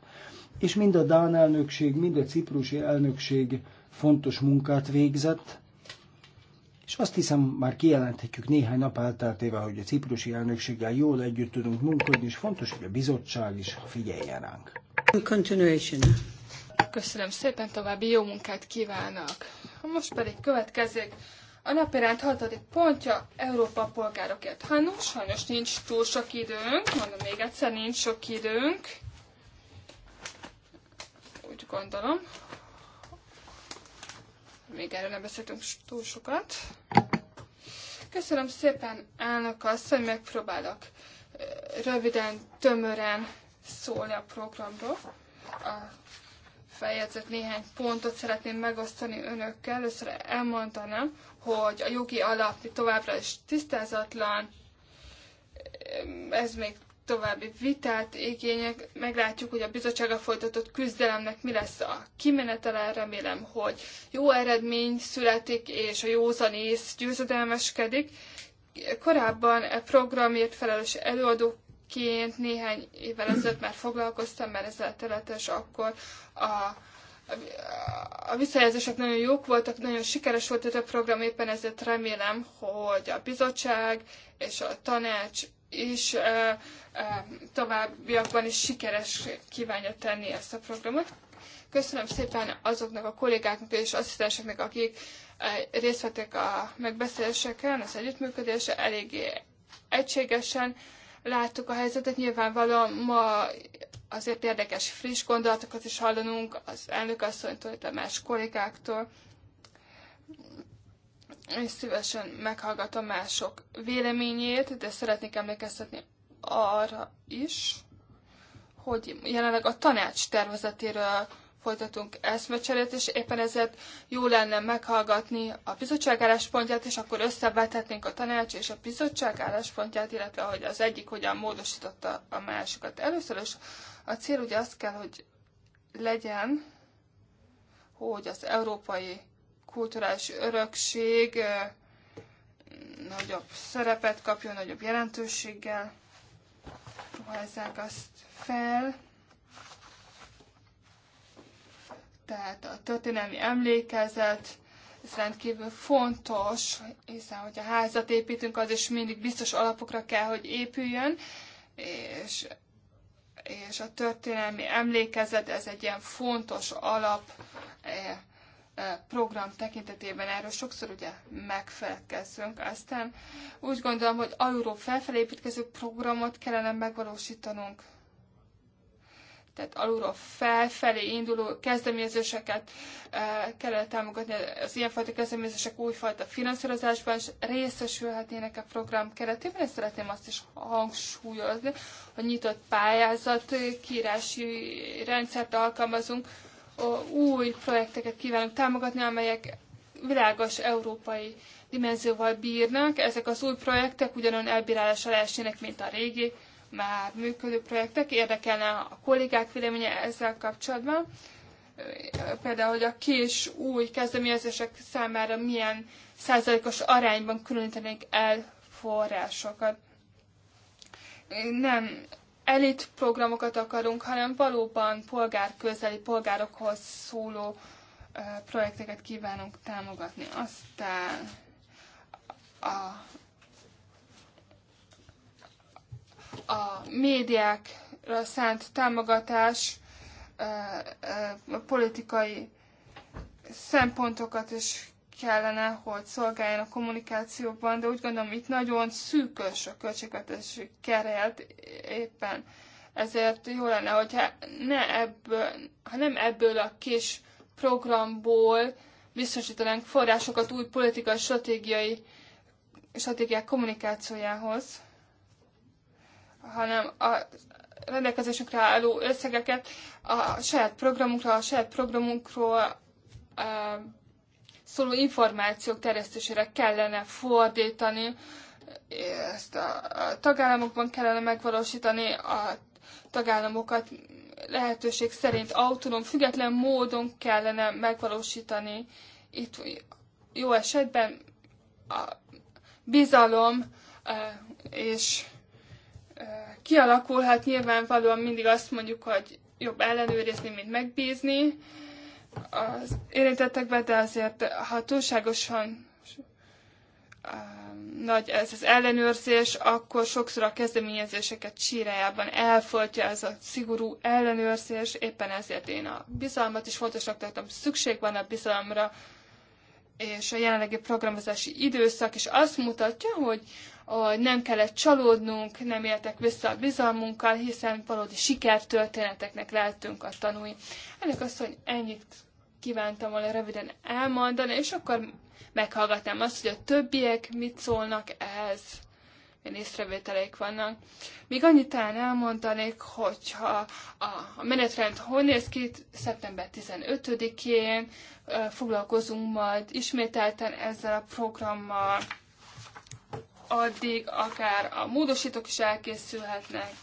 és mind a Dán elnökség, mind a ciprusi elnökség fontos munkát végzett, és azt hiszem már kijelenthetjük néhány nap elteltével, hogy a ciprusi elnökséggel jól együtt tudunk munkodni, és fontos, hogy a bizottság is figyeljen ránk. Continuation. Köszönöm szépen, további jó munkát kívánok. Most pedig következik a napirend hatodik pontja Európa polgárokért. Hát sajnos nincs túl sok időnk, mondom még egyszer, nincs sok időnk. Úgy gondolom, még erről nem beszéltünk túl sokat. Köszönöm szépen, elnök azt, hogy megpróbálok röviden, tömören szólni a programról. A fejezet néhány pontot szeretném megosztani önökkel. Először elmondanám, hogy a jogi alap továbbra is tisztázatlan, ez még további vitát igények. Meglátjuk, hogy a bizottsága folytatott küzdelemnek mi lesz a kimenetele. Remélem, hogy jó eredmény születik, és a józan ész győzedelmeskedik. Korábban a e programért felelős előadók ként néhány évvel ezelőtt már foglalkoztam, mert ezzel a akkor a, a, a visszajelzések nagyon jók voltak, nagyon sikeres volt ez a program, éppen ezért remélem, hogy a bizottság és a tanács és továbbiakban is sikeres kívánja tenni ezt a programot. Köszönöm szépen azoknak a kollégáknak és asszisztenseknek, akik részt vettek a megbeszéléseken, az együttműködésre eléggé egységesen láttuk a helyzetet. Nyilvánvalóan ma azért érdekes friss gondolatokat is hallanunk az asszonytól, a más kollégáktól. Én szívesen meghallgatom mások véleményét, de szeretnék emlékeztetni arra is, hogy jelenleg a tanács tervezetéről folytatunk eszmecserét, és éppen ezért jó lenne meghallgatni a bizottság álláspontját, és akkor összevethetnénk a tanács és a bizottság álláspontját, illetve hogy az egyik hogyan módosította a másikat. Először is a cél ugye az kell, hogy legyen, hogy az európai kulturális örökség nagyobb szerepet kapjon, nagyobb jelentőséggel ruházzák azt fel. Tehát a történelmi emlékezet, ez rendkívül fontos, hiszen hogyha házat építünk, az is mindig biztos alapokra kell, hogy épüljön, és, és a történelmi emlékezet, ez egy ilyen fontos alap, eh, program tekintetében erről sokszor ugye megfelelkezzünk. Aztán úgy gondolom, hogy alulról felfelé építkező programot kellene megvalósítanunk. Tehát alulról felfelé induló kezdeményezéseket kellene támogatni. Az ilyenfajta kezdeményezések újfajta finanszírozásban is részesülhetnének a program keretében. Ezt szeretném azt is hangsúlyozni, hogy nyitott pályázat, kírási rendszert alkalmazunk, új projekteket kívánunk támogatni, amelyek világos európai dimenzióval bírnak. Ezek az új projektek ugyanolyan alá esnének, mint a régi, már működő projektek. Érdekelne a kollégák véleménye ezzel kapcsolatban. Például, hogy a kis új kezdeményezések számára milyen százalékos arányban különítenék el forrásokat. Nem elit programokat akarunk, hanem valóban polgárközeli, polgárokhoz szóló projekteket kívánunk támogatni. Aztán a, a médiákra szánt támogatás a politikai szempontokat is kellene, hogy szolgáljon a kommunikációban, de úgy gondolom, itt nagyon szűkös a költségvetési keret, éppen. Ezért jó lenne, hogyha ne ebből, ha nem ebből a kis programból biztosítanánk forrásokat új politikai stratégiai stratégiák kommunikációjához, hanem a rendelkezésünkre álló összegeket a saját programunkra, a saját programunkról szóló információk terjesztésére kellene fordítani, ezt a, a tagállamokban kellene megvalósítani, a tagállamokat lehetőség szerint autonóm, független módon kellene megvalósítani. Itt jó esetben a bizalom e, és e, kialakulhat nyilvánvalóan mindig azt mondjuk, hogy jobb ellenőrizni, mint megbízni az érintettekbe, de azért, ha túlságosan e, nagy ez az ellenőrzés, akkor sokszor a kezdeményezéseket sírájában elfojtja ez a szigorú ellenőrzés, éppen ezért én a bizalmat is fontosnak tartom, szükség van a bizalomra, és a jelenlegi programozási időszak is azt mutatja, hogy, hogy nem kellett csalódnunk, nem éltek vissza a bizalmunkkal, hiszen valódi sikertörténeteknek lehetünk a tanulni. Ennek azt, hogy ennyit kívántam volna röviden elmondani, és akkor meghallgatnám azt, hogy a többiek mit szólnak ehhez, milyen észrevételeik vannak. Még annyit talán elmondanék, hogyha a menetrend hol néz ki, szeptember 15-én foglalkozunk majd ismételten ezzel a programmal, addig akár a módosítók is elkészülhetnek,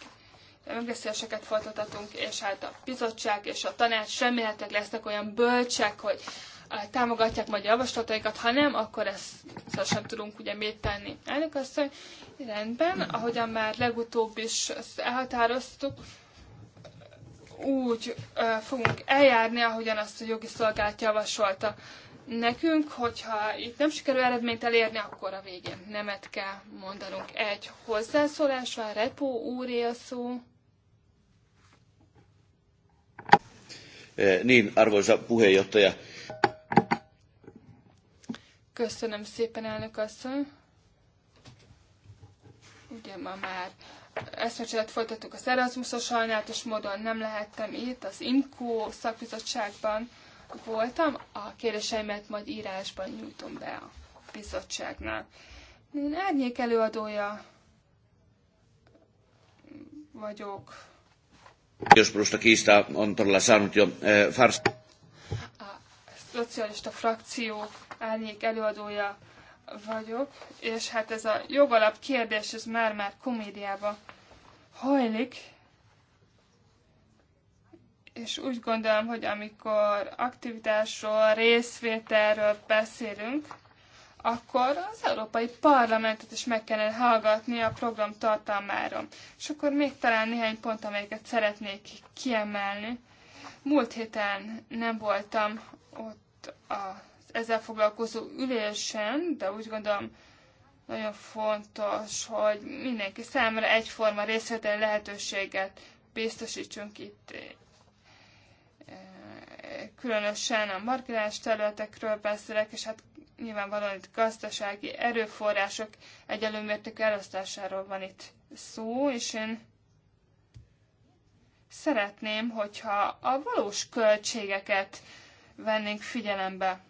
megbeszéléseket folytatunk, és hát a bizottság és a tanács remélhetőleg lesznek olyan bölcsek, hogy támogatják majd javaslataikat, ha nem, akkor ezt sem tudunk ugye mit tenni. Elnök asszony, rendben, ahogyan már legutóbb is ezt elhatároztuk, úgy uh, fogunk eljárni, ahogyan azt a jogi szolgált javasolta nekünk, hogyha itt nem sikerül eredményt elérni, akkor a végén nemet kell mondanunk. Egy hozzászólás van, Repó úré a szó. Eh, niin, arvoisa puheenjohtaja, Köszönöm szépen, elnök asszony. Ugye ma már eszmecselet folytattuk az Erasmusos, sajnálatos módon nem lehettem itt, az INKO szakbizottságban voltam, a kérdéseimet majd írásban nyújtom be a bizottságnál. Én árnyék előadója vagyok. Josprosta kiista on todella saanut eh, A szocialista frakciók árnyék előadója vagyok, és hát ez a jogalap kérdés, ez már-már komédiába hajlik, és úgy gondolom, hogy amikor aktivitásról, részvételről beszélünk, akkor az Európai Parlamentet is meg kellene hallgatni a program tartalmáról. És akkor még talán néhány pont, amelyeket szeretnék kiemelni. Múlt héten nem voltam ott a ezzel foglalkozó ülésen, de úgy gondolom nagyon fontos, hogy mindenki számára egyforma részvétel lehetőséget biztosítsunk itt eh, különösen a marginális területekről beszélek, és hát nyilvánvalóan itt gazdasági erőforrások egyelő mértékű elosztásáról van itt szó, és én szeretném, hogyha a valós költségeket vennénk figyelembe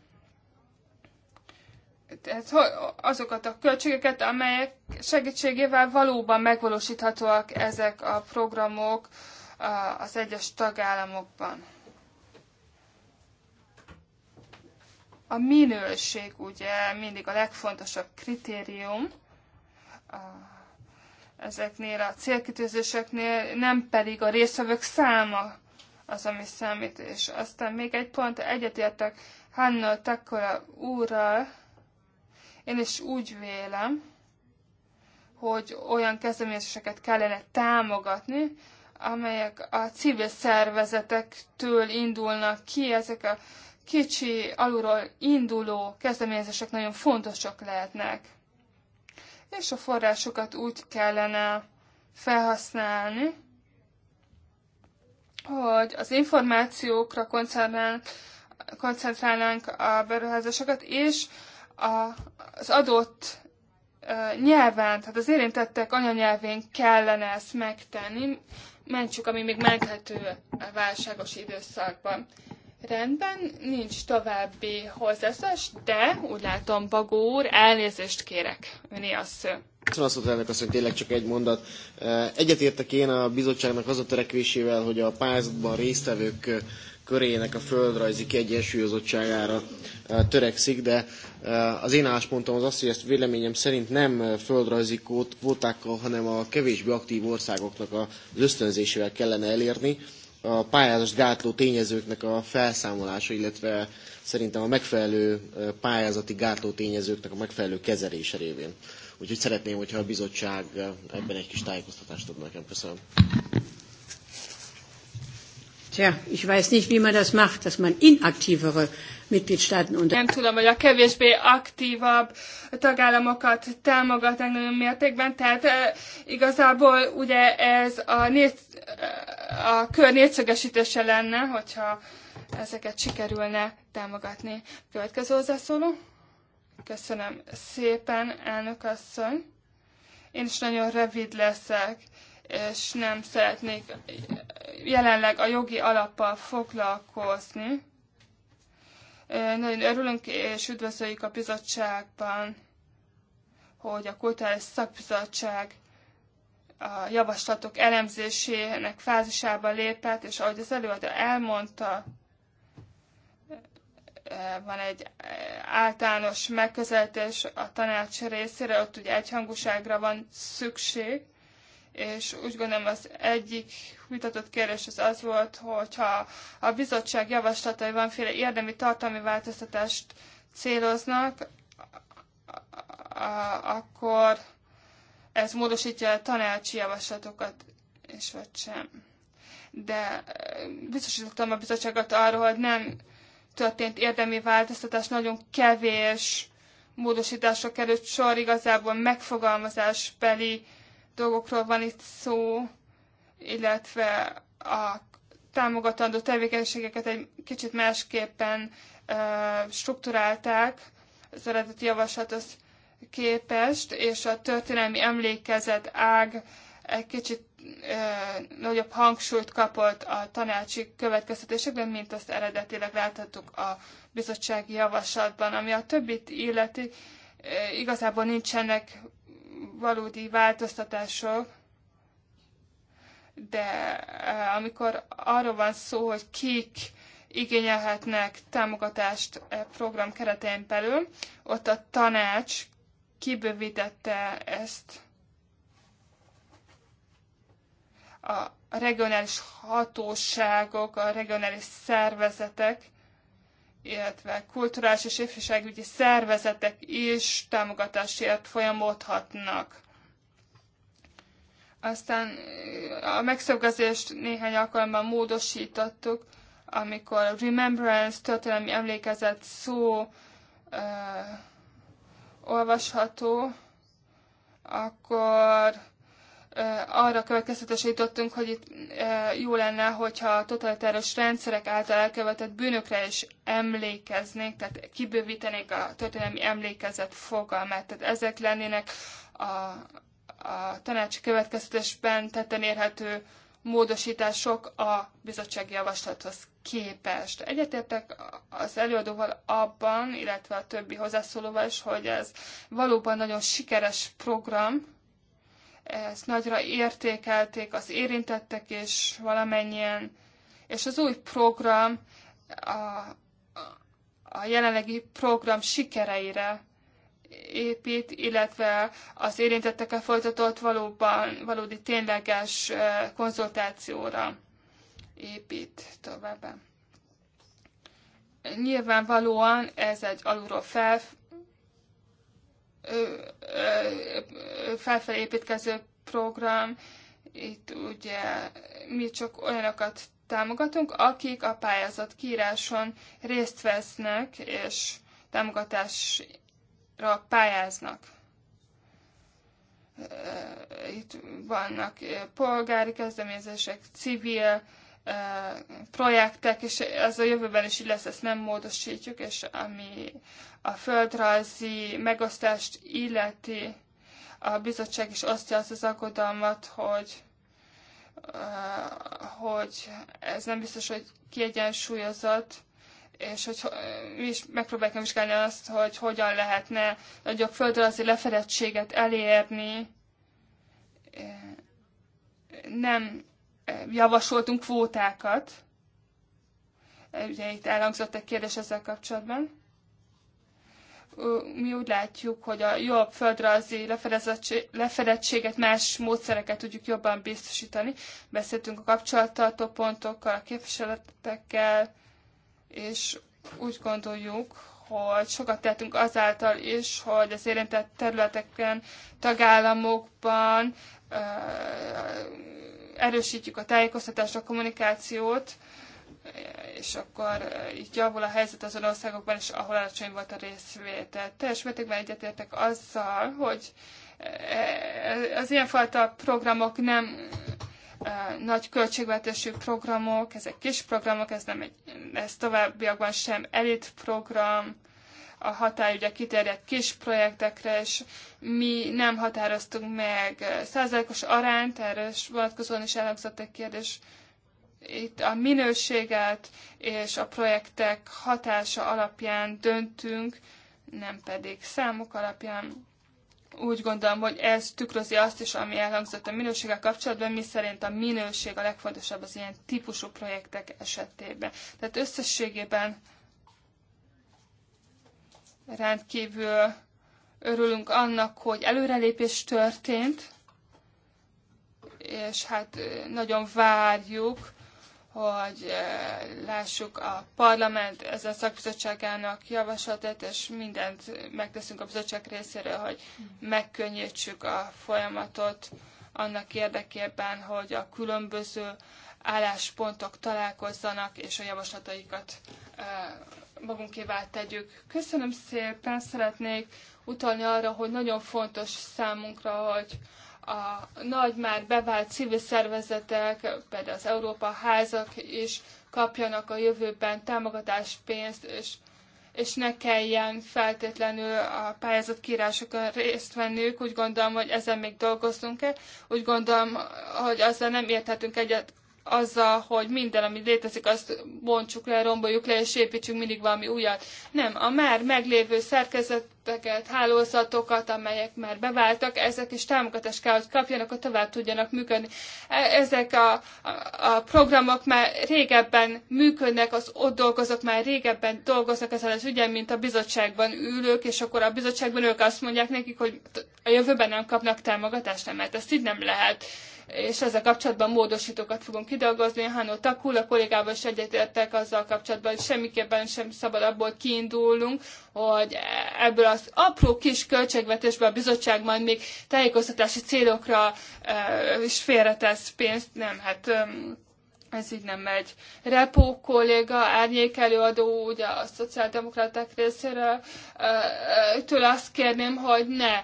tehát azokat a költségeket, amelyek segítségével valóban megvalósíthatóak ezek a programok az egyes tagállamokban. A minőség ugye mindig a legfontosabb kritérium ezeknél a célkitűzéseknél, nem pedig a részvevők száma az, ami számít. És aztán még egy pont, egyetértek Hannah Takora úrral, én is úgy vélem, hogy olyan kezdeményezéseket kellene támogatni, amelyek a civil szervezetektől indulnak ki, ezek a kicsi, alulról induló kezdeményezések nagyon fontosak lehetnek. És a forrásokat úgy kellene felhasználni, hogy az információkra koncentrálnánk a beruházásokat, és a, az adott nyelven, tehát az érintettek anyanyelvén kellene ezt megtenni, mentsük, ami még meghető a válságos időszakban. Rendben, nincs további hozzászás, de úgy látom, Bagó úr, elnézést kérek. Öné a sző. Köszönöm azt, elnök tényleg csak egy mondat. Egyetértek én a bizottságnak az a törekvésével, hogy a pályázatban résztvevők körének a földrajzi kiegyensúlyozottságára törekszik, de az én álláspontom az az, hogy ezt véleményem szerint nem földrajzi kvótákkal, hanem a kevésbé aktív országoknak az ösztönzésével kellene elérni. A pályázást gátló tényezőknek a felszámolása, illetve szerintem a megfelelő pályázati gátló tényezőknek a megfelelő kezelése révén. Úgyhogy szeretném, hogyha a bizottság ebben egy kis tájékoztatást adna nekem. Köszönöm. Tja, ich weiß nicht, wie man das macht, dass man inaktivere Mitgliedstaaten unter... Nem tudom, hogy a kevésbé aktívabb tagállamokat támogatnak nagyon mértékben, tehát igazából ugye ez a, néz, a kör négyszögesítése lenne, hogyha ezeket sikerülne támogatni. Következő hozzászóló. Köszönöm szépen, elnök asszony. Én is nagyon rövid leszek és nem szeretnék jelenleg a jogi alappal foglalkozni. Nagyon örülünk és üdvözöljük a bizottságban, hogy a kultúrális Szakbizottság a javaslatok elemzésének fázisába lépett, és ahogy az előadó elmondta, van egy általános megközelítés a tanács részére, ott ugye egyhangúságra van szükség, és úgy gondolom az egyik vitatott kérdés az az volt, hogyha a bizottság javaslatai valamiféle érdemi tartalmi változtatást céloznak, akkor ez módosítja a tanácsi javaslatokat, és vagy sem. De e, biztosítottam a bizottságot arról, hogy nem történt érdemi változtatás, nagyon kevés módosításra került sor, igazából megfogalmazásbeli dolgokról van itt szó, illetve a támogatandó tevékenységeket egy kicsit másképpen ö, strukturálták az eredeti javaslathoz képest, és a történelmi emlékezet ág egy kicsit ö, nagyobb hangsúlyt kapott a tanácsi következtetésekben, mint azt eredetileg láthattuk a bizottsági javaslatban, ami a többit illeti, igazából nincsenek valódi változtatások, de e, amikor arról van szó, hogy kik igényelhetnek támogatást e program keretein belül, ott a tanács kibővítette ezt a regionális hatóságok, a regionális szervezetek illetve kulturális és ifjúságügyi szervezetek is támogatásért folyamodhatnak. Aztán a megszögezést néhány alkalommal módosítottuk, amikor remembrance, történelmi emlékezet szó ö, olvasható, akkor arra következtetésre jutottunk, hogy itt jó lenne, hogyha a totalitáros rendszerek által elkövetett bűnökre is emlékeznék, tehát kibővítenék a történelmi emlékezet fogalmát. Tehát ezek lennének a, a tanácsi következtetésben tetten érhető módosítások a bizottsági javaslathoz képest. Egyetértek az előadóval abban, illetve a többi hozzászólóval is, hogy ez valóban nagyon sikeres program, ezt nagyra értékelték az érintettek és valamennyien, és az új program a, a jelenlegi program sikereire épít, illetve az érintettekkel folytatott valóban valódi tényleges konzultációra épít továbbá. Nyilvánvalóan ez egy alulról fel felfelé építkező program, itt ugye mi csak olyanokat támogatunk, akik a pályázat kiíráson részt vesznek, és támogatásra pályáznak. Itt vannak polgári kezdeményezések, civil projektek, és ez a jövőben is így lesz, ezt nem módosítjuk, és ami a földrajzi megosztást illeti, a bizottság is osztja azt az aggodalmat, hogy, hogy ez nem biztos, hogy kiegyensúlyozott, és hogy mi is megpróbáljuk vizsgálni azt, hogy hogyan lehetne nagyobb földrajzi lefedettséget elérni, nem javasoltunk kvótákat. E, ugye itt elhangzott egy kérdés ezzel kapcsolatban. Mi úgy látjuk, hogy a jobb földrajzi lefedettséget, más módszereket tudjuk jobban biztosítani. Beszéltünk a kapcsolattartó pontokkal, a képviseletekkel, és úgy gondoljuk, hogy sokat tettünk azáltal is, hogy az érintett területeken, tagállamokban erősítjük a tájékoztatást, a kommunikációt, és akkor eh, így javul a helyzet azon országokban is, ahol alacsony volt a részvétel. Teljes mértékben egyetértek azzal, hogy eh, az ilyenfajta programok nem eh, nagy költségvetésű programok, ezek kis programok, ez nem egy, ez továbbiakban sem elit program, a határ ugye kiterjedt kis projektekre, és mi nem határoztunk meg százalékos arányt, erre vonatkozóan is elhangzott egy kérdés, itt a minőséget és a projektek hatása alapján döntünk, nem pedig számok alapján. Úgy gondolom, hogy ez tükrözi azt is, ami elhangzott a minőséggel kapcsolatban, mi szerint a minőség a legfontosabb az ilyen típusú projektek esetében. Tehát összességében Rendkívül örülünk annak, hogy előrelépés történt, és hát nagyon várjuk, hogy lássuk a parlament ezzel a szakbizottságának javaslatát, és mindent megteszünk a bizottság részéről, hogy megkönnyítsük a folyamatot annak érdekében, hogy a különböző álláspontok találkozzanak, és a javaslataikat magunkévá tegyük. Köszönöm szépen, szeretnék utalni arra, hogy nagyon fontos számunkra, hogy a nagy már bevált civil szervezetek, például az Európa házak is kapjanak a jövőben támogatáspénzt, és, és ne kelljen feltétlenül a pályázat kírásokon részt venniük. Úgy gondolom, hogy ezen még dolgoznunk e Úgy gondolom, hogy azzal nem érthetünk egyet, azzal, hogy minden, ami létezik, azt bontsuk le, romboljuk le, és építsünk mindig valami újat. Nem, a már meglévő szerkezeteket, hálózatokat, amelyek már beváltak, ezek is támogatást kell, hogy kapjanak, hogy tovább tudjanak működni. E, ezek a, a, a programok már régebben működnek, az ott dolgozók már régebben dolgoznak ezen az ügyen, mint a bizottságban ülők, és akkor a bizottságban ők azt mondják nekik, hogy a jövőben nem kapnak támogatást, nem, mert ezt így nem lehet és ezzel kapcsolatban módosítókat fogunk kidolgozni. Hánó Takula kollégával is egyetértek azzal kapcsolatban, hogy semmiképpen sem szabad abból kiindulnunk, hogy ebből az apró kis költségvetésből a bizottság majd még tájékoztatási célokra is félretesz pénzt. Nem, hát ez így nem megy. Repó kolléga, árnyék előadó, ugye a szociáldemokraták részéről, tőle azt kérném, hogy ne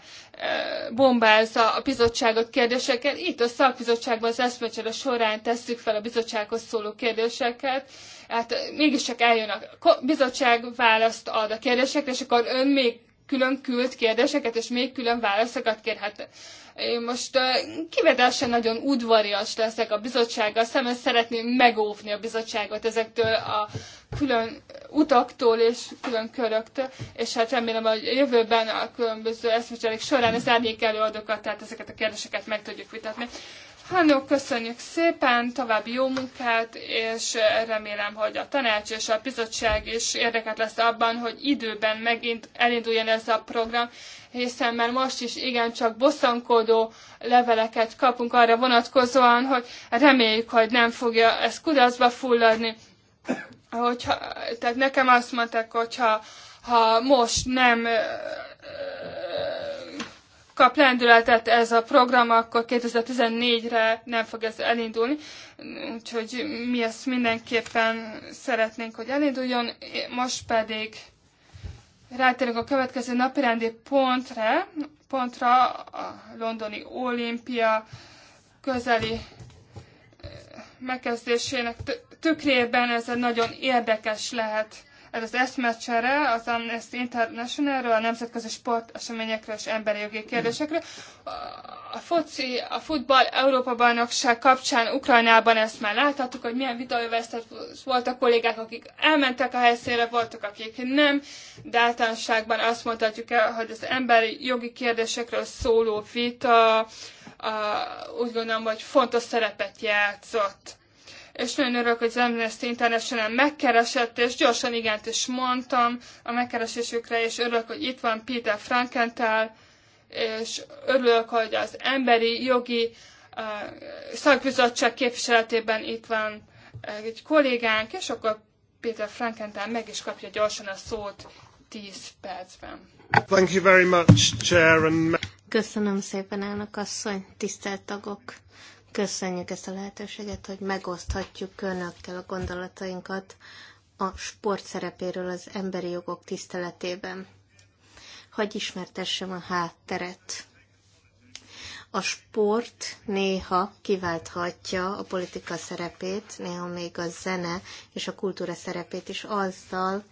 bombázza a bizottságot kérdésekkel. Itt a szakbizottságban az eszmecsere során tesszük fel a bizottsághoz szóló kérdéseket. Hát mégiscsak eljön a bizottság, választ ad a kérdésekre, és akkor ön még külön küld kérdéseket, és még külön válaszokat kérhet. Én eh, most eh, kivetesen nagyon udvarias leszek a bizottsággal szemben, szeretném megóvni a bizottságot ezektől a külön utaktól és külön köröktől, és hát remélem, hogy a jövőben a különböző eszmecserék során az árnyék előadókat, tehát ezeket a kérdéseket meg tudjuk vitatni. Hannó, hát köszönjük szépen, további jó munkát, és remélem, hogy a tanács és a bizottság is érdeket lesz abban, hogy időben megint elinduljon ez a program, hiszen már most is igencsak bosszankodó leveleket kapunk arra vonatkozóan, hogy reméljük, hogy nem fogja ez kudarcba fulladni. Hogyha, tehát nekem azt mondták, hogyha ha most nem kap lendületet ez a program, akkor 2014-re nem fog ez elindulni. Úgyhogy mi ezt mindenképpen szeretnénk, hogy elinduljon. Most pedig rátérünk a következő napirendi pontra, pontra a londoni olimpia közeli eh, megkezdésének tükrében ez egy nagyon érdekes lehet ez az eszmecsere az Amnesty International-ről, a nemzetközi sporteseményekről és emberi jogi kérdésekről. A foci, a futball Európa bajnokság kapcsán Ukrajnában ezt már láthattuk, hogy milyen volt voltak kollégák, akik elmentek a helyszínre, voltak, akik nem, de általánosságban azt mondhatjuk el, hogy az emberi jogi kérdésekről szóló vita a, úgy gondolom, hogy fontos szerepet játszott és nagyon örülök, hogy az Amnesty International megkeresett, és gyorsan igent is mondtam a megkeresésükre, és örülök, hogy itt van Peter Frankenthal, és örülök, hogy az emberi jogi uh, szakbizottság képviseletében itt van egy kollégánk, és akkor Péter Frankenthal meg is kapja gyorsan a szót 10 percben. Thank you very much, Chair and... Köszönöm szépen, elnök asszony, tisztelt tagok! Köszönjük ezt a lehetőséget, hogy megoszthatjuk önökkel a gondolatainkat a sport szerepéről az emberi jogok tiszteletében. Hogy ismertessem a hátteret. A sport néha kiválthatja a politika szerepét, néha még a zene és a kultúra szerepét is azzal,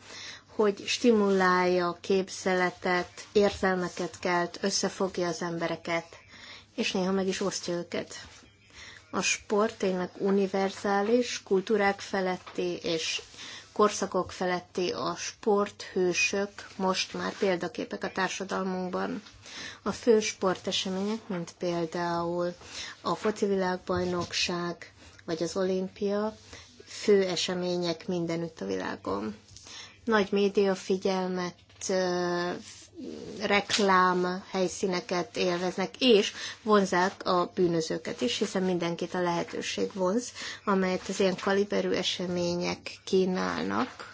hogy stimulálja a képzeletet, érzelmeket kelt, összefogja az embereket, és néha meg is osztja őket a sport tényleg univerzális, kultúrák feletti és korszakok feletti a sporthősök most már példaképek a társadalmunkban. A fő sportesemények, mint például a foci világbajnokság vagy az olimpia, fő események mindenütt a világon. Nagy média figyelmet reklám helyszíneket élveznek, és vonzák a bűnözőket is, hiszen mindenkit a lehetőség vonz, amelyet az ilyen kaliberű események kínálnak.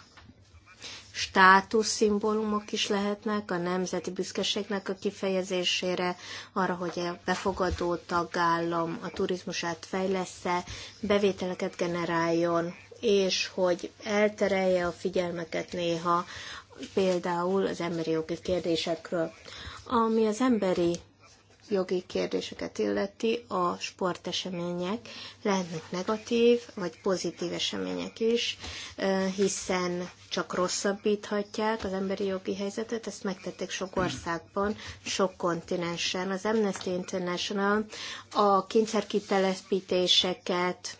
Státuszszimbólumok is lehetnek a nemzeti büszkeségnek a kifejezésére, arra, hogy a befogadó tagállam a turizmusát fejlesz-e, bevételeket generáljon, és hogy elterelje a figyelmeket néha például az emberi jogi kérdésekről. Ami az emberi jogi kérdéseket illeti, a sportesemények lehetnek negatív vagy pozitív események is, hiszen csak rosszabbíthatják az emberi jogi helyzetet, ezt megtették sok országban, sok kontinensen. Az Amnesty International a kényszerkitelepítéseket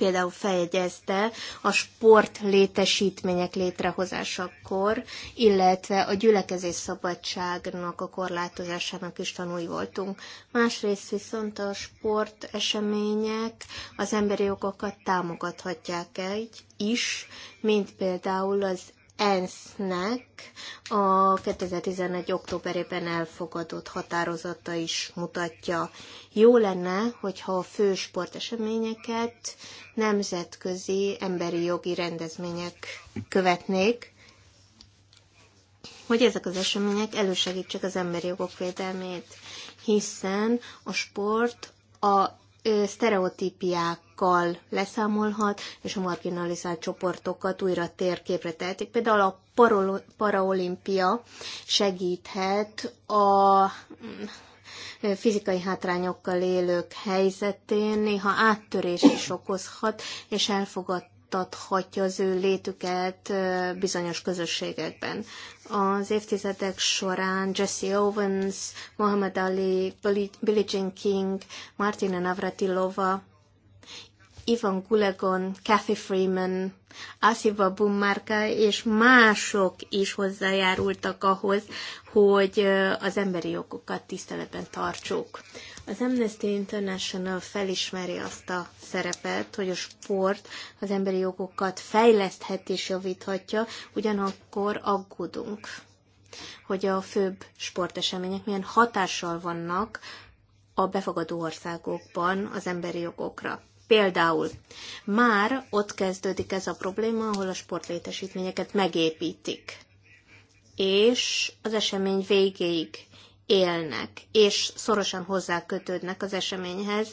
például feljegyezte a sport létesítmények létrehozásakor, illetve a gyülekezés szabadságnak a korlátozásának is tanulj voltunk. Másrészt viszont a sport események az emberi jogokat támogathatják egy is, mint például az ENSZ-nek a 2011. októberében elfogadott határozata is mutatja. Jó lenne, hogyha a fő sporteseményeket nemzetközi emberi jogi rendezmények követnék, hogy ezek az események elősegítsék az emberi jogok védelmét, hiszen a sport a sztereotípiákkal leszámolhat, és a marginalizált csoportokat újra térképre tehetik. Például a paraolimpia segíthet a fizikai hátrányokkal élők helyzetén néha áttörés is okozhat, és elfogad, megnyugtathatja az ő létüket bizonyos közösségekben. Az évtizedek során Jesse Owens, Mohamed Ali, Billie Jean King, Martina Navratilova, Ivan Gulegon, Kathy Freeman, Asiva Bummárka és mások is hozzájárultak ahhoz, hogy az emberi jogokat tiszteletben tartsuk. Az Amnesty International felismeri azt a szerepet, hogy a sport az emberi jogokat fejleszthet és javíthatja, ugyanakkor aggódunk, hogy a főbb sportesemények milyen hatással vannak a befogadó országokban az emberi jogokra. Például már ott kezdődik ez a probléma, ahol a sportlétesítményeket megépítik, és az esemény végéig élnek, és szorosan hozzákötődnek az eseményhez.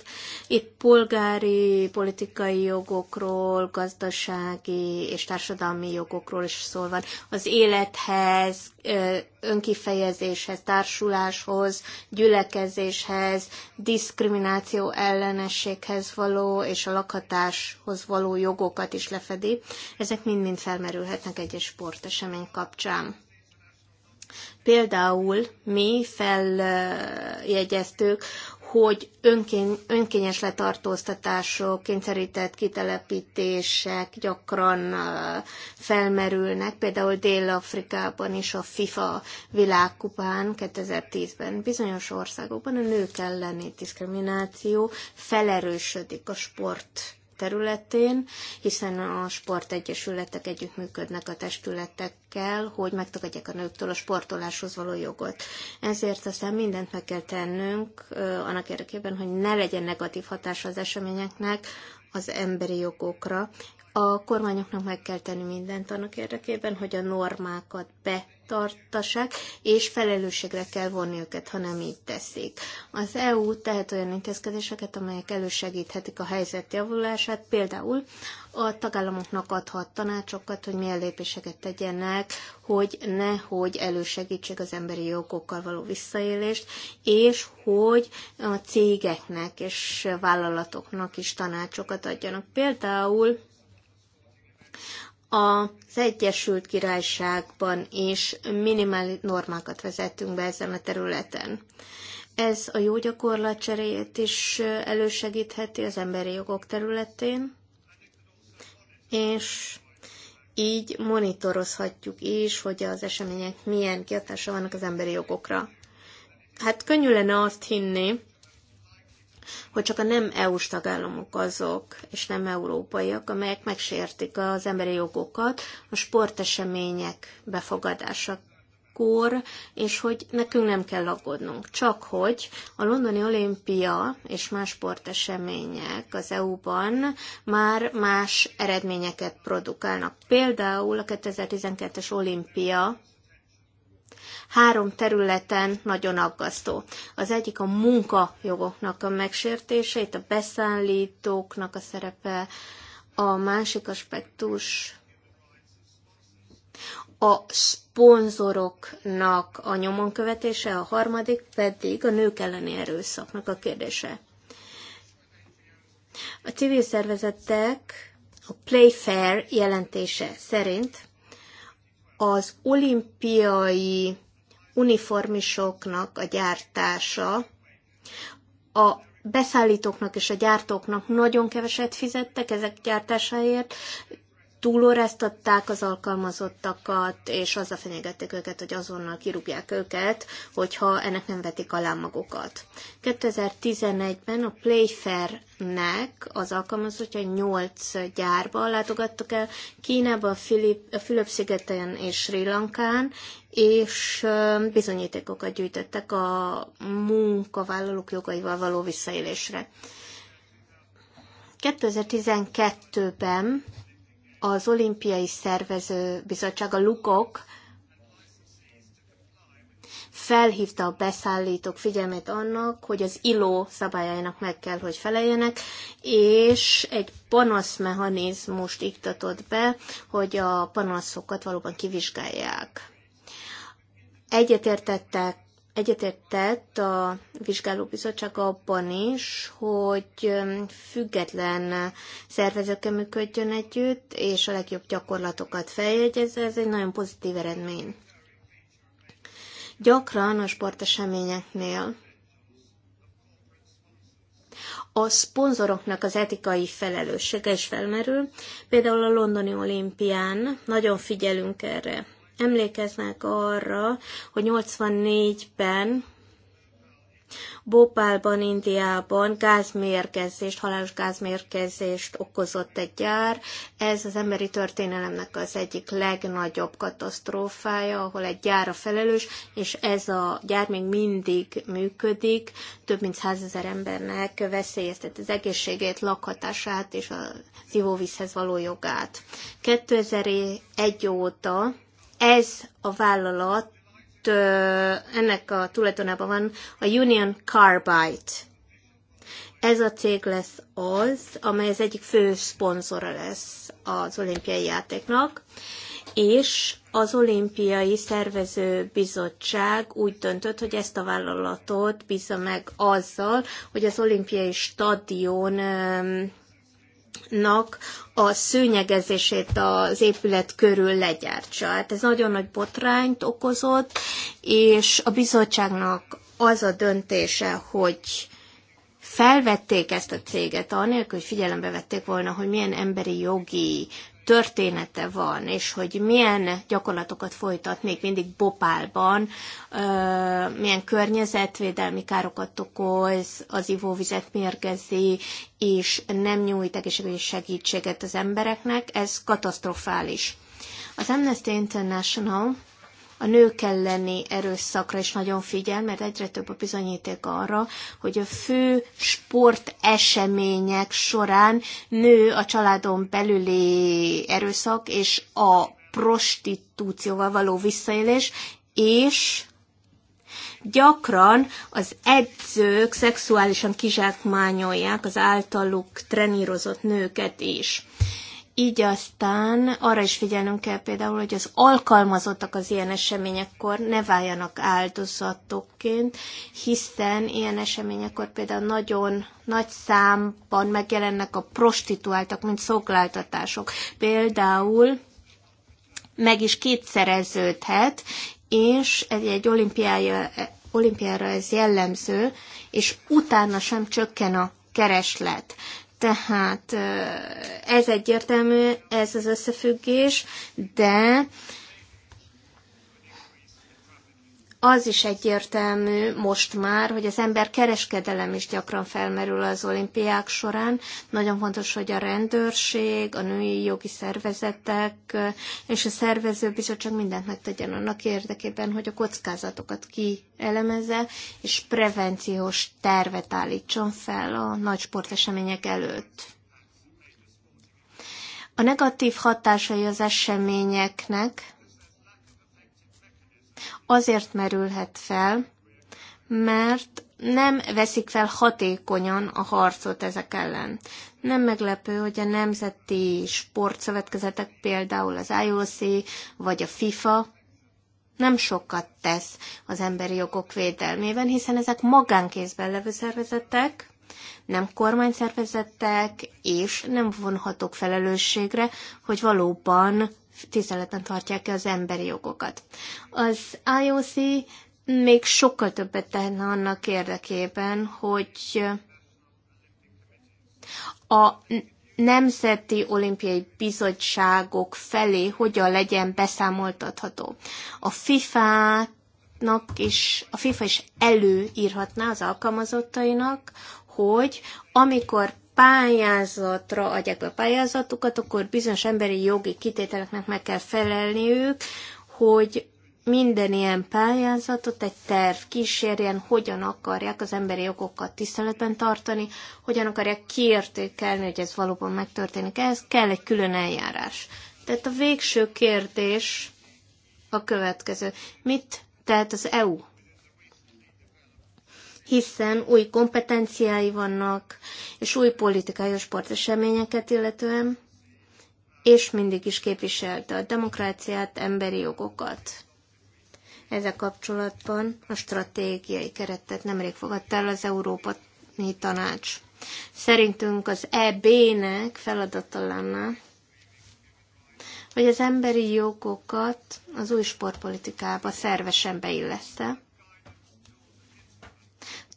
Itt polgári, politikai jogokról, gazdasági és társadalmi jogokról is szó van. Az élethez, önkifejezéshez, társuláshoz, gyülekezéshez, diszkrimináció ellenességhez való és a lakhatáshoz való jogokat is lefedi. Ezek mind-mind felmerülhetnek egyes sportesemény kapcsán. Például mi feljegyeztük, hogy önkény, önkényes letartóztatások, kényszerített kitelepítések gyakran felmerülnek, például Dél-Afrikában is a FIFA világkupán 2010-ben. Bizonyos országokban a nők elleni diszkrimináció felerősödik a sport területén, hiszen a sportegyesületek együttműködnek a testületekkel, hogy megtagadják a nőktől a sportoláshoz való jogot. Ezért aztán mindent meg kell tennünk annak érdekében, hogy ne legyen negatív hatása az eseményeknek az emberi jogokra. A kormányoknak meg kell tenni mindent annak érdekében, hogy a normákat be tartassák, és felelősségre kell vonni őket, ha nem így teszik. Az EU tehet olyan intézkedéseket, amelyek elősegíthetik a helyzet javulását, például a tagállamoknak adhat tanácsokat, hogy milyen lépéseket tegyenek, hogy nehogy elősegítsék az emberi jogokkal való visszaélést, és hogy a cégeknek és vállalatoknak is tanácsokat adjanak. Például az Egyesült Királyságban is minimál normákat vezettünk be ezen a területen. Ez a jó gyakorlat cseréjét is elősegítheti az emberi jogok területén, és így monitorozhatjuk is, hogy az események milyen kihatása vannak az emberi jogokra. Hát könnyű lenne azt hinni, hogy csak a nem EU-s tagállamok azok, és nem európaiak, amelyek megsértik az emberi jogokat a sportesemények befogadása kor, és hogy nekünk nem kell aggódnunk. Csak hogy a londoni olimpia és más sportesemények az EU-ban már más eredményeket produkálnak. Például a 2012-es olimpia három területen nagyon aggasztó. Az egyik a munkajogoknak a megsértése, itt a beszállítóknak a szerepe, a másik aspektus a szponzoroknak a nyomon követése, a harmadik pedig a nők elleni erőszaknak a kérdése. A civil szervezetek a Playfair jelentése szerint az olimpiai uniformisoknak a gyártása a beszállítóknak és a gyártóknak nagyon keveset fizettek ezek gyártásáért, túloreztatták az alkalmazottakat, és azzal fenyegették őket, hogy azonnal kirúgják őket, hogyha ennek nem vetik alá magukat. 2011-ben a Playfair-nek az alkalmazottja 8 gyárba látogattak el, Kínában, a Fülöp-szigeten és Sri Lankán, és bizonyítékokat gyűjtöttek a munkavállalók jogaival való visszaélésre. 2012-ben az olimpiai szervező bizottság, a Lukok felhívta a beszállítók figyelmét annak, hogy az ILO szabályainak meg kell, hogy feleljenek, és egy panaszmechanizmust iktatott be, hogy a panaszokat valóban kivizsgálják. Egyetértettek egyetértett a vizsgálóbizottság abban is, hogy független szervezőkkel működjön együtt, és a legjobb gyakorlatokat feljegyezze, ez egy nagyon pozitív eredmény. Gyakran a sporteseményeknél a szponzoroknak az etikai felelőssége is felmerül. Például a londoni olimpián nagyon figyelünk erre Emlékeznek arra, hogy 84-ben Bópálban, Indiában gázmérgezést, halálos gázmérgezést okozott egy gyár. Ez az emberi történelemnek az egyik legnagyobb katasztrófája, ahol egy gyár a felelős, és ez a gyár még mindig működik. Több mint százezer embernek veszélyeztet az egészségét, lakhatását és az ivóvízhez való jogát. 2001 óta ez a vállalat, ennek a tulajdonában van a Union Carbide. Ez a cég lesz az, amely az egyik fő szponzora lesz az olimpiai játéknak, és az olimpiai szervező bizottság úgy döntött, hogy ezt a vállalatot bízza meg azzal, hogy az olimpiai stadion nak a szőnyegezését az épület körül legyártsa. Hát ez nagyon nagy botrányt okozott, és a bizottságnak az a döntése, hogy felvették ezt a céget, anélkül, hogy figyelembe vették volna, hogy milyen emberi jogi története van, és hogy milyen gyakorlatokat folytat még mindig Bopálban, milyen környezetvédelmi károkat okoz, az ivóvizet mérgezi, és nem nyújt egészségügyi segítséget az embereknek, ez katasztrofális. Az Amnesty International a nők elleni erőszakra is nagyon figyel, mert egyre több a bizonyíték arra, hogy a fő sportesemények során nő a családon belüli erőszak és a prostitúcióval való visszaélés, és gyakran az edzők szexuálisan kizsákmányolják az általuk trenírozott nőket is. Így aztán arra is figyelnünk kell például, hogy az alkalmazottak az ilyen eseményekkor ne váljanak áldozatokként, hiszen ilyen eseményekkor például nagyon nagy számban megjelennek a prostituáltak, mint szolgáltatások. Például meg is kétszereződhet, és egy, egy olimpiája, olimpiára ez jellemző, és utána sem csökken a kereslet. Tehát ez egyértelmű, ez az összefüggés, de az is egyértelmű most már, hogy az ember kereskedelem is gyakran felmerül az olimpiák során. Nagyon fontos, hogy a rendőrség, a női jogi szervezetek és a szervezőbizottság mindent megtegyen annak érdekében, hogy a kockázatokat kielemezze, és prevenciós tervet állítson fel a nagy sportesemények előtt. A negatív hatásai az eseményeknek azért merülhet fel, mert nem veszik fel hatékonyan a harcot ezek ellen. Nem meglepő, hogy a nemzeti sportszövetkezetek, például az IOC vagy a FIFA nem sokat tesz az emberi jogok védelmében, hiszen ezek magánkézben levő szervezetek, nem kormányszervezetek, és nem vonhatók felelősségre, hogy valóban tiszteletben tartják az emberi jogokat. Az IOC még sokkal többet tenne annak érdekében, hogy a nemzeti olimpiai bizottságok felé hogyan legyen beszámoltatható. A FIFA is, a FIFA is előírhatná az alkalmazottainak, hogy amikor pályázatra adják be a pályázatukat, akkor bizonyos emberi jogi kitételeknek meg kell felelniük, hogy minden ilyen pályázatot egy terv kísérjen, hogyan akarják az emberi jogokat tiszteletben tartani, hogyan akarják kiértékelni, hogy ez valóban megtörténik. Ehhez kell egy külön eljárás. Tehát a végső kérdés a következő. Mit tehet az EU hiszen új kompetenciái vannak, és új politikai sporteseményeket illetően, és mindig is képviselte a demokráciát, emberi jogokat. Ezzel kapcsolatban a stratégiai keretet nemrég fogadta el az Európai Tanács. Szerintünk az EB-nek feladata lenne, hogy az emberi jogokat az új sportpolitikába szervesen beillesztette,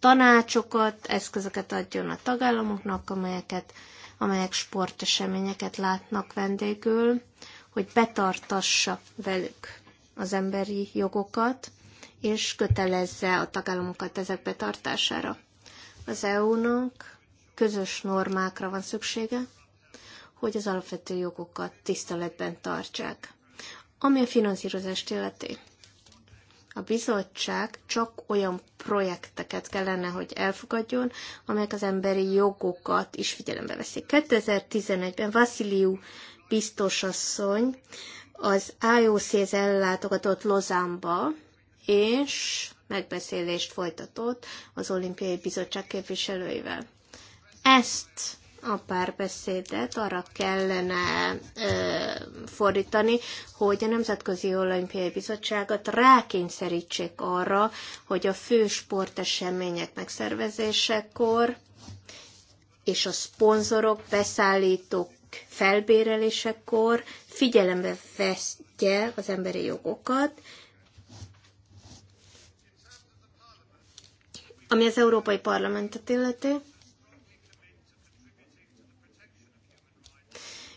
tanácsokat, eszközöket adjon a tagállamoknak, amelyeket, amelyek sporteseményeket látnak vendégül, hogy betartassa velük az emberi jogokat, és kötelezze a tagállamokat ezek betartására. Az EU-nak közös normákra van szüksége, hogy az alapvető jogokat tiszteletben tartsák, ami a finanszírozást illeti a bizottság csak olyan projekteket kellene, hogy elfogadjon, amelyek az emberi jogokat is figyelembe veszik. 2011-ben Vasiliu biztosasszony az IOC-hez ellátogatott Lozánba, és megbeszélést folytatott az Olimpiai Bizottság képviselőivel. Ezt a párbeszédet arra kellene ö, fordítani, hogy a Nemzetközi Olimpiai Bizottságot rákényszerítsék arra, hogy a fő sportesemények megszervezésekor és a szponzorok, beszállítók felbérelésekor figyelembe vesztje az emberi jogokat, ami az Európai Parlamentet illeti.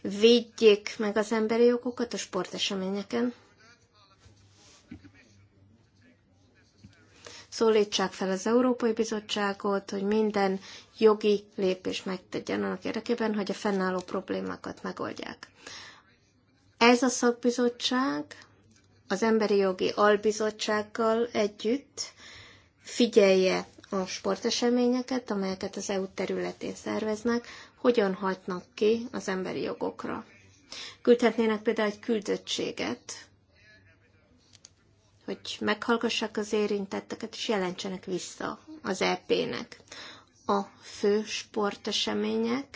védjék meg az emberi jogokat a sporteseményeken. Szólítsák fel az Európai Bizottságot, hogy minden jogi lépés megtegyen annak érdekében, hogy a fennálló problémákat megoldják. Ez a szakbizottság az Emberi Jogi Albizottsággal együtt figyelje a sporteseményeket, amelyeket az EU területén szerveznek, hogyan hatnak ki az emberi jogokra. Küldhetnének például egy küldöttséget, hogy meghallgassák az érintetteket, és jelentsenek vissza az EP-nek. A fő sporteseményeknek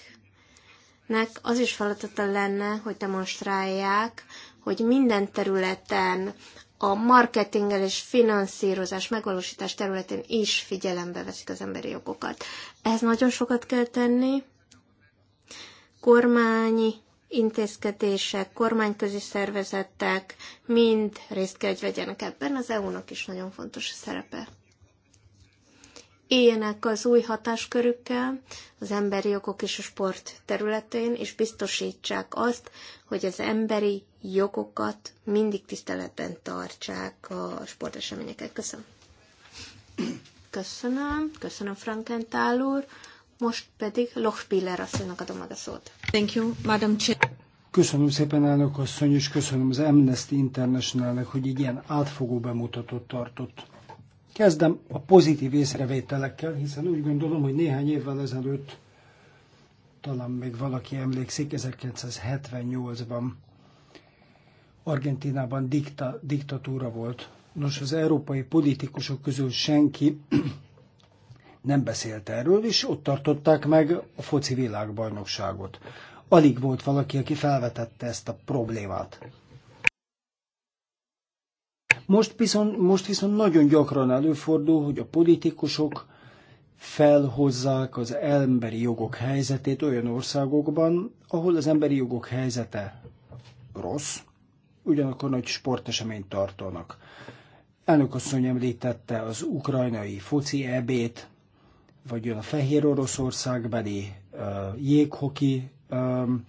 az is feladata lenne, hogy demonstrálják, hogy minden területen a marketinggel és finanszírozás megvalósítás területén is figyelembe veszik az emberi jogokat. Ez nagyon sokat kell tenni, Kormány intézkedések, kormányközi szervezetek mind részt kell, hogy vegyenek ebben. Az EU-nak is nagyon fontos a szerepe. Éljenek az új hatáskörükkel az emberi jogok és a sport területén, és biztosítsák azt, hogy az emberi jogokat mindig tiszteletben tartsák a sporteseményeket. Köszönöm. Köszönöm, köszönöm Frankentál úr. Most pedig Lochbiller asszonynak adom meg a szót. Thank you, Madam Chair. Köszönöm szépen, elnök asszony, és köszönöm az Amnesty Internationalnek, hogy egy ilyen átfogó bemutatót tartott. Kezdem a pozitív észrevételekkel, hiszen úgy gondolom, hogy néhány évvel ezelőtt, talán még valaki emlékszik, 1978-ban Argentinában dikta, diktatúra volt. Nos, az európai politikusok közül senki nem beszélt erről, és ott tartották meg a foci világbajnokságot. Alig volt valaki, aki felvetette ezt a problémát. Most viszont, most viszont nagyon gyakran előfordul, hogy a politikusok felhozzák az emberi jogok helyzetét olyan országokban, ahol az emberi jogok helyzete rossz, ugyanakkor nagy sporteseményt tartanak. Elnök asszony említette az ukrajnai foci ebét, vagy a Fehér Oroszország beli uh, jéghoki um,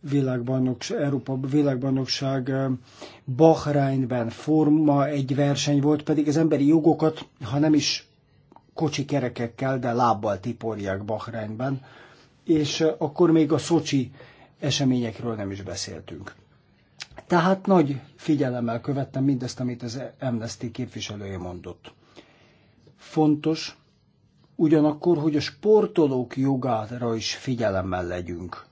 világbajnokság, Európa világbajnokság uh, Bahreinben forma egy verseny volt, pedig az emberi jogokat, ha nem is kocsi kerekekkel, de lábbal tiporják Bahreinben, és uh, akkor még a Szocsi eseményekről nem is beszéltünk. Tehát nagy figyelemmel követtem mindezt, amit az Amnesty képviselője mondott. Fontos, ugyanakkor, hogy a sportolók jogára is figyelemmel legyünk.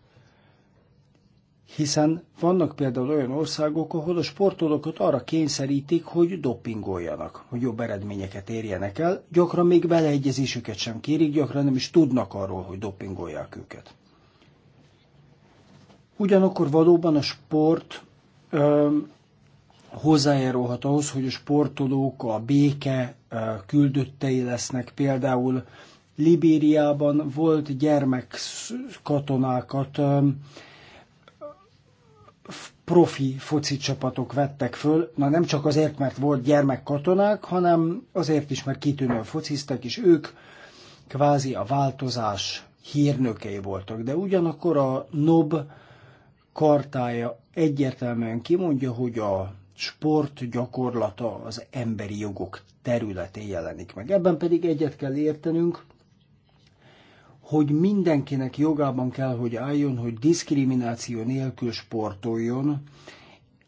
Hiszen vannak például olyan országok, ahol a sportolókat arra kényszerítik, hogy dopingoljanak, hogy jobb eredményeket érjenek el, gyakran még beleegyezésüket sem kérik, gyakran nem is tudnak arról, hogy dopingolják őket. Ugyanakkor valóban a sport ö, hozzájárulhat ahhoz, hogy a sportolók a béke küldöttei lesznek. Például Libériában volt katonákat, profi foci csapatok vettek föl, na nem csak azért, mert volt gyermekkatonák, hanem azért is, mert kitűnően fociztak, és ők kvázi a változás hírnökei voltak. De ugyanakkor a NOB kartája egyértelműen kimondja, hogy a sport gyakorlata az emberi jogok területén jelenik meg. Ebben pedig egyet kell értenünk, hogy mindenkinek jogában kell, hogy álljon, hogy diszkrimináció nélkül sportoljon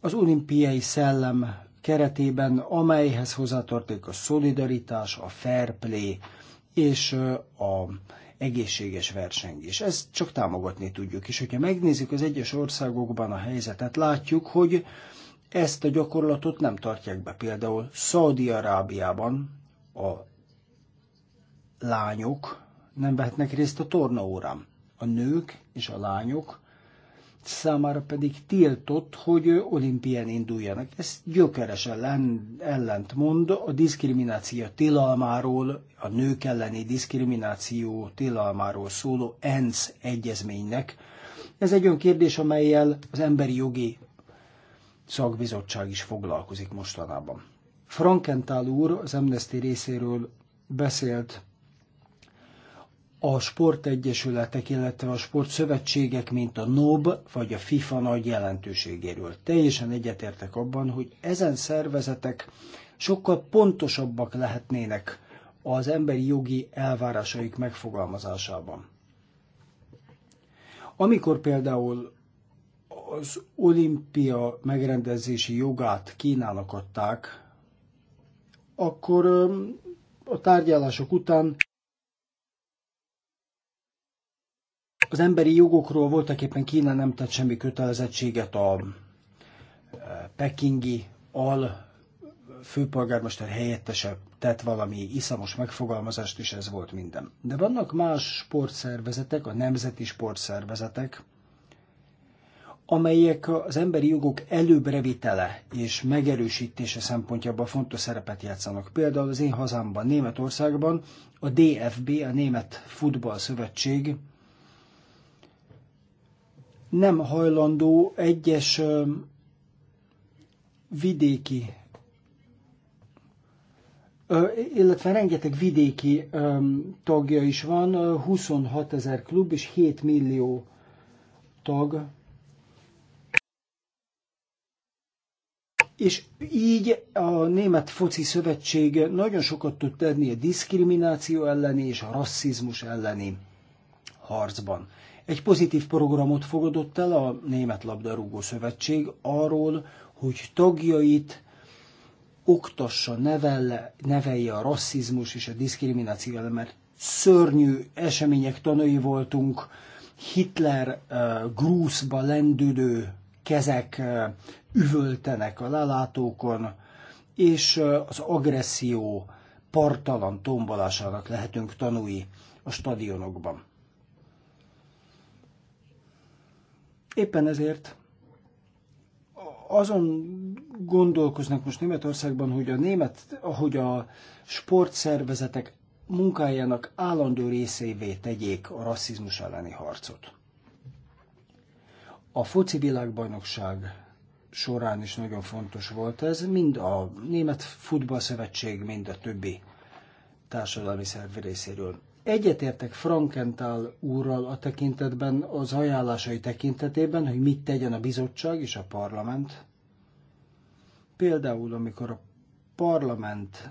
az olimpiai szellem keretében, amelyhez hozzátartozik a szolidaritás, a fair play és a egészséges versengés. Ezt csak támogatni tudjuk. És hogyha megnézzük az egyes országokban a helyzetet, látjuk, hogy ezt a gyakorlatot nem tartják be. Például Szaudi-Arábiában a lányok nem vehetnek részt a tornaórán. A nők és a lányok számára pedig tiltott, hogy olimpián induljanak. Ez gyökeres ellentmond a diszkrimináció tilalmáról, a nők elleni diszkrimináció tilalmáról szóló ENSZ egyezménynek. Ez egy olyan kérdés, amelyel az emberi jogi szakbizottság is foglalkozik mostanában. Frankenthal úr az Amnesty részéről beszélt a sportegyesületek, illetve a sportszövetségek, mint a NOB vagy a FIFA nagy jelentőségéről. Teljesen egyetértek abban, hogy ezen szervezetek sokkal pontosabbak lehetnének az emberi jogi elvárásaik megfogalmazásában. Amikor például az olimpia megrendezési jogát Kínának adták, akkor a tárgyalások után az emberi jogokról voltak éppen Kína nem tett semmi kötelezettséget a e, pekingi al főpolgármester helyettese tett valami iszamos megfogalmazást, és ez volt minden. De vannak más sportszervezetek, a nemzeti sportszervezetek, amelyek az emberi jogok előbrevitele és megerősítése szempontjából fontos szerepet játszanak. Például az én hazámban, Németországban a DFB, a Német Futball Szövetség nem hajlandó egyes vidéki illetve rengeteg vidéki tagja is van, 26 ezer klub és 7 millió tag És így a Német Foci Szövetség nagyon sokat tud tenni a diszkrimináció elleni és a rasszizmus elleni harcban. Egy pozitív programot fogadott el a Német Labdarúgó Szövetség arról, hogy tagjait oktassa, nevelle, nevelje a rasszizmus és a diszkrimináció ellen, mert szörnyű események tanai voltunk, Hitler uh, eh, grúzba lendülő kezek, uh, üvöltenek a lelátókon, és az agresszió partalan tombolásának lehetünk tanúi a stadionokban. Éppen ezért azon gondolkoznak most Németországban, hogy a német, hogy a sportszervezetek munkájának állandó részévé tegyék a rasszizmus elleni harcot. A foci világbajnokság során is nagyon fontos volt ez, mind a Német Futballszövetség, mind a többi társadalmi szerv részéről. Egyetértek Frankenthal úrral a tekintetben, az ajánlásai tekintetében, hogy mit tegyen a bizottság és a parlament. Például, amikor a parlament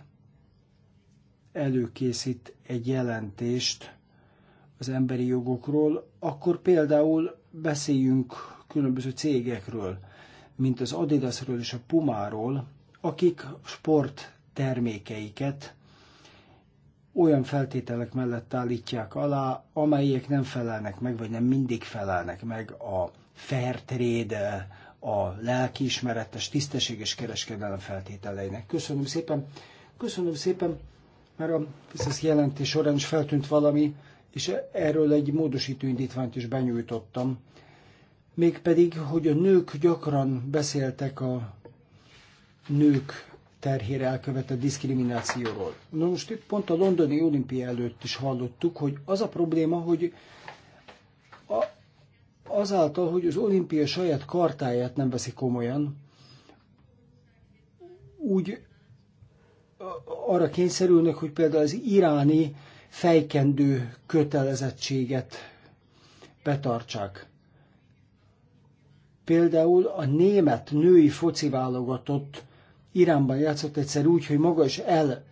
előkészít egy jelentést az emberi jogokról, akkor például beszéljünk különböző cégekről, mint az Adidasról és a Pumáról, akik sport termékeiket olyan feltételek mellett állítják alá, amelyek nem felelnek meg, vagy nem mindig felelnek meg a fair trade, a lelkiismeretes, tisztességes kereskedelem feltételeinek. Köszönöm szépen. Köszönöm szépen, mert a Fiszasz jelentés során is feltűnt valami, és erről egy módosító indítványt is benyújtottam mégpedig, hogy a nők gyakran beszéltek a nők terhére elkövetett diszkriminációról. Na most itt pont a londoni olimpia előtt is hallottuk, hogy az a probléma, hogy a, azáltal, hogy az olimpia saját kartáját nem veszi komolyan, úgy arra kényszerülnek, hogy például az iráni fejkendő kötelezettséget betartsák. Például a német női foci válogatott Iránban játszott egyszer úgy, hogy maga is el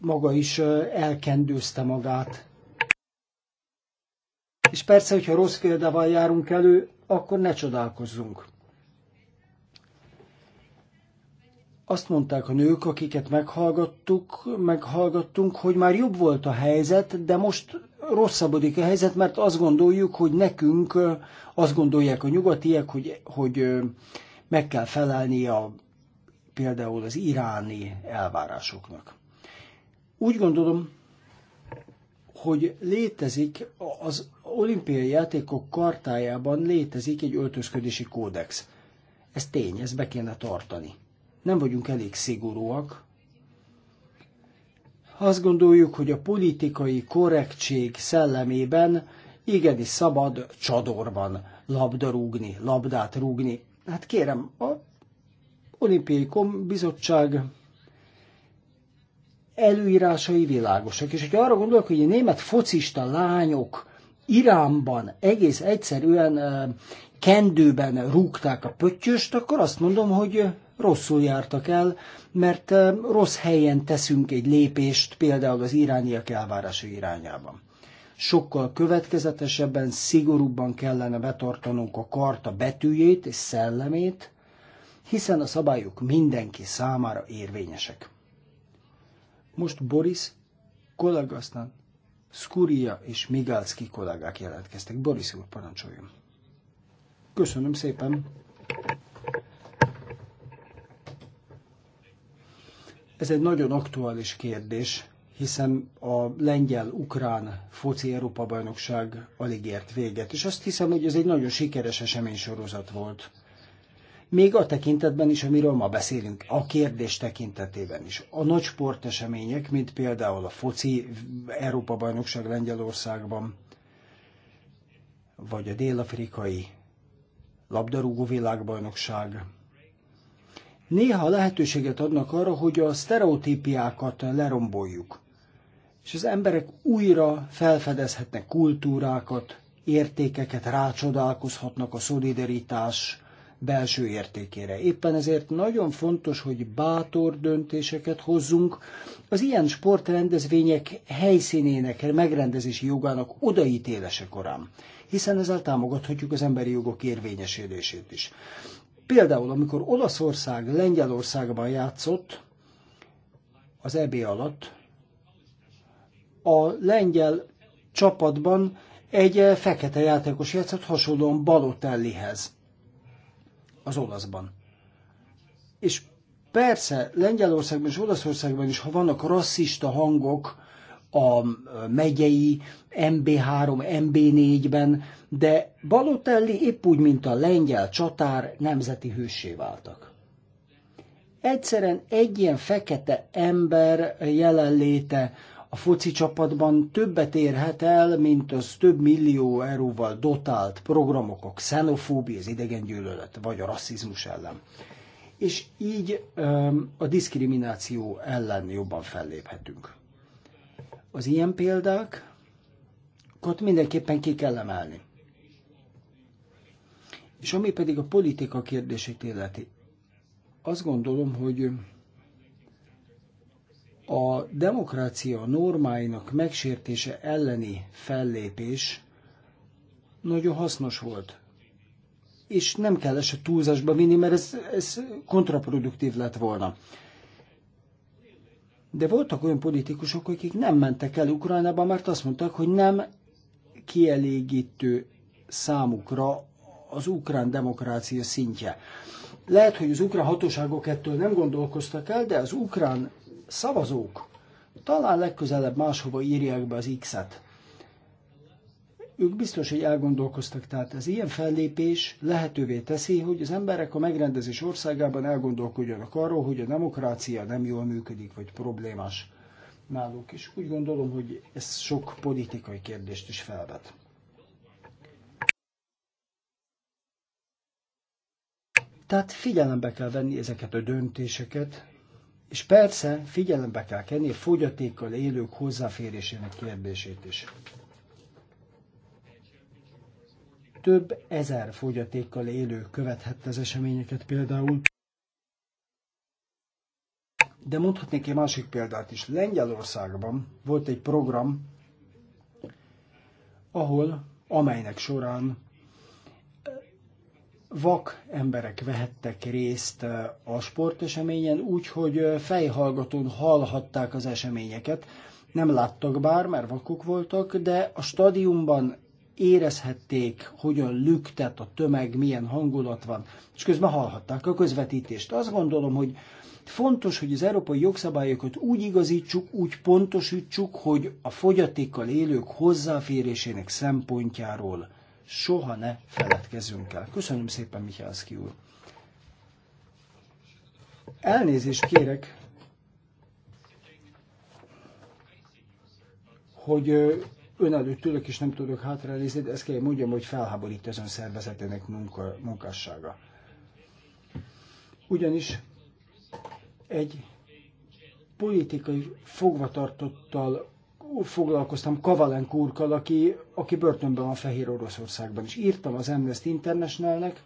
maga is elkendőzte magát. És persze, hogyha rossz példával járunk elő, akkor ne csodálkozzunk. Azt mondták a nők, akiket meghallgattuk, meghallgattunk, hogy már jobb volt a helyzet, de most rosszabbodik a helyzet, mert azt gondoljuk, hogy nekünk, azt gondolják a nyugatiek, hogy, hogy meg kell felelni a, például az iráni elvárásoknak. Úgy gondolom, hogy létezik az olimpiai játékok kartájában létezik egy öltözködési kódex. Ez tény, ezt be kéne tartani nem vagyunk elég szigorúak. Azt gondoljuk, hogy a politikai korrektség szellemében igenis szabad csadorban labdarúgni, labdát rúgni. Hát kérem, a olimpiai bizottság előírásai világosak. És hogyha arra gondolok, hogy a német focista lányok Iránban egész egyszerűen kendőben rúgták a pöttyöst, akkor azt mondom, hogy rosszul jártak el, mert rossz helyen teszünk egy lépést, például az irániak elvárása irányában. Sokkal következetesebben, szigorúbban kellene betartanunk a karta betűjét és szellemét, hiszen a szabályok mindenki számára érvényesek. Most Boris kollega, Skuria és Migalski kollégák jelentkeztek. Boris úr, parancsoljon! Köszönöm szépen! Ez egy nagyon aktuális kérdés, hiszen a lengyel-ukrán foci Európa bajnokság alig ért véget, és azt hiszem, hogy ez egy nagyon sikeres eseménysorozat volt. Még a tekintetben is, amiről ma beszélünk, a kérdés tekintetében is. A nagy sportesemények, mint például a foci Európa bajnokság Lengyelországban, vagy a dél-afrikai labdarúgó világbajnokság, néha lehetőséget adnak arra, hogy a sztereotípiákat leromboljuk. És az emberek újra felfedezhetnek kultúrákat, értékeket, rácsodálkozhatnak a szolidaritás belső értékére. Éppen ezért nagyon fontos, hogy bátor döntéseket hozzunk. Az ilyen sportrendezvények helyszínének, megrendezési jogának odaítélese korán, hiszen ezzel támogathatjuk az emberi jogok érvényesülését is. Például, amikor Olaszország Lengyelországban játszott az EB alatt, a lengyel csapatban egy eh, fekete játékos játszott hasonlóan Balotellihez az olaszban. És persze Lengyelországban és Olaszországban is, ha vannak rasszista hangok, a megyei MB3, MB4-ben, de Balotelli épp úgy, mint a lengyel csatár nemzeti hőssé váltak. Egyszerűen egy ilyen fekete ember jelenléte a foci csapatban többet érhet el, mint az több millió euróval dotált programok a xenofóbia, az idegengyűlölet vagy a rasszizmus ellen. És így a diszkrimináció ellen jobban felléphetünk. Az ilyen példákat mindenképpen ki kell emelni. És ami pedig a politika kérdését illeti, azt gondolom, hogy a demokrácia normáinak megsértése elleni fellépés nagyon hasznos volt. És nem kell ezt túlzásba vinni, mert ez, ez kontraproduktív lett volna. De voltak olyan politikusok, akik nem mentek el Ukrajnába, mert azt mondták, hogy nem kielégítő számukra az ukrán demokrácia szintje. Lehet, hogy az ukrán hatóságok ettől nem gondolkoztak el, de az ukrán szavazók talán legközelebb máshova írják be az X-et ők biztos, hogy elgondolkoztak. Tehát az ilyen fellépés lehetővé teszi, hogy az emberek a megrendezés országában elgondolkodjanak arról, hogy a demokrácia nem jól működik, vagy problémás náluk. És úgy gondolom, hogy ez sok politikai kérdést is felvet. Tehát figyelembe kell venni ezeket a döntéseket, és persze figyelembe kell kenni a fogyatékkal élők hozzáférésének kérdését is több ezer fogyatékkal élő követhette az eseményeket például. De mondhatnék egy másik példát is. Lengyelországban volt egy program, ahol, amelynek során eh, vak emberek vehettek részt eh, a sporteseményen, úgyhogy eh, fejhallgatón hallhatták az eseményeket. Nem láttak bár, mert vakok voltak, de a stadionban érezhették, hogyan lüktet a tömeg, milyen hangulat van, és közben hallhatták a közvetítést. Azt gondolom, hogy fontos, hogy az európai jogszabályokat úgy igazítsuk, úgy pontosítsuk, hogy a fogyatékkal élők hozzáférésének szempontjáról soha ne feledkezzünk el. Köszönöm szépen, Mihályszki úr. Elnézést kérek, hogy ön előtt ülök, és nem tudok hátrálézni, de ezt kell mondjam, hogy felháborít az ön szervezetének munka, munkássága. Ugyanis egy politikai fogvatartottal foglalkoztam Kavalenkúrkal, aki, aki börtönben van Fehér Oroszországban, és írtam az Amnesty Internationalnek,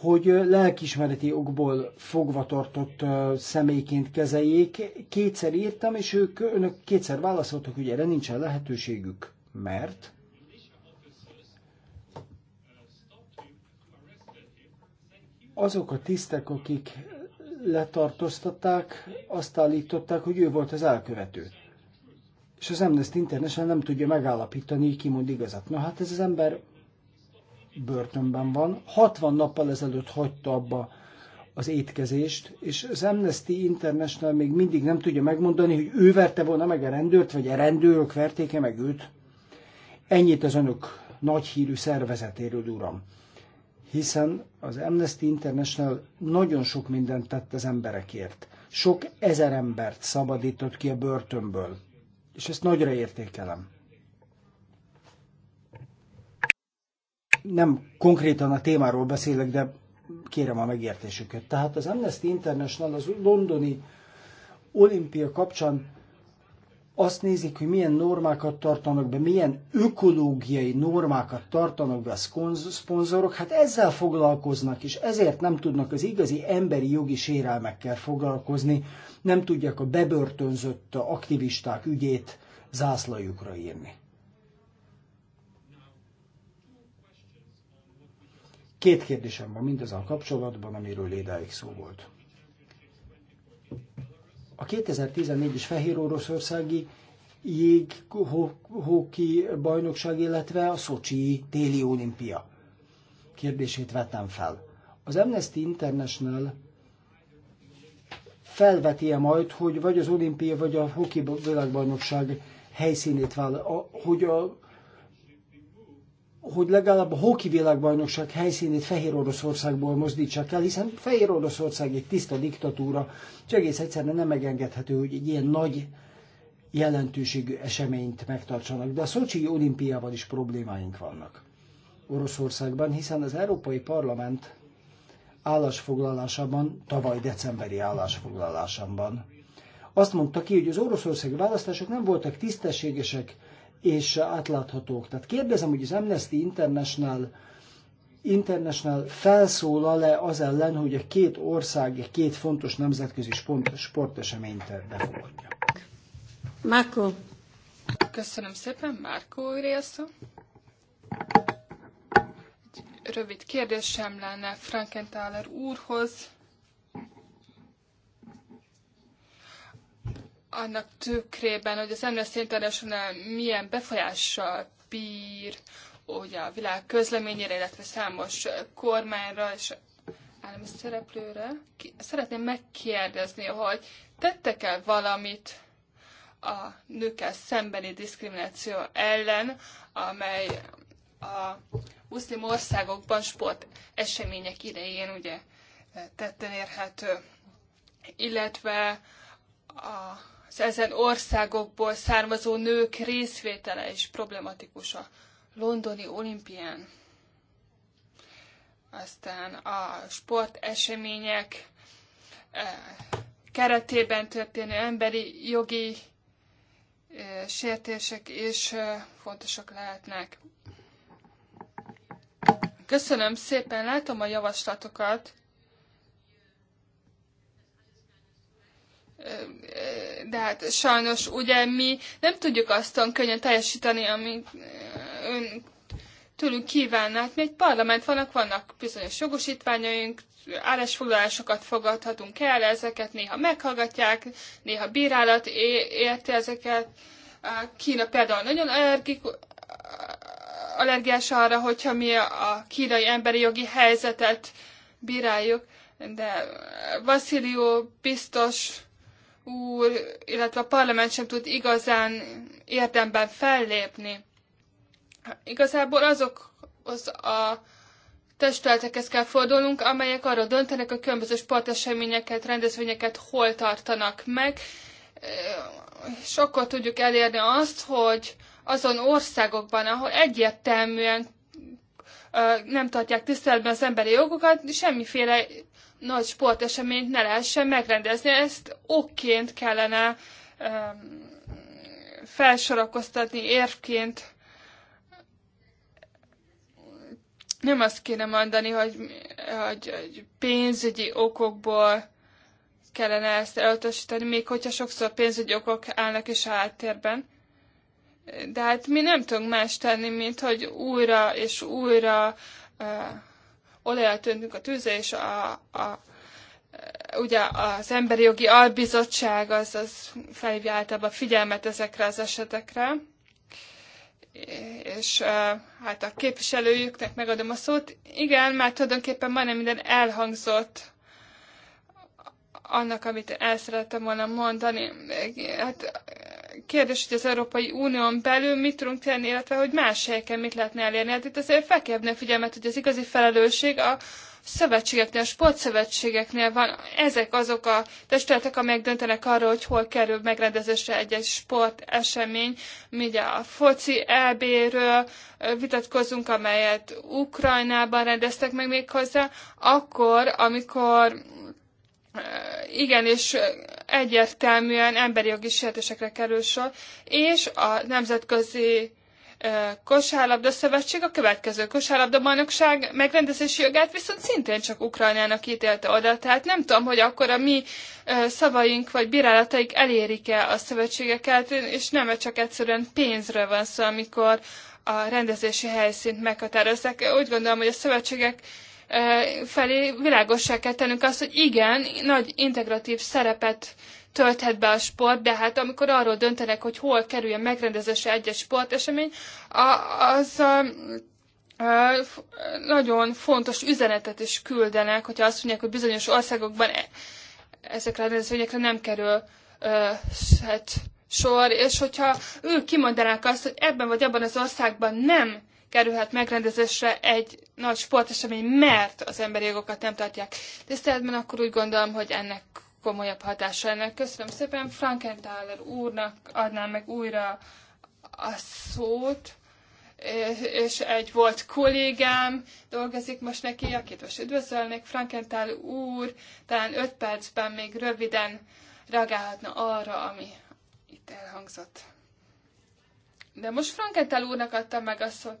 hogy lelkismereti okból fogvatartott személyként kezeljék. Kétszer írtam, és ők önök kétszer válaszoltak, hogy erre nincsen lehetőségük, mert azok a tisztek, akik letartóztatták, azt állították, hogy ő volt az elkövető. És az Amnesty International nem tudja megállapítani, ki mond igazat. Na hát ez az ember börtönben van. 60 nappal ezelőtt hagyta abba az étkezést, és az Amnesty International még mindig nem tudja megmondani, hogy ő verte volna meg a rendőrt, vagy a rendőrök verték-e meg őt. Ennyit az önök nagy hírű szervezetéről, uram. Hiszen az Amnesty International nagyon sok mindent tett az emberekért. Sok ezer embert szabadított ki a börtönből, és ezt nagyra értékelem. nem konkrétan a témáról beszélek, de kérem a megértésüket. Tehát az Amnesty International az londoni olimpia kapcsán azt nézik, hogy milyen normákat tartanak be, milyen ökológiai normákat tartanak be a szponzorok, hát ezzel foglalkoznak, és ezért nem tudnak az igazi emberi jogi sérelmekkel foglalkozni, nem tudják a bebörtönzött aktivisták ügyét zászlajukra írni. Két kérdésem van a kapcsolatban, amiről idáig szó volt. A 2014-es Fehér Oroszországi jéghoki bajnokság, illetve a Szocsi téli olimpia kérdését vetem fel. Az Amnesty International felveti-e majd, hogy vagy az olimpia, vagy a hoki világbajnokság helyszínét vála, hogy a hogy legalább a hoki világbajnokság helyszínét Fehér Oroszországból mozdítsák el, hiszen Fehér Oroszország egy tiszta diktatúra, és egész egyszerűen nem megengedhető, hogy egy ilyen nagy jelentőségű eseményt megtartsanak. De a Szocsi olimpiával is problémáink vannak Oroszországban, hiszen az Európai Parlament állásfoglalásában, tavaly decemberi állásfoglalásában azt mondta ki, hogy az Oroszország választások nem voltak tisztességesek, és átláthatók. Tehát kérdezem, hogy az Amnesty International International felszólal-e az ellen, hogy a két ország két fontos nemzetközi sport, sporteseményt befogadja. Márko. Köszönöm szépen, Márko Réasza. Rövid kérdésem lenne Frankenthaler úrhoz. annak tükrében, hogy az Amnesty International milyen befolyással bír hogy a világ közleményére, illetve számos kormányra és állami szereplőre. Szeretném megkérdezni, hogy tettek-e valamit a nőkkel szembeni diszkrimináció ellen, amely a muszlim országokban sport események idején ugye tetten érhető, illetve a az ezen országokból származó nők részvétele is problematikus a londoni olimpián. Aztán a sportesemények eh, keretében történő emberi jogi eh, sértések is eh, fontosak lehetnek. Köszönöm szépen, látom a javaslatokat de hát sajnos ugye mi nem tudjuk aztán könnyen teljesíteni, amit eh, ön tőlünk kíván. Hát mi egy parlament vannak, vannak bizonyos jogosítványaink, állásfoglalásokat fogadhatunk el, ezeket néha meghallgatják, néha bírálat érti ezeket. Kína például nagyon allergik, allergiás arra, hogyha mi a kínai emberi jogi helyzetet bíráljuk, de Vasilió biztos úr, illetve a parlament sem tud igazán érdemben fellépni. Igazából azokhoz a testületekhez kell fordulnunk, amelyek arra döntenek, hogy különböző sporteseményeket, rendezvényeket hol tartanak meg, és akkor tudjuk elérni azt, hogy azon országokban, ahol egyértelműen nem tartják tiszteletben az emberi jogokat, semmiféle nagy sporteseményt ne lehessen megrendezni. Ezt okként kellene um, felsorakoztatni, érvként. Nem azt kéne mondani, hogy, hogy, hogy pénzügyi okokból kellene ezt elutasítani, még hogyha sokszor pénzügyi okok állnak is a háttérben. De hát mi nem tudunk más tenni, mint hogy újra és újra uh, eltűntünk a tűzre, és a, a, ugye az Emberi Jogi Albizottság az, az felhívja általában figyelmet ezekre az esetekre, és hát a képviselőjüknek megadom a szót. Igen, már tulajdonképpen majdnem minden elhangzott annak, amit el szerettem volna mondani. Hát kérdés, hogy az Európai Unión belül mit tudunk tenni, illetve hogy más helyeken mit lehetne elérni. Hát itt azért fel kell figyelmet, hogy az igazi felelősség a szövetségeknél, a sportszövetségeknél van. Ezek azok a testületek, amelyek döntenek arról, hogy hol kerül megrendezésre egy-egy sportesemény. Mi ugye a foci EB-ről vitatkozunk, amelyet Ukrajnában rendeztek meg még hozzá. akkor, amikor igen, és egyértelműen emberi jogi sértésekre kerül sor, és a nemzetközi kosárlabda szövetség a következő kosárlabda bajnokság megrendezési jogát viszont szintén csak Ukrajnának ítélte oda, tehát nem tudom, hogy akkor a mi szavaink vagy bírálataik elérik-e a szövetségeket, és nem csak egyszerűen pénzről van szó, amikor a rendezési helyszínt meghatározzák. Úgy gondolom, hogy a szövetségek felé világossá kell tennünk azt, hogy igen, nagy integratív szerepet tölthet be a sport, de hát amikor arról döntenek, hogy hol kerüljön megrendezésre egy-egy sportesemény, az nagyon fontos üzenetet is küldenek, hogyha azt mondják, hogy bizonyos országokban e, ezekre a rendezvényekre nem kerül sor, és hogyha ők kimondanák azt, hogy ebben vagy abban az országban nem kerülhet megrendezésre egy nagy sportesemény, mert az emberi jogokat nem tartják tiszteletben, akkor úgy gondolom, hogy ennek komolyabb hatása ennek. Köszönöm szépen Frankenthaler úrnak, adnám meg újra a szót, és egy volt kollégám dolgozik most neki, akit most üdvözölnék, Frankenthaler úr, talán öt percben még röviden reagálhatna arra, ami itt elhangzott. De most Frankenthaler úrnak adtam meg a szót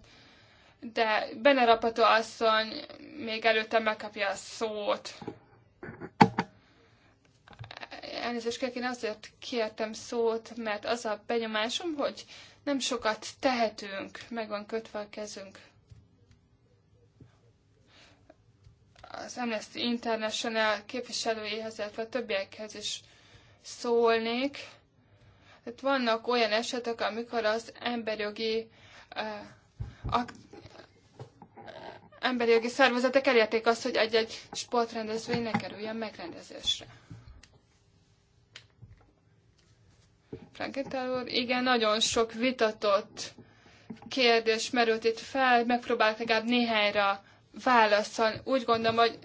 de Benerapató asszony még előtte megkapja a szót. Elnézést kérek, én azért kértem szót, mert az a benyomásom, hogy nem sokat tehetünk, meg van kötve a kezünk. Az Amnesty International képviselőihez, illetve a többiekhez is szólnék. Itt hát vannak olyan esetek, amikor az emberjogi uh, emberi jogi szervezetek elérték azt, hogy egy-egy sportrendezvény ne kerüljön megrendezésre. Frankenthal úr, igen, nagyon sok vitatott kérdés merült itt fel, megpróbálok legalább néhányra válaszolni. Úgy gondolom, hogy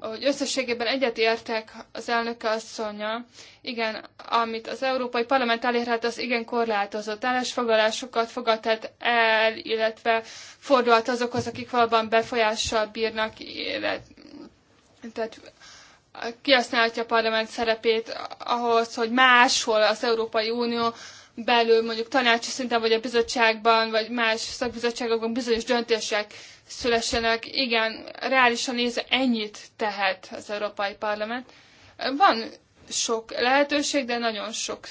hogy összességében egyetértek az elnök asszonya. Igen, amit az Európai Parlament elérhet, hát az igen korlátozott állásfoglalásokat fogadhat el, illetve fordulhat azokhoz, akik valóban befolyással bírnak, illetve, tehát kihasználhatja a parlament szerepét ahhoz, hogy máshol az Európai Unió belül, mondjuk tanácsi szinten, vagy a bizottságban, vagy más szakbizottságokban bizonyos döntések szülessenek. Igen, reálisan nézve ennyit tehet az Európai Parlament. Van sok lehetőség, de nagyon sok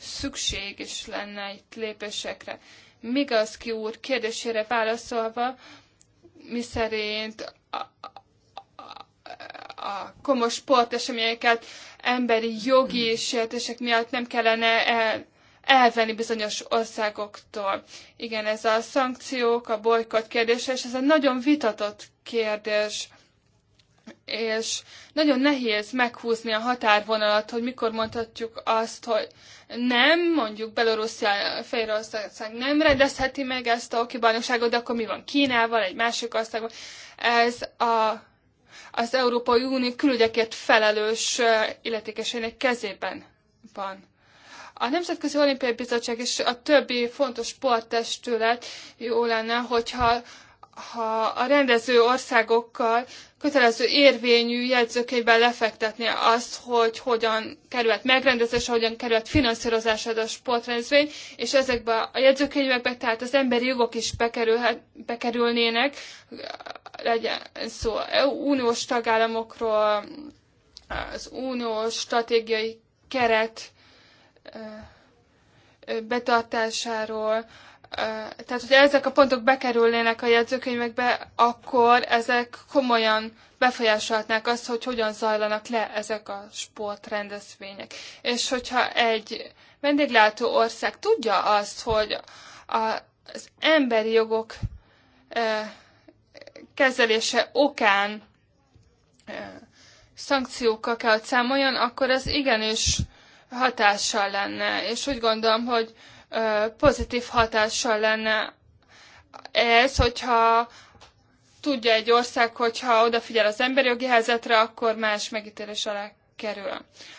szükség is lenne itt lépésekre. Migaszki úr kérdésére válaszolva, miszerint a, a, a komos sporteseményeket emberi jogi sértések miatt nem kellene el elvenni bizonyos országoktól. Igen, ez a szankciók, a bolykott kérdése, és ez egy nagyon vitatott kérdés és nagyon nehéz meghúzni a határvonalat, hogy mikor mondhatjuk azt, hogy nem, mondjuk Belorusszia, Fejrország nem rendezheti meg ezt a okibajnokságot, de akkor mi van Kínával, egy másik országban. Ez a, az Európai Unió külügyekért felelős illetékesének kezében van. A Nemzetközi Olimpiai Bizottság és a többi fontos sporttestület jó lenne, hogyha ha a rendező országokkal kötelező érvényű jegyzőkönyvben lefektetné azt, hogy hogyan került megrendezés, hogyan került finanszírozásra a sportrendezvény, és ezekbe a jegyzőkönyvekbe, tehát az emberi jogok is bekerülhet, bekerülnének, legyen szó uniós tagállamokról, az uniós stratégiai keret betartásáról, tehát, hogyha ezek a pontok bekerülnének a jegyzőkönyvekbe, akkor ezek komolyan befolyásolhatnák azt, hogy hogyan zajlanak le ezek a sportrendezvények. És hogyha egy vendéglátó ország tudja azt, hogy az emberi jogok kezelése okán szankciókkal kell, számoljon, akkor ez igenis hatással lenne, és úgy gondolom, hogy pozitív hatással lenne ez, hogyha tudja egy ország, hogyha odafigyel az emberi jogi helyzetre, akkor más megítélés alá kerül.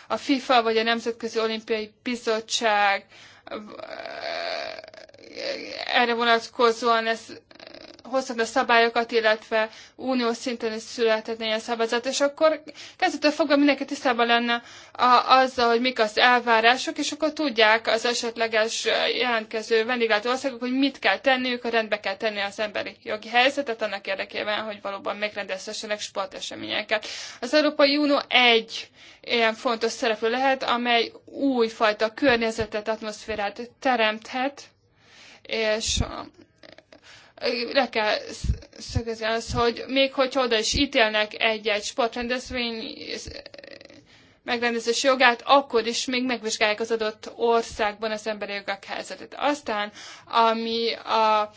A FIFA vagy a Nemzetközi Olimpiai Bizottság erre vonatkozóan ez hoztak be szabályokat, illetve uniós szinten is születhetne ilyen szabályzat, és akkor kezdetől fogva mindenki tisztában lenne a, azzal, hogy mik az elvárások, és akkor tudják az esetleges jelentkező vendéglátó országok, hogy mit kell tenniük, a rendbe kell tenni az emberi jogi helyzetet annak érdekében, hogy valóban megrendezhessenek sporteseményeket. Az Európai Unió egy ilyen fontos szereplő lehet, amely újfajta környezetet, atmoszférát teremthet, és le kell szögezni az, hogy még hogyha oda is ítélnek egy-egy sportrendezvény megrendezés jogát, akkor is még megvizsgálják az adott országban az emberi jogok helyzetet. Aztán, ami a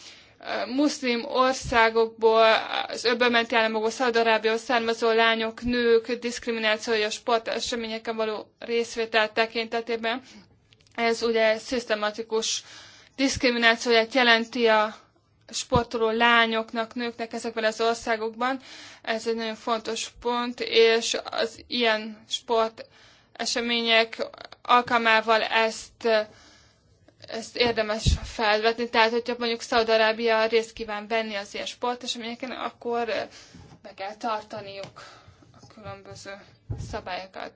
muszlim országokból, az öbbenmenti államokból, Szaudarábia származó lányok, nők diszkriminációja a eseményeken való részvétel tekintetében. Ez ugye szisztematikus diszkriminációját jelenti a sportoló lányoknak, nőknek ezekben az országokban. Ez egy nagyon fontos pont, és az ilyen sport események alkalmával ezt, ezt érdemes felvetni. Tehát, hogyha mondjuk Szaudarábia részt kíván venni az ilyen sporteseményeken, akkor be kell tartaniuk a különböző szabályokat.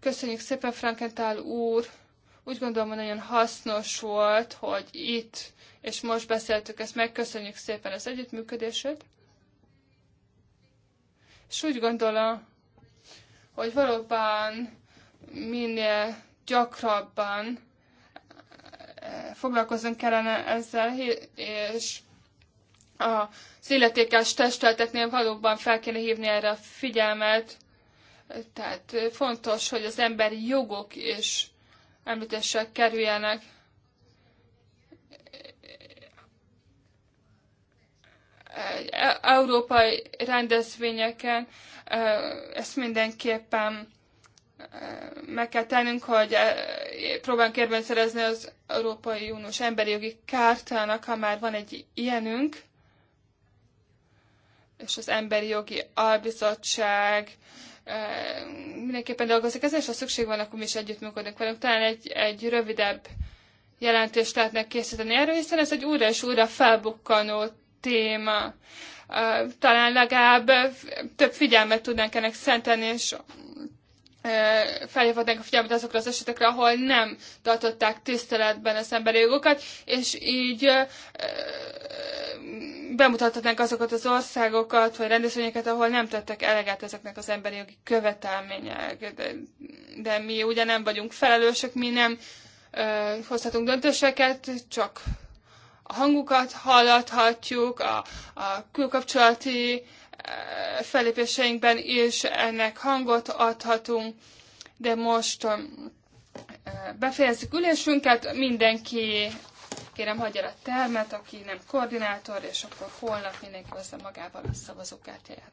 Köszönjük szépen, Frankentál úr! Úgy gondolom, hogy nagyon hasznos volt, hogy itt és most beszéltük ezt meg, köszönjük szépen az együttműködését. És úgy gondolom, hogy valóban minél gyakrabban eh, foglalkozunk kellene ezzel, és az illetékes testületeknél valóban fel kéne hívni erre a figyelmet. Tehát fontos, hogy az emberi jogok is említéssel kerüljenek európai rendezvényeken ezt mindenképpen meg kell tennünk, hogy próbálunk érben szerezni az Európai Uniós Emberi Jogi Kártának, ha már van egy ilyenünk, és az Emberi Jogi Albizottság mindenképpen dolgozik ezen, és ha szükség van, akkor mi is együttműködünk velünk. Talán egy, egy rövidebb jelentést lehetne készíteni erről, hiszen ez egy újra és újra felbukkanó téma. Talán legalább több figyelmet tudnánk ennek szentelni, és felhívhatnánk a figyelmet azokra az esetekre, ahol nem tartották tiszteletben az emberi jogokat, és így bemutathatnánk azokat az országokat, vagy rendezvényeket, ahol nem tettek eleget ezeknek az emberi jogi követelmények. De, de mi ugye nem vagyunk felelősek, mi nem hozhatunk döntéseket, csak a hangukat hallathatjuk, a, a külkapcsolati e, felépéseinkben is ennek hangot adhatunk, de most um, e, befejezzük ülésünket, mindenki kérem hagyja a termet, aki nem koordinátor, és akkor holnap mindenki hozza magával a szavazókártyáját.